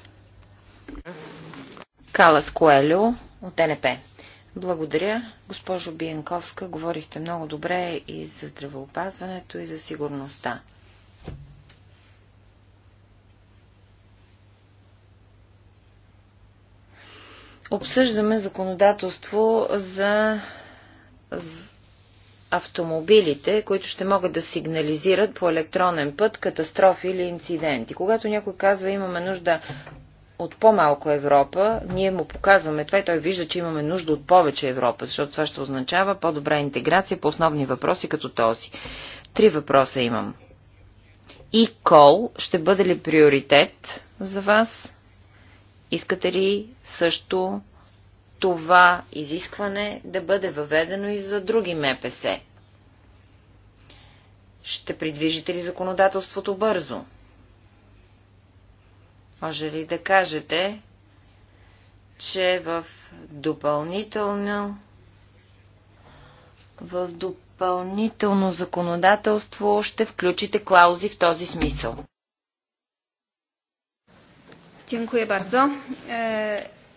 Калас Коелю от НП. Благодаря. Госпожо Биенковска, говорихте много добре и за здравеопазването, и за сигурността. Обсъждаме законодателство за автомобилите, които ще могат да сигнализират по електронен път катастрофи или инциденти. Когато някой казва имаме нужда от по-малко Европа, ние му показваме това и той вижда, че имаме нужда от повече Европа, защото това ще означава по-добра интеграция по основни въпроси като този. Три въпроса имам. И кол ще бъде ли приоритет за вас? Искате ли също това изискване да бъде въведено и за други МПС? Ще придвижите ли законодателството бързо? Може ли да кажете, че в допълнително в допълнително законодателство ще включите клаузи в този смисъл?
Dziękuję bardzo. E,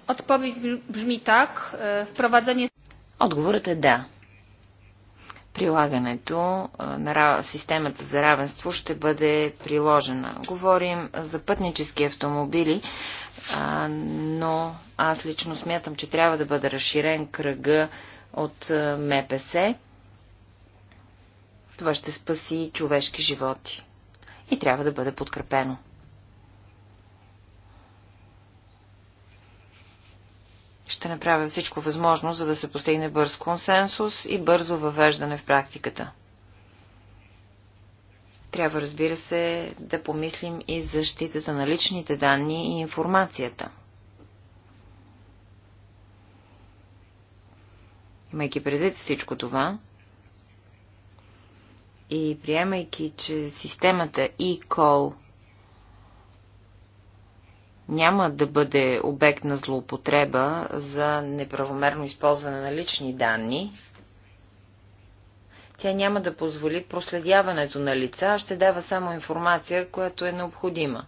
odpowiedź brzmi tak. E, wprowadzenie.
Odgór te da прилагането на системата за равенство ще бъде приложена. Говорим за пътнически автомобили, но аз лично смятам, че трябва да бъде разширен кръга от МПС. Това ще спаси човешки животи и трябва да бъде подкрепено. Ще направя всичко възможно, за да се постигне бърз консенсус и бързо въвеждане в практиката. Трябва, разбира се, да помислим и защитата на личните данни и информацията. Имайки предвид всичко това и приемайки, че системата e-call – няма да бъде обект на злоупотреба за неправомерно използване на лични данни, тя няма да позволи проследяването на лица, а ще дава само информация, която е необходима.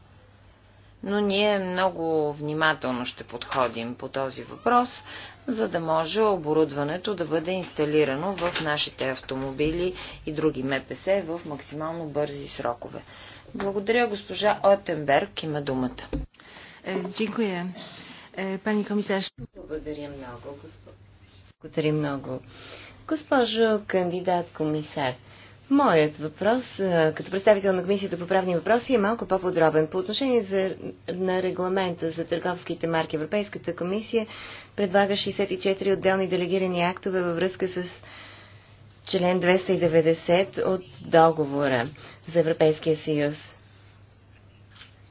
Но ние много внимателно ще подходим по този въпрос, за да може оборудването да бъде инсталирано в нашите автомобили и други МПС в максимално бързи срокове. Благодаря, госпожа Отенберг има думата.
Е, Dziękuję. Е, Pani komisarz.
Благодаря много,
госпожо. много.
Госпожо кандидат комисар, моят въпрос е, като представител на Комисията по правни въпроси е малко по-подробен. По отношение за, на регламента за търговските марки, Европейската комисия предлага 64 отделни делегирани актове във връзка с член 290 от договора за Европейския съюз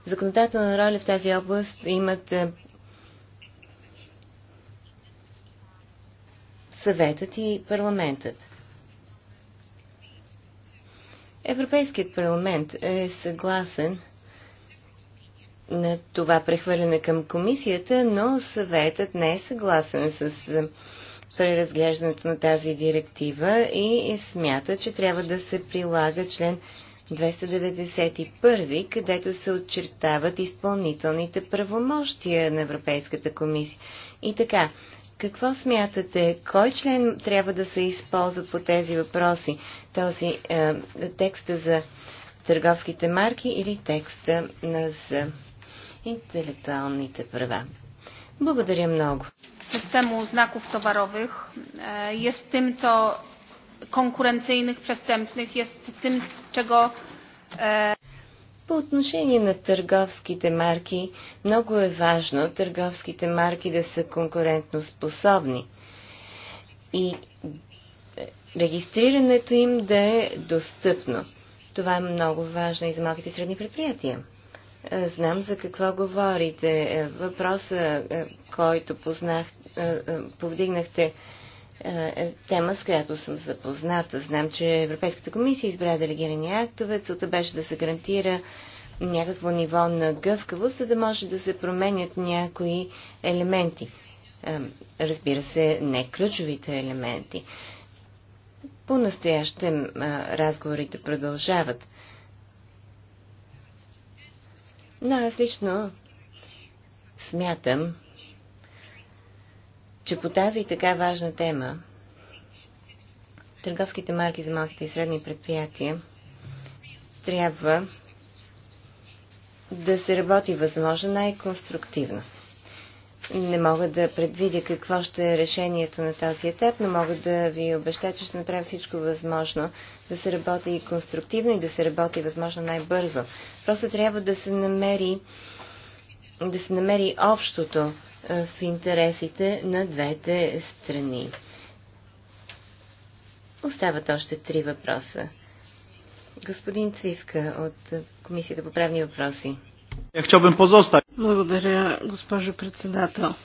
законодателна роля в тази област имат е, съветът и парламентът. Европейският парламент е съгласен на това прехвърляне към комисията, но съветът не е съгласен с е, преразглеждането на тази директива и смята, че трябва да се прилага член 291, където се отчертават изпълнителните правомощия на Европейската комисия. И така, какво смятате, кой член трябва да се използва по тези въпроси? Този е, текста за търговските марки или текста на, за интелектуалните права? Благодаря много.
Систему знаков товарових е, е тим, то конкуренцийных, престъпних jest тим, чого э,
По отношение на търговските марки, много е важно търговските марки да са конкурентно способни и е, регистрирането им да е достъпно. Това е много важно и за малките и средни предприятия. Е, знам за какво говорите. Е, въпроса, който познах, повдигнахте е, е тема, с която съм запозната. Знам, че Европейската комисия избра делегирани актове. Целта беше да се гарантира някакво ниво на гъвкавост, за да може да се променят някои елементи. Е, разбира се, не ключовите елементи. По-настоящем е, разговорите продължават. Но аз лично смятам, че по тази и така важна тема търговските марки за малките и средни предприятия трябва да се работи възможно най-конструктивно. Не мога да предвидя какво ще е решението на този етап, но мога да ви обеща, че ще направя всичко възможно да се работи и конструктивно и да се работи възможно най-бързо. Просто трябва да се намери да се намери общото е, в интересите на двете страни. Остават още три въпроса. Господин Цвивка от Комисията по правни въпроси.
Благодаря, госпожо председател.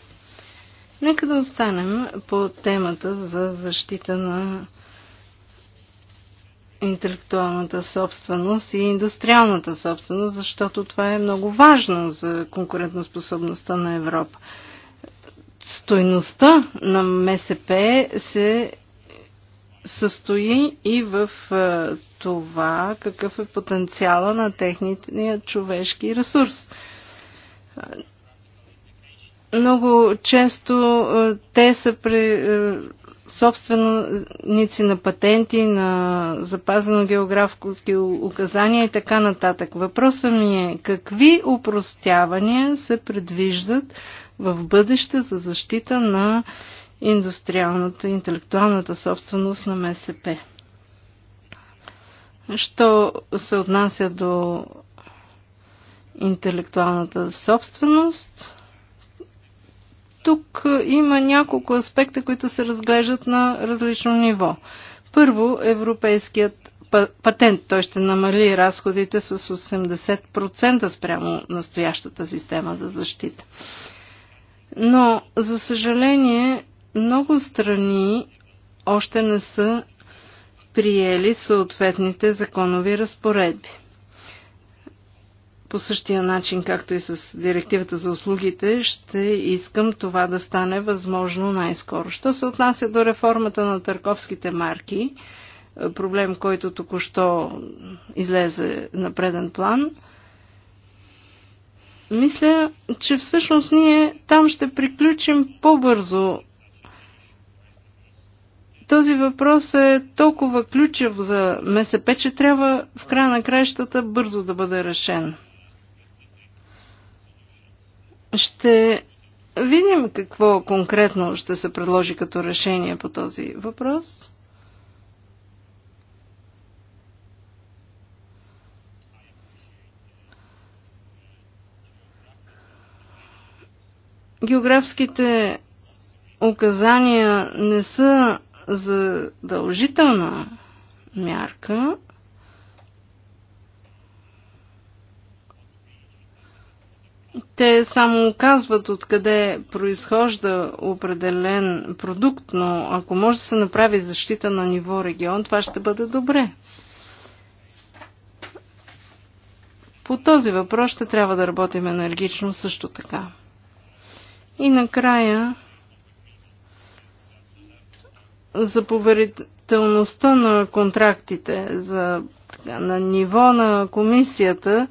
Нека да останем по темата за защита на интелектуалната собственост и индустриалната собственост, защото това е много важно за конкурентоспособността на Европа. Стойността на МСП се състои и в това какъв е потенциала на техния човешки ресурс. Много често те са при собственици на патенти, на запазено географски указания и така нататък. Въпросът ми е какви упростявания се предвиждат в бъдеще за защита на индустриалната, интелектуалната собственост на МСП. Що се отнася до интелектуалната собственост, тук е, има няколко аспекта, които се разглеждат на различно ниво. Първо, европейският патент. Той ще намали разходите с 80% спрямо настоящата система за защита. Но, за съжаление, много страни още не са приели съответните законови разпоредби по същия начин, както и с директивата за услугите, ще искам това да стане възможно най-скоро. Що се отнася до реформата на търговските марки, е, проблем, който току-що излезе на преден план, мисля, че всъщност ние там ще приключим по-бързо. Този въпрос е толкова ключов за МСП, че трябва в края на краищата бързо да бъде решен. Ще видим какво конкретно ще се предложи като решение по този въпрос. Географските указания не са задължителна мярка, Те само казват откъде произхожда определен продукт, но ако може да се направи защита на ниво регион, това ще бъде добре. По този въпрос ще трябва да работим енергично също така. И накрая за поверителността на контрактите, за, така, на ниво на комисията,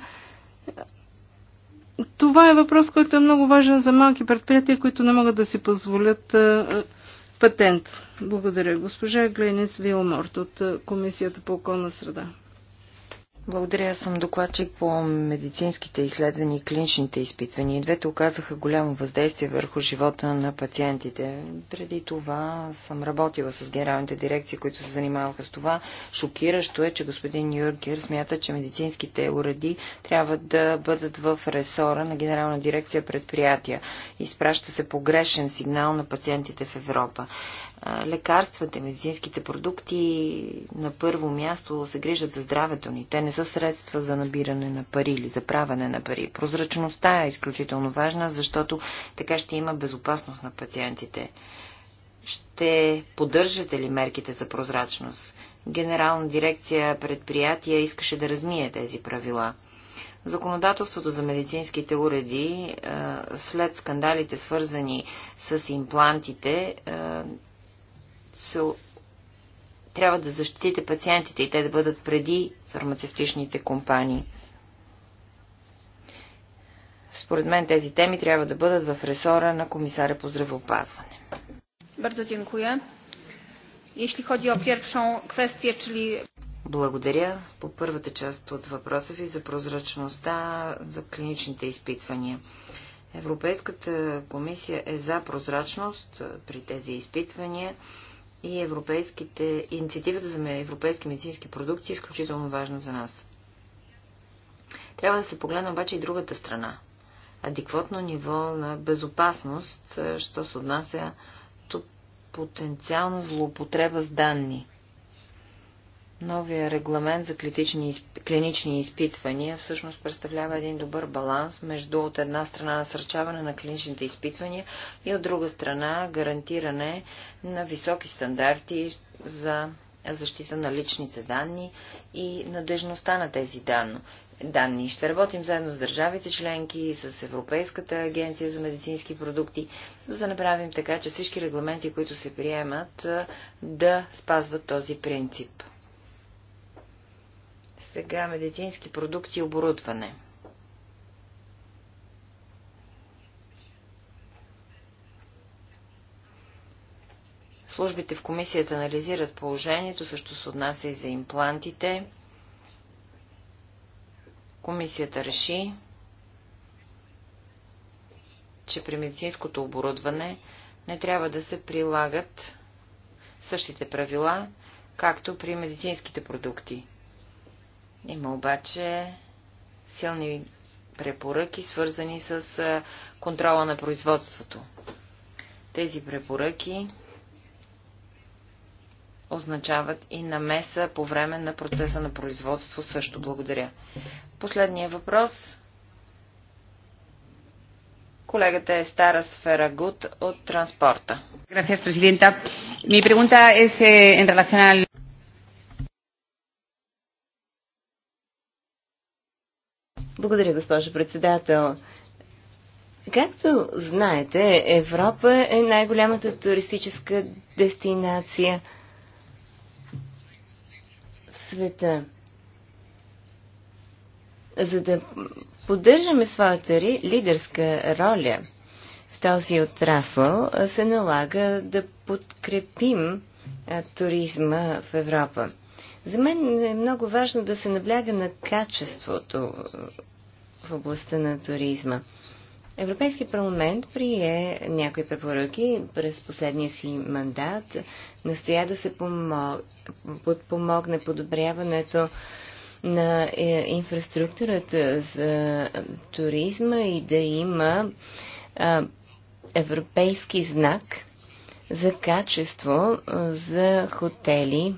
това е въпрос, който е много важен за малки предприятия, които не могат да си позволят патент. Благодаря. Госпожа Гленис Вилморт от Комисията по околна среда. Благодаря, аз съм докладчик
по медицинските изследвания и клиничните изпитвания. Двете оказаха голямо въздействие върху живота на пациентите. Преди това съм работила с генералните дирекции, които се занимаваха с това. Шокиращо е, че господин Юргер смята, че медицинските уреди трябва да бъдат в ресора на генерална дирекция предприятия. Изпраща се погрешен сигнал на пациентите в Европа лекарствата, медицинските продукти на първо място се грижат за здравето ни. Те не са средства за набиране на пари или за правене на пари. Прозрачността е изключително важна, защото така ще има безопасност на пациентите. Ще поддържате ли мерките за прозрачност? Генерална дирекция предприятия искаше да размие тези правила. Законодателството за медицинските уреди след скандалите свързани с имплантите се трябва да защитите пациентите и те да бъдат преди фармацевтичните компании. Според мен тези теми трябва да бъдат в ресора на комисаря по здравеопазване. Благодаря по първата част от въпроса ви за прозрачността за клиничните изпитвания. Европейската комисия е за прозрачност при тези изпитвания и европейските, инициативата за европейски медицински продукти е изключително важна за нас. Трябва да се погледне обаче и другата страна. Адекватно ниво на безопасност, е, що се отнася до потенциална злоупотреба с данни. Новия регламент за клинични, клинични изпитвания всъщност представлява един добър баланс между от една страна насърчаване на клиничните изпитвания и от друга страна гарантиране на високи стандарти за защита на личните данни и надежността на тези данни данни. Ще работим заедно с държавите членки и с Европейската агенция за медицински продукти, за да направим така, че всички регламенти, които се приемат, да спазват този принцип. Сега медицински продукти и оборудване. Службите в комисията анализират положението, също се отнася и за имплантите. Комисията реши, че при медицинското оборудване не трябва да се прилагат същите правила, както при медицинските продукти. Има обаче силни препоръки, свързани с контрола на производството. Тези препоръки означават и намеса по време на процеса на производство също. Благодаря. Последния въпрос. Колегата е Стара Сфера Гуд от транспорта.
Gracias, presidenta. Mi pregunta es eh, en relación al...
Благодаря, госпожо председател. Както знаете, Европа е най-голямата туристическа дестинация в света. За да поддържаме своята лидерска роля в този отрасъл, се налага да подкрепим туризма в Европа. За мен е много важно да се набляга на качеството е, в областта на туризма. Европейски парламент прие някои препоръки през последния си мандат, настоя да се подпомогне подобряването на е, инфраструктурата за туризма и да има европейски знак за качество за хотели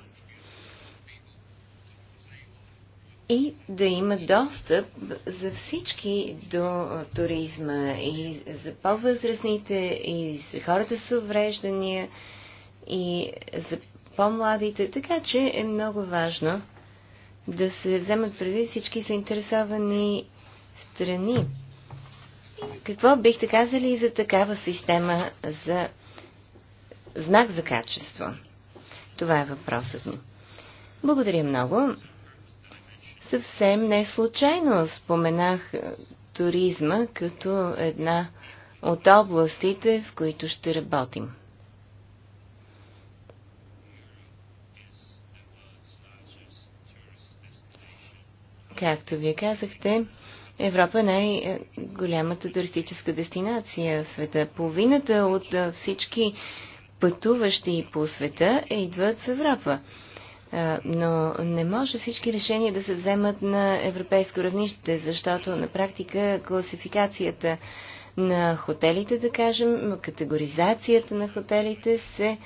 и да има достъп за всички до туризма и за по-възрастните, и за хората с увреждания, и за по-младите. Така че е много важно да се вземат преди всички заинтересовани страни. Какво бихте казали за такава система за знак за качество? Това е въпросът ми. Благодаря много съвсем не случайно споменах е, туризма като една от областите, в които ще работим. Както вие казахте, Европа е най-голямата туристическа дестинация в света. Половината от е, всички пътуващи по света идват в Европа но не може всички решения да се вземат на европейско равнище, защото на практика класификацията на хотелите, да кажем, категоризацията на хотелите се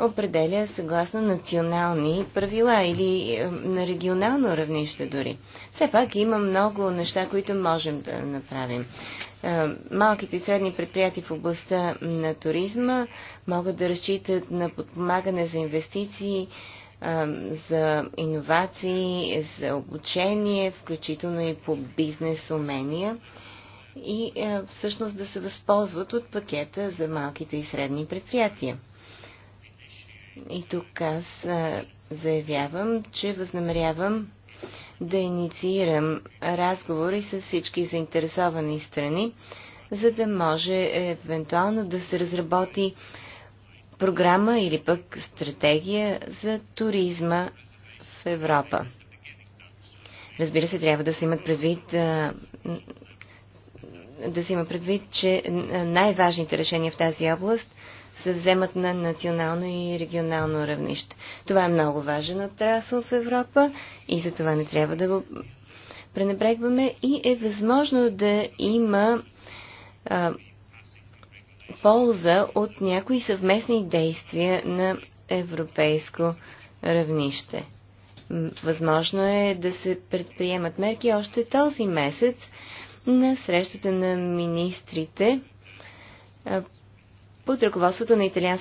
определя съгласно национални правила или е, на регионално равнище дори. Все пак има много неща, които можем да направим. Е, малките и средни предприятия в областта на туризма могат да разчитат на подпомагане за инвестиции за иновации, за обучение, включително и по бизнес умения и всъщност да се възползват от пакета за малките и средни предприятия. И тук аз заявявам, че възнамерявам да инициирам разговори с всички заинтересовани страни, за да може евентуално да се разработи програма или пък стратегия за туризма в Европа. Разбира се, трябва да се имат предвид да се има предвид, че най-важните решения в тази област се вземат на национално и регионално равнище. Това е много важен отрасъл в Европа и за това не трябва да го пренебрегваме и е възможно да има а, полза от някои съвместни действия на европейско равнище. Възможно е да се предприемат мерки още този месец на срещата на министрите под ръководството на италианското